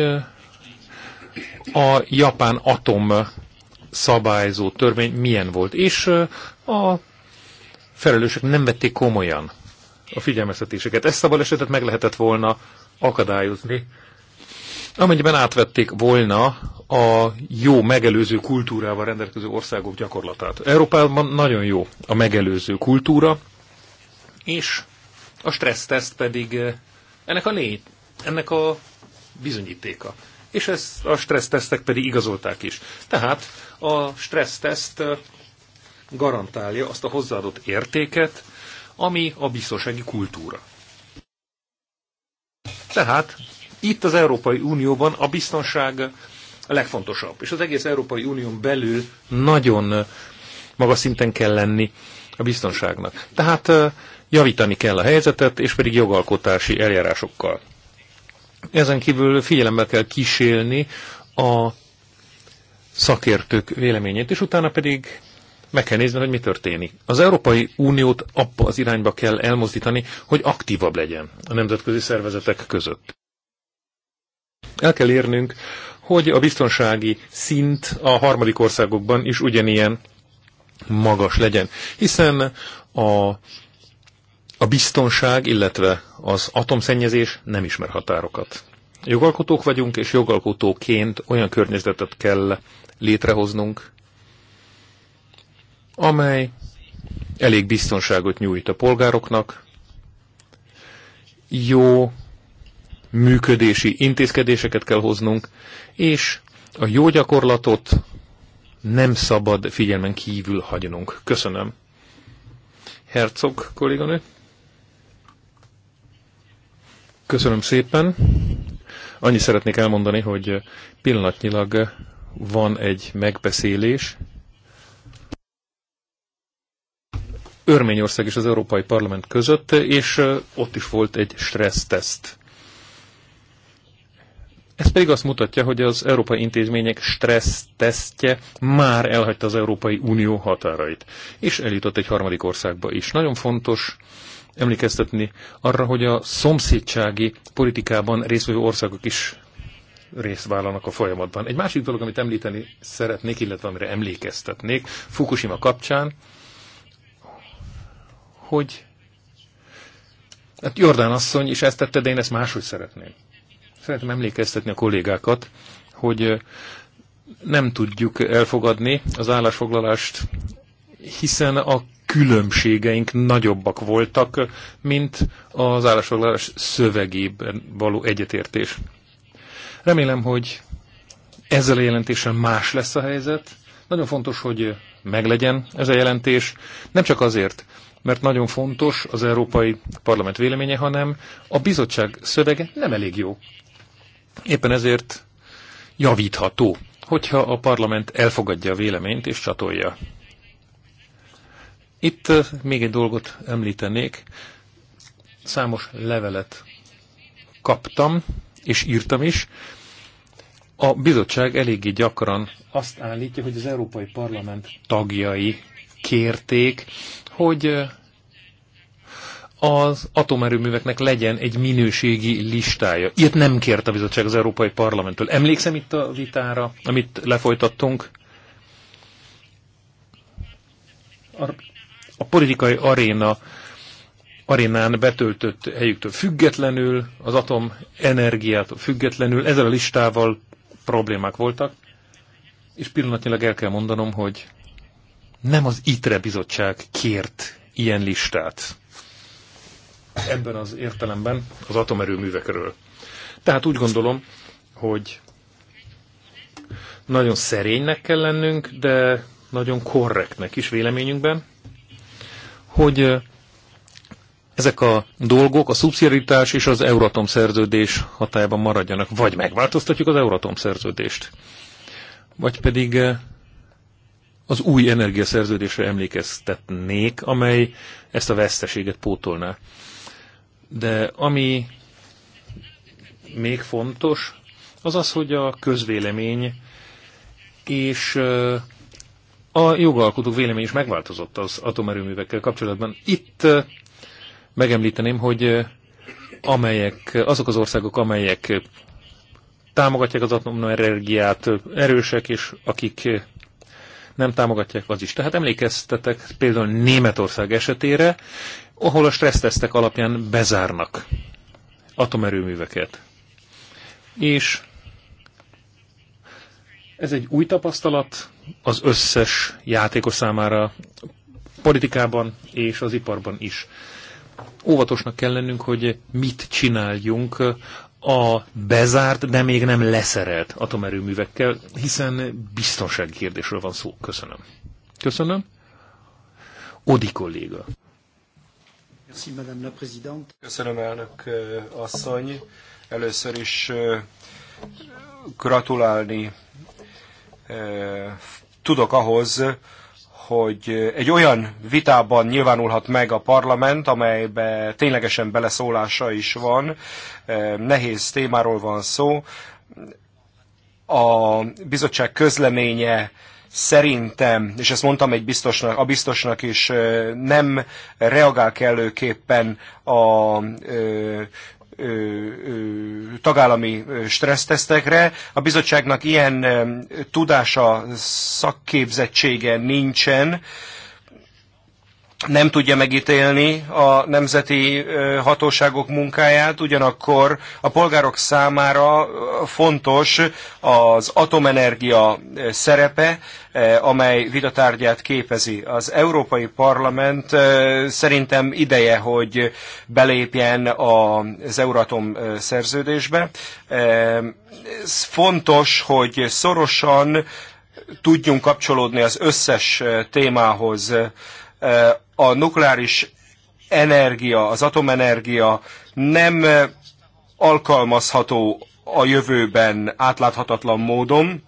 a japán atom szabályzó törvény milyen volt, és a felelősök nem vették komolyan a figyelmeztetéseket. Ezt a balesetet meg lehetett volna akadályozni, amennyiben átvették volna a jó megelőző kultúrával rendelkező országok gyakorlatát. Európában nagyon jó a megelőző kultúra, és a stresszteszt pedig eh, ennek a négy, ennek a bizonyítéka. És ezt a stressztesztek pedig igazolták is. Tehát a stresszteszt eh, garantálja azt a hozzáadott értéket, ami a biztonsági kultúra. Tehát itt az Európai Unióban a biztonság a legfontosabb, és az egész Európai Unión belül nagyon magas szinten kell lenni a biztonságnak. Tehát javítani kell a helyzetet, és pedig jogalkotási eljárásokkal. Ezen kívül figyelembe kell kísélni a szakértők véleményét, és utána pedig meg kell nézni, hogy mi történik. Az Európai Uniót abba az irányba kell elmozdítani, hogy aktívabb legyen a nemzetközi szervezetek között. El kell érnünk, hogy a biztonsági szint a harmadik országokban is ugyanilyen magas legyen. Hiszen a, a biztonság, illetve az atomszennyezés nem ismer határokat. Jogalkotók vagyunk, és jogalkotóként olyan környezetet kell létrehoznunk, amely elég biztonságot nyújt a polgároknak, jó működési intézkedéseket kell hoznunk, és a jó gyakorlatot nem szabad figyelmen kívül hagynunk. Köszönöm. Herzog kolléganő. Köszönöm szépen. Annyi szeretnék elmondani, hogy pillanatnyilag van egy megbeszélés Örményország és az Európai Parlament között, és ott is volt egy stresszteszt. Ez pedig azt mutatja, hogy az európai intézmények stressztesztje már elhagyta az Európai Unió határait, és eljutott egy harmadik országba is. Nagyon fontos emlékeztetni arra, hogy a szomszédsági politikában részvevő országok is részt vállalnak a folyamatban. Egy másik dolog, amit említeni szeretnék, illetve amire emlékeztetnék, Fukushima kapcsán hogy hát Jordán asszony is ezt tette, de én ezt máshogy szeretném. Szeretném emlékeztetni a kollégákat, hogy nem tudjuk elfogadni az állásfoglalást, hiszen a különbségeink nagyobbak voltak, mint az állásfoglalás szövegében való egyetértés. Remélem, hogy ezzel a jelentéssel más lesz a helyzet. Nagyon fontos, hogy meglegyen ez a jelentés, nem csak azért, mert nagyon fontos az Európai Parlament véleménye, hanem a bizottság szövege nem elég jó. Éppen ezért javítható, hogyha a parlament elfogadja a véleményt és csatolja. Itt még egy dolgot említenék. Számos levelet kaptam, és írtam is. A bizottság eléggé gyakran azt állítja, hogy az Európai Parlament tagjai kérték, hogy az atomerőműveknek legyen egy minőségi listája. Ilyet nem kért a bizottság az Európai Parlamenttől. Emlékszem itt a vitára, amit lefolytattunk? A, a politikai aréna arénán betöltött helyüktől függetlenül, az atomenergiától függetlenül, ezzel a listával problémák voltak, és pillanatnyilag el kell mondanom, hogy nem az ITRE bizottság kért ilyen listát ebben az értelemben az atomerőművekről. Tehát úgy gondolom, hogy nagyon szerénynek kell lennünk, de nagyon korrektnek is véleményünkben, hogy ezek a dolgok a szubszidiaritás és az Euratom szerződés hatájában maradjanak, vagy megváltoztatjuk az Euratom szerződést, vagy pedig az új energiaszerződésre emlékeztetnék, amely ezt a veszteséget pótolná. De ami még fontos, az az, hogy a közvélemény és a jogalkotók vélemény is megváltozott az atomerőművekkel kapcsolatban. Itt megemlíteném, hogy amelyek, azok az országok, amelyek támogatják az atomenergiát, erősek, és akik nem támogatják, az is. Tehát emlékeztetek például Németország esetére, ahol a stressztesztek alapján bezárnak atomerőműveket. És ez egy új tapasztalat az összes játékos számára politikában és az iparban is. Óvatosnak kell lennünk, hogy mit csináljunk a bezárt, de még nem leszerelt atomerőművekkel, hiszen biztonsági kérdésről van szó. Köszönöm. Köszönöm. Odi kolléga. Köszönöm, elnök eh, asszony. Először is eh, gratulálni eh, tudok ahhoz, hogy egy olyan vitában nyilvánulhat meg a parlament, amelybe ténylegesen beleszólása is van, nehéz témáról van szó. A bizottság közleménye szerintem, és ezt mondtam egy biztosnak, a biztosnak is, nem reagál kellőképpen a tagállami stressztesztekre. A bizottságnak ilyen tudása, szakképzettsége nincsen, nem tudja megítélni a nemzeti hatóságok munkáját, ugyanakkor a polgárok számára fontos az atomenergia szerepe, amely vitatárgyát képezi. Az Európai Parlament szerintem ideje, hogy belépjen az Euratom szerződésbe. Ez fontos, hogy szorosan tudjunk kapcsolódni az összes témához, a nukleáris energia, az atomenergia nem alkalmazható a jövőben átláthatatlan módon.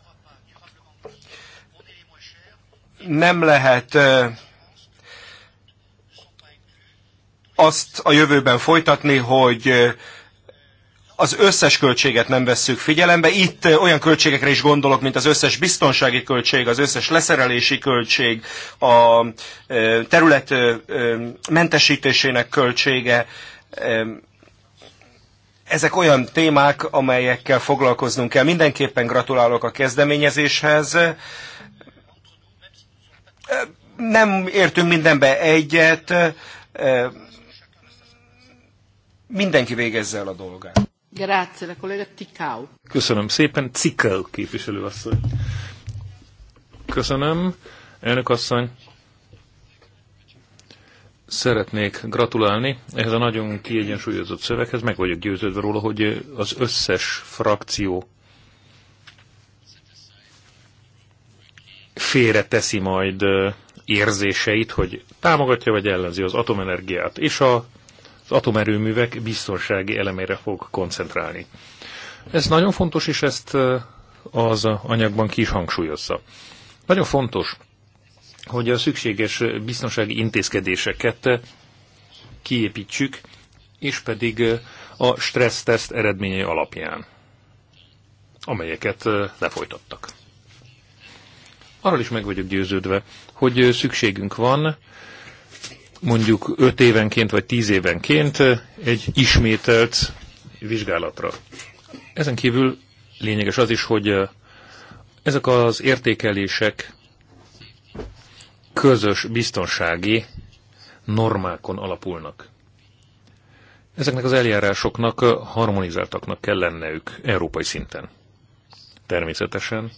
Nem lehet azt a jövőben folytatni, hogy az összes költséget nem vesszük figyelembe. Itt olyan költségekre is gondolok, mint az összes biztonsági költség, az összes leszerelési költség, a terület mentesítésének költsége. Ezek olyan témák, amelyekkel foglalkoznunk kell. Mindenképpen gratulálok a kezdeményezéshez nem értünk mindenbe egyet, mindenki végezze el a dolgát. Grazie, la Köszönöm szépen, Cikau asszony. Köszönöm, elnök asszony. Szeretnék gratulálni ehhez a nagyon kiegyensúlyozott szöveghez, meg vagyok győződve róla, hogy az összes frakció félre teszi majd érzéseit, hogy támogatja vagy ellenzi az atomenergiát, és a az atomerőművek biztonsági elemére fog koncentrálni. Ez nagyon fontos, és ezt az anyagban ki is hangsúlyozza. Nagyon fontos, hogy a szükséges biztonsági intézkedéseket kiépítsük, és pedig a stresszteszt eredményei alapján, amelyeket lefolytattak. Arról is meg vagyok győződve, hogy szükségünk van mondjuk 5 évenként vagy 10 évenként eh, egy ismételt vizsgálatra. Ezen kívül lényeges az is, hogy eh, ezek az értékelések közös biztonsági normákon alapulnak. Ezeknek az eljárásoknak eh, harmonizáltaknak kell lenniük európai szinten. Természetesen.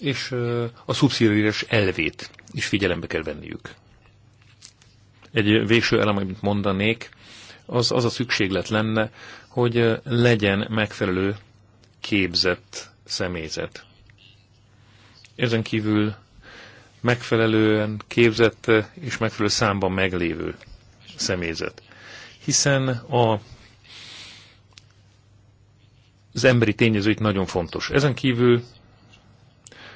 És a szubszidiós elvét is figyelembe kell venniük egy végső elem, amit mondanék, az, az a szükséglet lenne, hogy legyen megfelelő képzett személyzet. Ezen kívül megfelelően képzett és megfelelő számban meglévő személyzet. Hiszen a, az emberi tényező itt nagyon fontos. Ezen kívül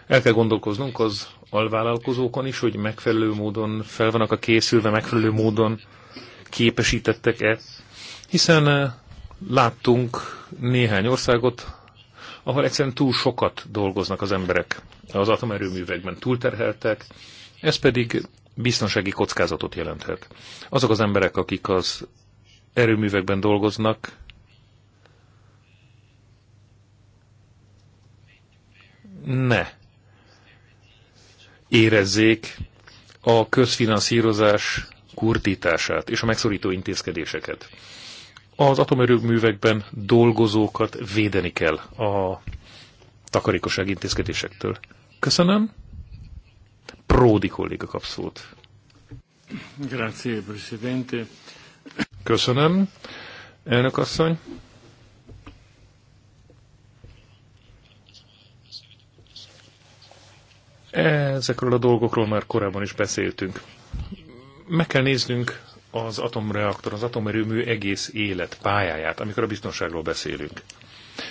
el kell gondolkoznunk az alvállalkozókon is, hogy megfelelő módon fel vannak a készülve, megfelelő módon képesítettek-e, hiszen eh, láttunk néhány országot, ahol egyszerűen túl sokat dolgoznak az emberek az atomerőművekben, túlterheltek, ez pedig biztonsági kockázatot jelenthet. Azok az emberek, akik az erőművekben dolgoznak, ne érezzék a közfinanszírozás kurtítását és a megszorító intézkedéseket. Az atomerőművekben dolgozókat védeni kell a takarékosság intézkedésektől. Köszönöm. Pródi kolléga kap szót. Grazie, Presidente. Köszönöm, elnök asszony. Ezekről a dolgokról már korábban is beszéltünk. Meg kell néznünk az atomreaktor, az atomerőmű egész élet pályáját, amikor a biztonságról beszélünk.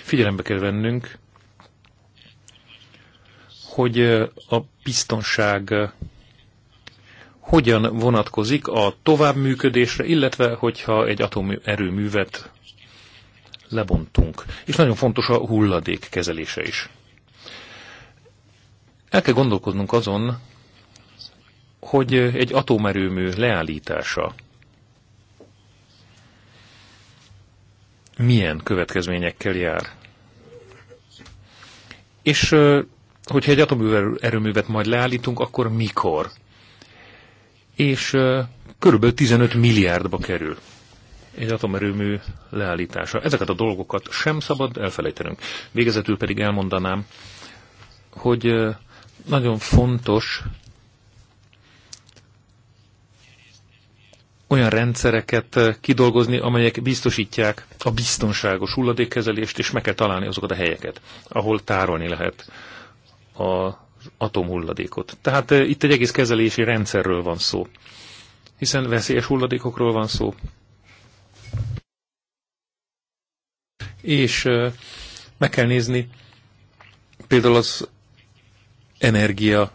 Figyelembe kell vennünk, hogy a biztonság hogyan vonatkozik a továbbműködésre, illetve hogyha egy atomerőművet lebontunk. És nagyon fontos a hulladék kezelése is. El kell gondolkodnunk azon, hogy egy atomerőmű leállítása milyen következményekkel jár. És hogyha egy atomerőművet majd leállítunk, akkor mikor? És körülbelül 15 milliárdba kerül egy atomerőmű leállítása. Ezeket a dolgokat sem szabad elfelejtenünk. Végezetül pedig elmondanám, hogy nagyon fontos olyan rendszereket eh, kidolgozni, amelyek biztosítják a biztonságos hulladékkezelést, és meg kell találni azokat a helyeket, ahol tárolni lehet az atomhulladékot. Tehát eh, itt egy egész kezelési rendszerről van szó, hiszen veszélyes hulladékokról van szó. És eh, meg kell nézni például az energia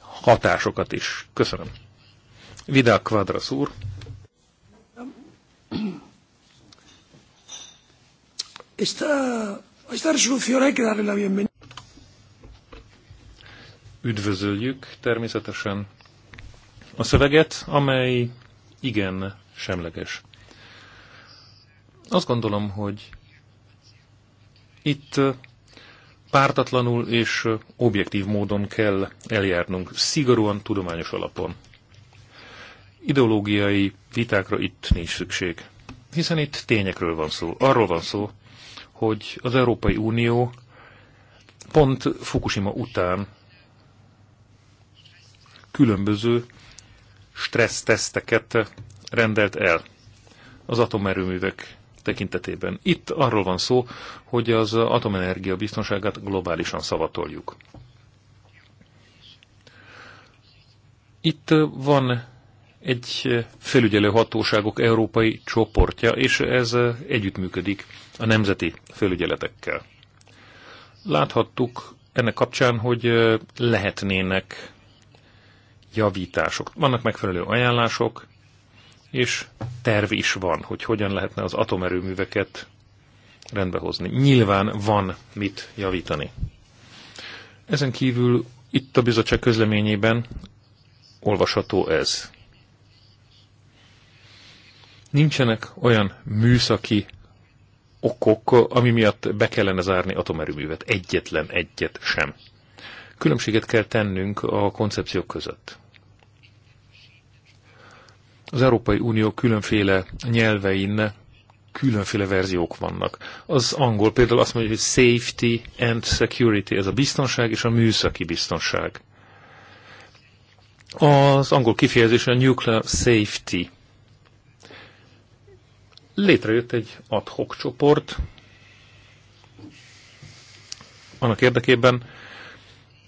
hatásokat is. Köszönöm. Vidal Quadras úr. Esta, esta resolución hay que darle la bienvenida. Üdvözöljük természetesen a szöveget, amely igen semleges. Azt gondolom, hogy itt pártatlanul és objektív módon kell eljárnunk, szigorúan tudományos alapon. Ideológiai vitákra itt nincs szükség, hiszen itt tényekről van szó. Arról van szó, hogy az Európai Unió pont Fukushima után különböző stresszteszteket rendelt el az atomerőművek tekintetében. Itt arról van szó, hogy az atomenergia biztonságát globálisan szavatoljuk. Itt van egy felügyelő hatóságok európai csoportja, és ez együttműködik a nemzeti felügyeletekkel. Láthattuk ennek kapcsán, hogy lehetnének javítások. Vannak megfelelő ajánlások, és terv is van, hogy hogyan lehetne az atomerőműveket rendbehozni. Nyilván van mit javítani. Ezen kívül itt a bizottság közleményében olvasható ez. Nincsenek olyan műszaki okok, ami miatt be kellene zárni atomerőművet. Egyetlen egyet sem. Különbséget kell tennünk a koncepciók között az Európai Unió különféle nyelvein különféle verziók vannak. Az angol például azt mondja, hogy safety and security, ez a biztonság és a műszaki biztonság. Az angol kifejezés a nuclear safety. Létrejött egy ad hoc csoport, annak érdekében,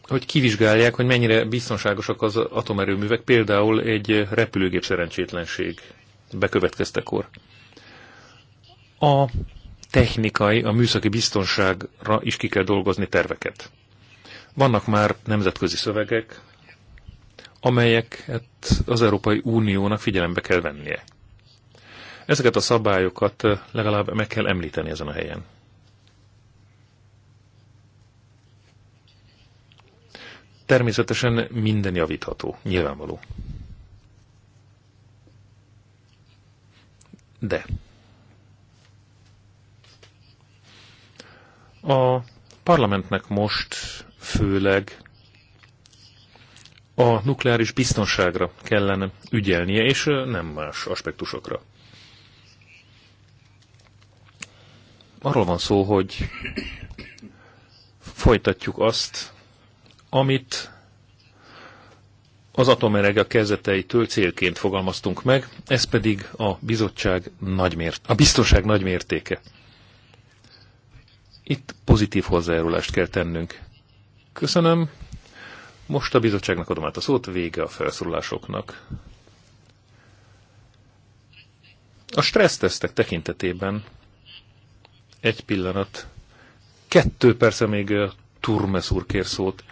hogy kivizsgálják, hogy mennyire biztonságosak az atomerőművek, például egy repülőgép szerencsétlenség bekövetkeztekor. A technikai, a műszaki biztonságra is ki kell dolgozni terveket. Vannak már nemzetközi szövegek, amelyeket az Európai Uniónak figyelembe kell vennie. Ezeket a szabályokat legalább meg kell említeni ezen a helyen. Természetesen minden javítható, nyilvánvaló. De a parlamentnek most főleg a nukleáris biztonságra kellene ügyelnie, és nem más aspektusokra. Arról van szó, hogy folytatjuk azt, amit az atomenergia kezdeteitől célként fogalmaztunk meg, ez pedig a bizottság nagymért, a biztonság nagymértéke. Itt pozitív hozzájárulást kell tennünk. Köszönöm. Most a bizottságnak adom át a szót, vége a felszólásoknak. A stressztesztek tekintetében egy pillanat. Kettő persze még eh, Turmes úr kér szót.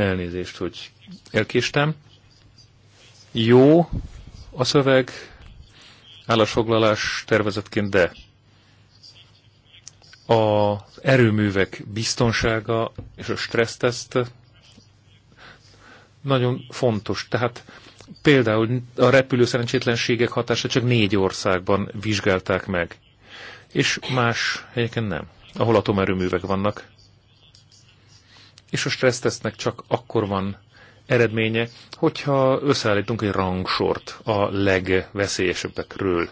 Elnézést, hogy elkéstem. Jó a szöveg, állásfoglalás tervezetként, de az erőművek biztonsága és a stresszteszt nagyon fontos. Tehát például a repülő szerencsétlenségek hatása csak négy országban vizsgálták meg, és más helyeken nem, ahol atomerőművek vannak és a stressztesznek csak akkor van eredménye, hogyha összeállítunk egy rangsort a legveszélyesebbekről,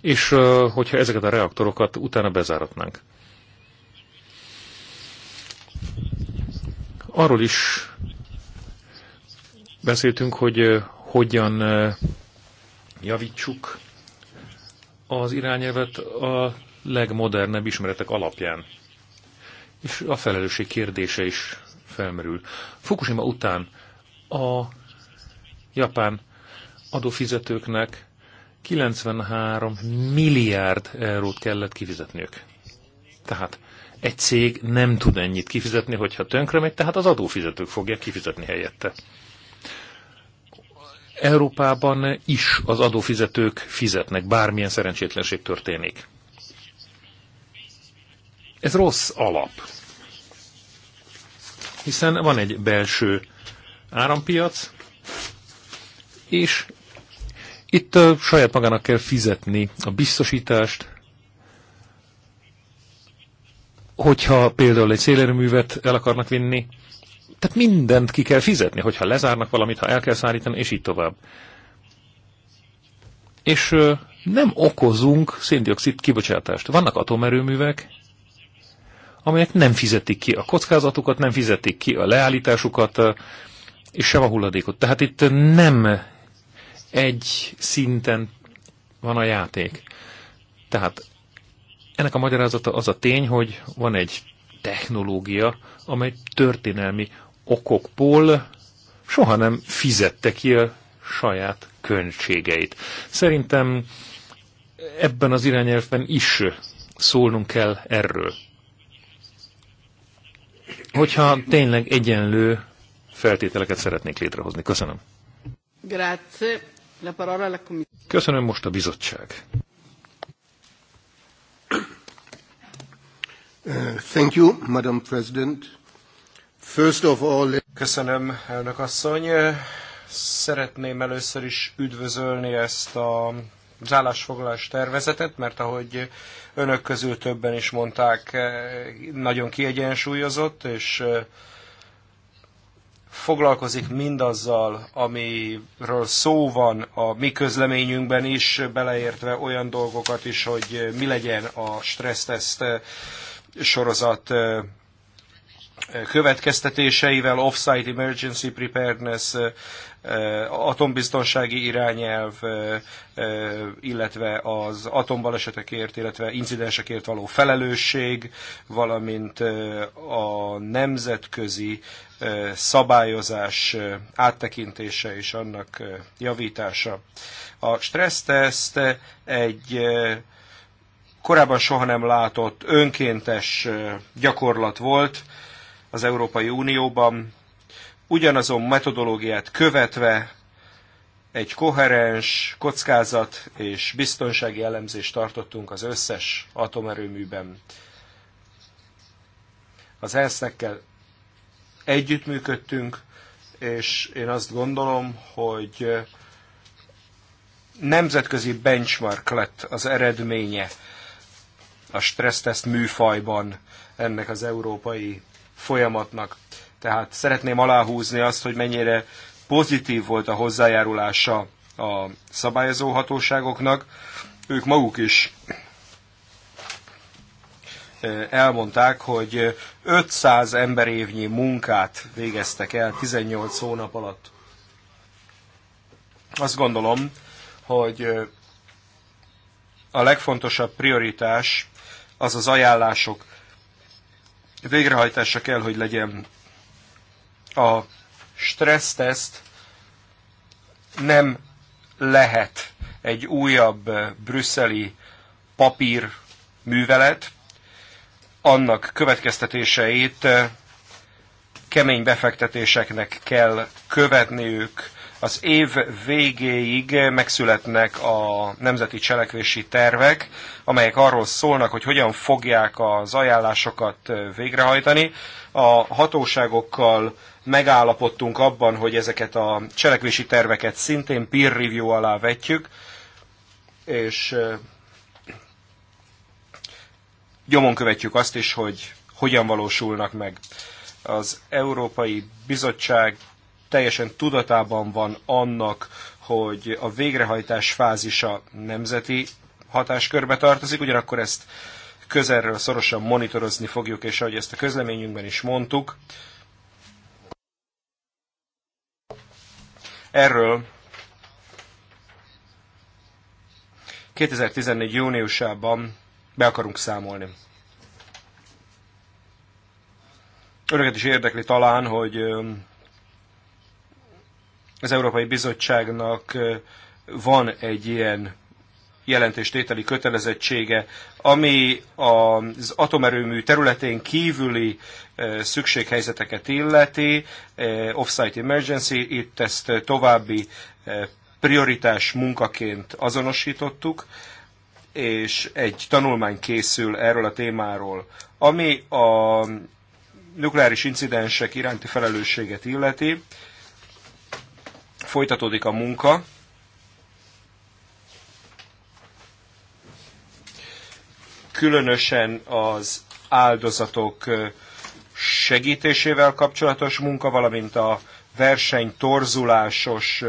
és hogyha ezeket a reaktorokat utána bezáratnánk. Arról is beszéltünk, hogy hogyan javítsuk az irányelvet a legmodernebb ismeretek alapján és a felelősség kérdése is felmerül. Fukushima után a japán adófizetőknek 93 milliárd eurót kellett kifizetniük. Tehát egy cég nem tud ennyit kifizetni, hogyha tönkre megy, tehát az adófizetők fogják kifizetni helyette. Európában is az adófizetők fizetnek, bármilyen szerencsétlenség történik. Ez rossz alap. Hiszen van egy belső árampiac, és itt a saját magának kell fizetni a biztosítást, hogyha például egy szélerőművet el akarnak vinni, tehát mindent ki kell fizetni, hogyha lezárnak valamit, ha el kell szállítani, és így tovább. És nem okozunk széndiokszid kibocsátást. Vannak atomerőművek, amelyek nem fizetik ki a kockázatokat, nem fizetik ki a leállításukat, és sem a hulladékot. Tehát itt nem egy szinten van a játék. Tehát ennek a magyarázata az a tény, hogy van egy technológia, amely történelmi okokból soha nem fizette ki a saját költségeit. Szerintem ebben az irányelvben is szólnunk kell erről hogyha tényleg egyenlő feltételeket szeretnék létrehozni. Köszönöm. Köszönöm most a bizottság. Uh, thank you, Madam President. First of all... Köszönöm, elnök asszony. Szeretném először is üdvözölni ezt a az állásfoglalás tervezetet, mert ahogy önök közül többen is mondták, eh, nagyon kiegyensúlyozott, és eh, foglalkozik mindazzal, amiről szó van a mi közleményünkben is, beleértve olyan dolgokat is, hogy mi legyen a stresszteszt eh, sorozat következtetéseivel, Offsite Emergency Preparedness, atombiztonsági irányelv, illetve az atombalesetekért, illetve incidensekért való felelősség, valamint a nemzetközi szabályozás áttekintése és annak javítása. A stresszteszt egy korábban soha nem látott önkéntes gyakorlat volt, az Európai Unióban, ugyanazon metodológiát követve egy koherens kockázat és biztonsági elemzést tartottunk az összes atomerőműben. Az ENSZ-nekkel együttműködtünk, és én azt gondolom, hogy nemzetközi benchmark lett az eredménye a stressztest műfajban ennek az európai folyamatnak. Tehát szeretném aláhúzni azt, hogy mennyire pozitív volt a hozzájárulása a szabályozó hatóságoknak. Ők maguk is elmondták, hogy 500 emberévnyi munkát végeztek el 18 hónap alatt. Azt gondolom, hogy a legfontosabb prioritás az az ajánlások végrehajtása kell, hogy legyen a stresszteszt nem lehet egy újabb eh, brüsszeli papír művelet, annak következtetéseit eh, kemény befektetéseknek kell követniük, az év végéig megszületnek a nemzeti cselekvési tervek, amelyek arról szólnak, hogy hogyan fogják az ajánlásokat végrehajtani. A hatóságokkal megállapodtunk abban, hogy ezeket a cselekvési terveket szintén peer review alá vetjük, és gyomon követjük azt is, hogy hogyan valósulnak meg. Az Európai Bizottság teljesen tudatában van annak, hogy a végrehajtás fázisa nemzeti hatáskörbe tartozik, ugyanakkor ezt közelről szorosan monitorozni fogjuk, és ahogy ezt a közleményünkben is mondtuk, erről 2014. júniusában be akarunk számolni. Önöket is érdekli talán, hogy az Európai Bizottságnak van egy ilyen jelentéstételi kötelezettsége, ami az atomerőmű területén kívüli szükséghelyzeteket illeti, offsite emergency, itt ezt további prioritás munkaként azonosítottuk, és egy tanulmány készül erről a témáról, ami a nukleáris incidensek iránti felelősséget illeti. Folytatódik a munka. Különösen az áldozatok segítésével kapcsolatos munka, valamint a verseny torzulásos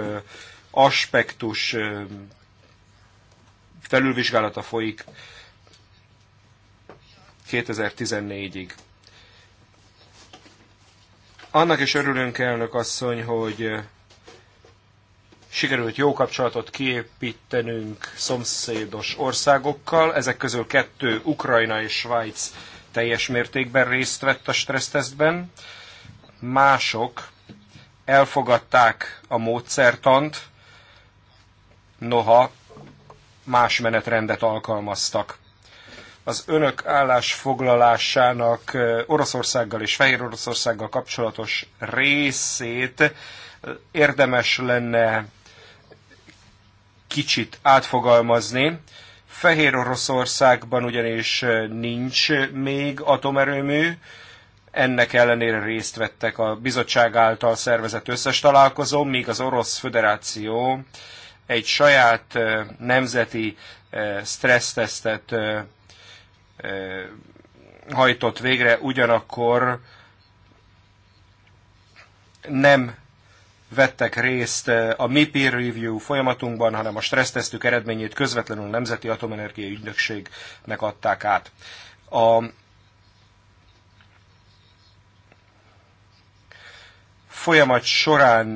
aspektus felülvizsgálata folyik 2014-ig. Annak is örülünk, elnök asszony, hogy sikerült jó kapcsolatot kiépítenünk szomszédos országokkal. Ezek közül kettő, Ukrajna és Svájc teljes mértékben részt vett a stressztesztben. Mások elfogadták a módszertant, noha más menetrendet alkalmaztak. Az önök állásfoglalásának Oroszországgal és Fehér Oroszországgal kapcsolatos részét érdemes lenne kicsit átfogalmazni. Fehér Oroszországban ugyanis nincs még atomerőmű, ennek ellenére részt vettek a bizottság által szervezett összes találkozó, míg az Orosz Föderáció egy saját nemzeti stressztesztet hajtott végre, ugyanakkor nem vettek részt eh, a mi peer review folyamatunkban, hanem a stressztesztük eredményét közvetlenül a Nemzeti Atomenergia Ügynökségnek adták át. A folyamat során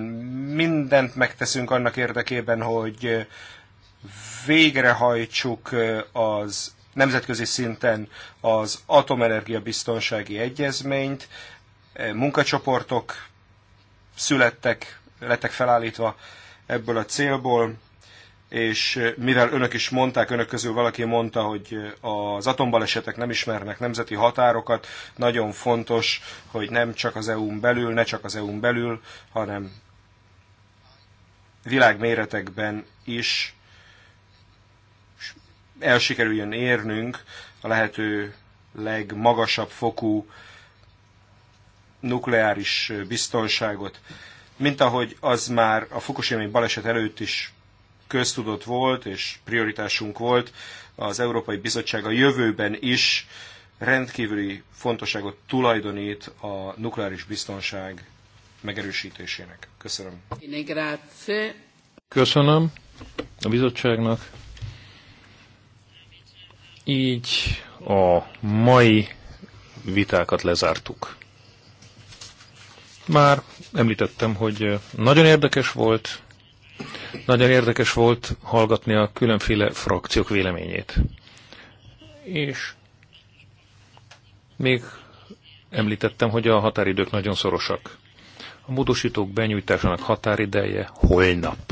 mindent megteszünk annak érdekében, hogy eh, végrehajtsuk eh, az nemzetközi szinten az atomenergia biztonsági egyezményt, munkacsoportok születtek lettek felállítva ebből a célból, és eh, mivel önök is mondták, önök közül valaki mondta, hogy eh, az atombalesetek nem ismernek nemzeti határokat, nagyon fontos, hogy nem csak az EU-n belül, ne csak az EU-n belül, hanem világméretekben is el sikerüljön érnünk a lehető legmagasabb fokú nukleáris eh, biztonságot mint ahogy az már a Fukushima baleset előtt is köztudott volt, és prioritásunk volt, az Európai Bizottság a jövőben is rendkívüli fontosságot tulajdonít a nukleáris biztonság megerősítésének. Köszönöm. Köszönöm a bizottságnak. Így a mai vitákat lezártuk. Már említettem, hogy nagyon érdekes volt, nagyon érdekes volt hallgatni a különféle frakciók véleményét. És még említettem, hogy a határidők nagyon szorosak. A módosítók benyújtásának határideje holnap,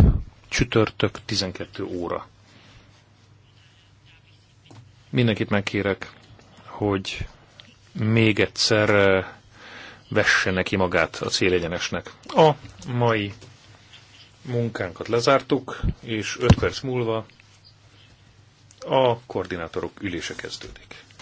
csütörtök 12 óra. Mindenkit megkérek, hogy még egyszer vesse neki magát a célegyenesnek. A mai munkánkat lezártuk, és 5 perc múlva a koordinátorok ülése kezdődik.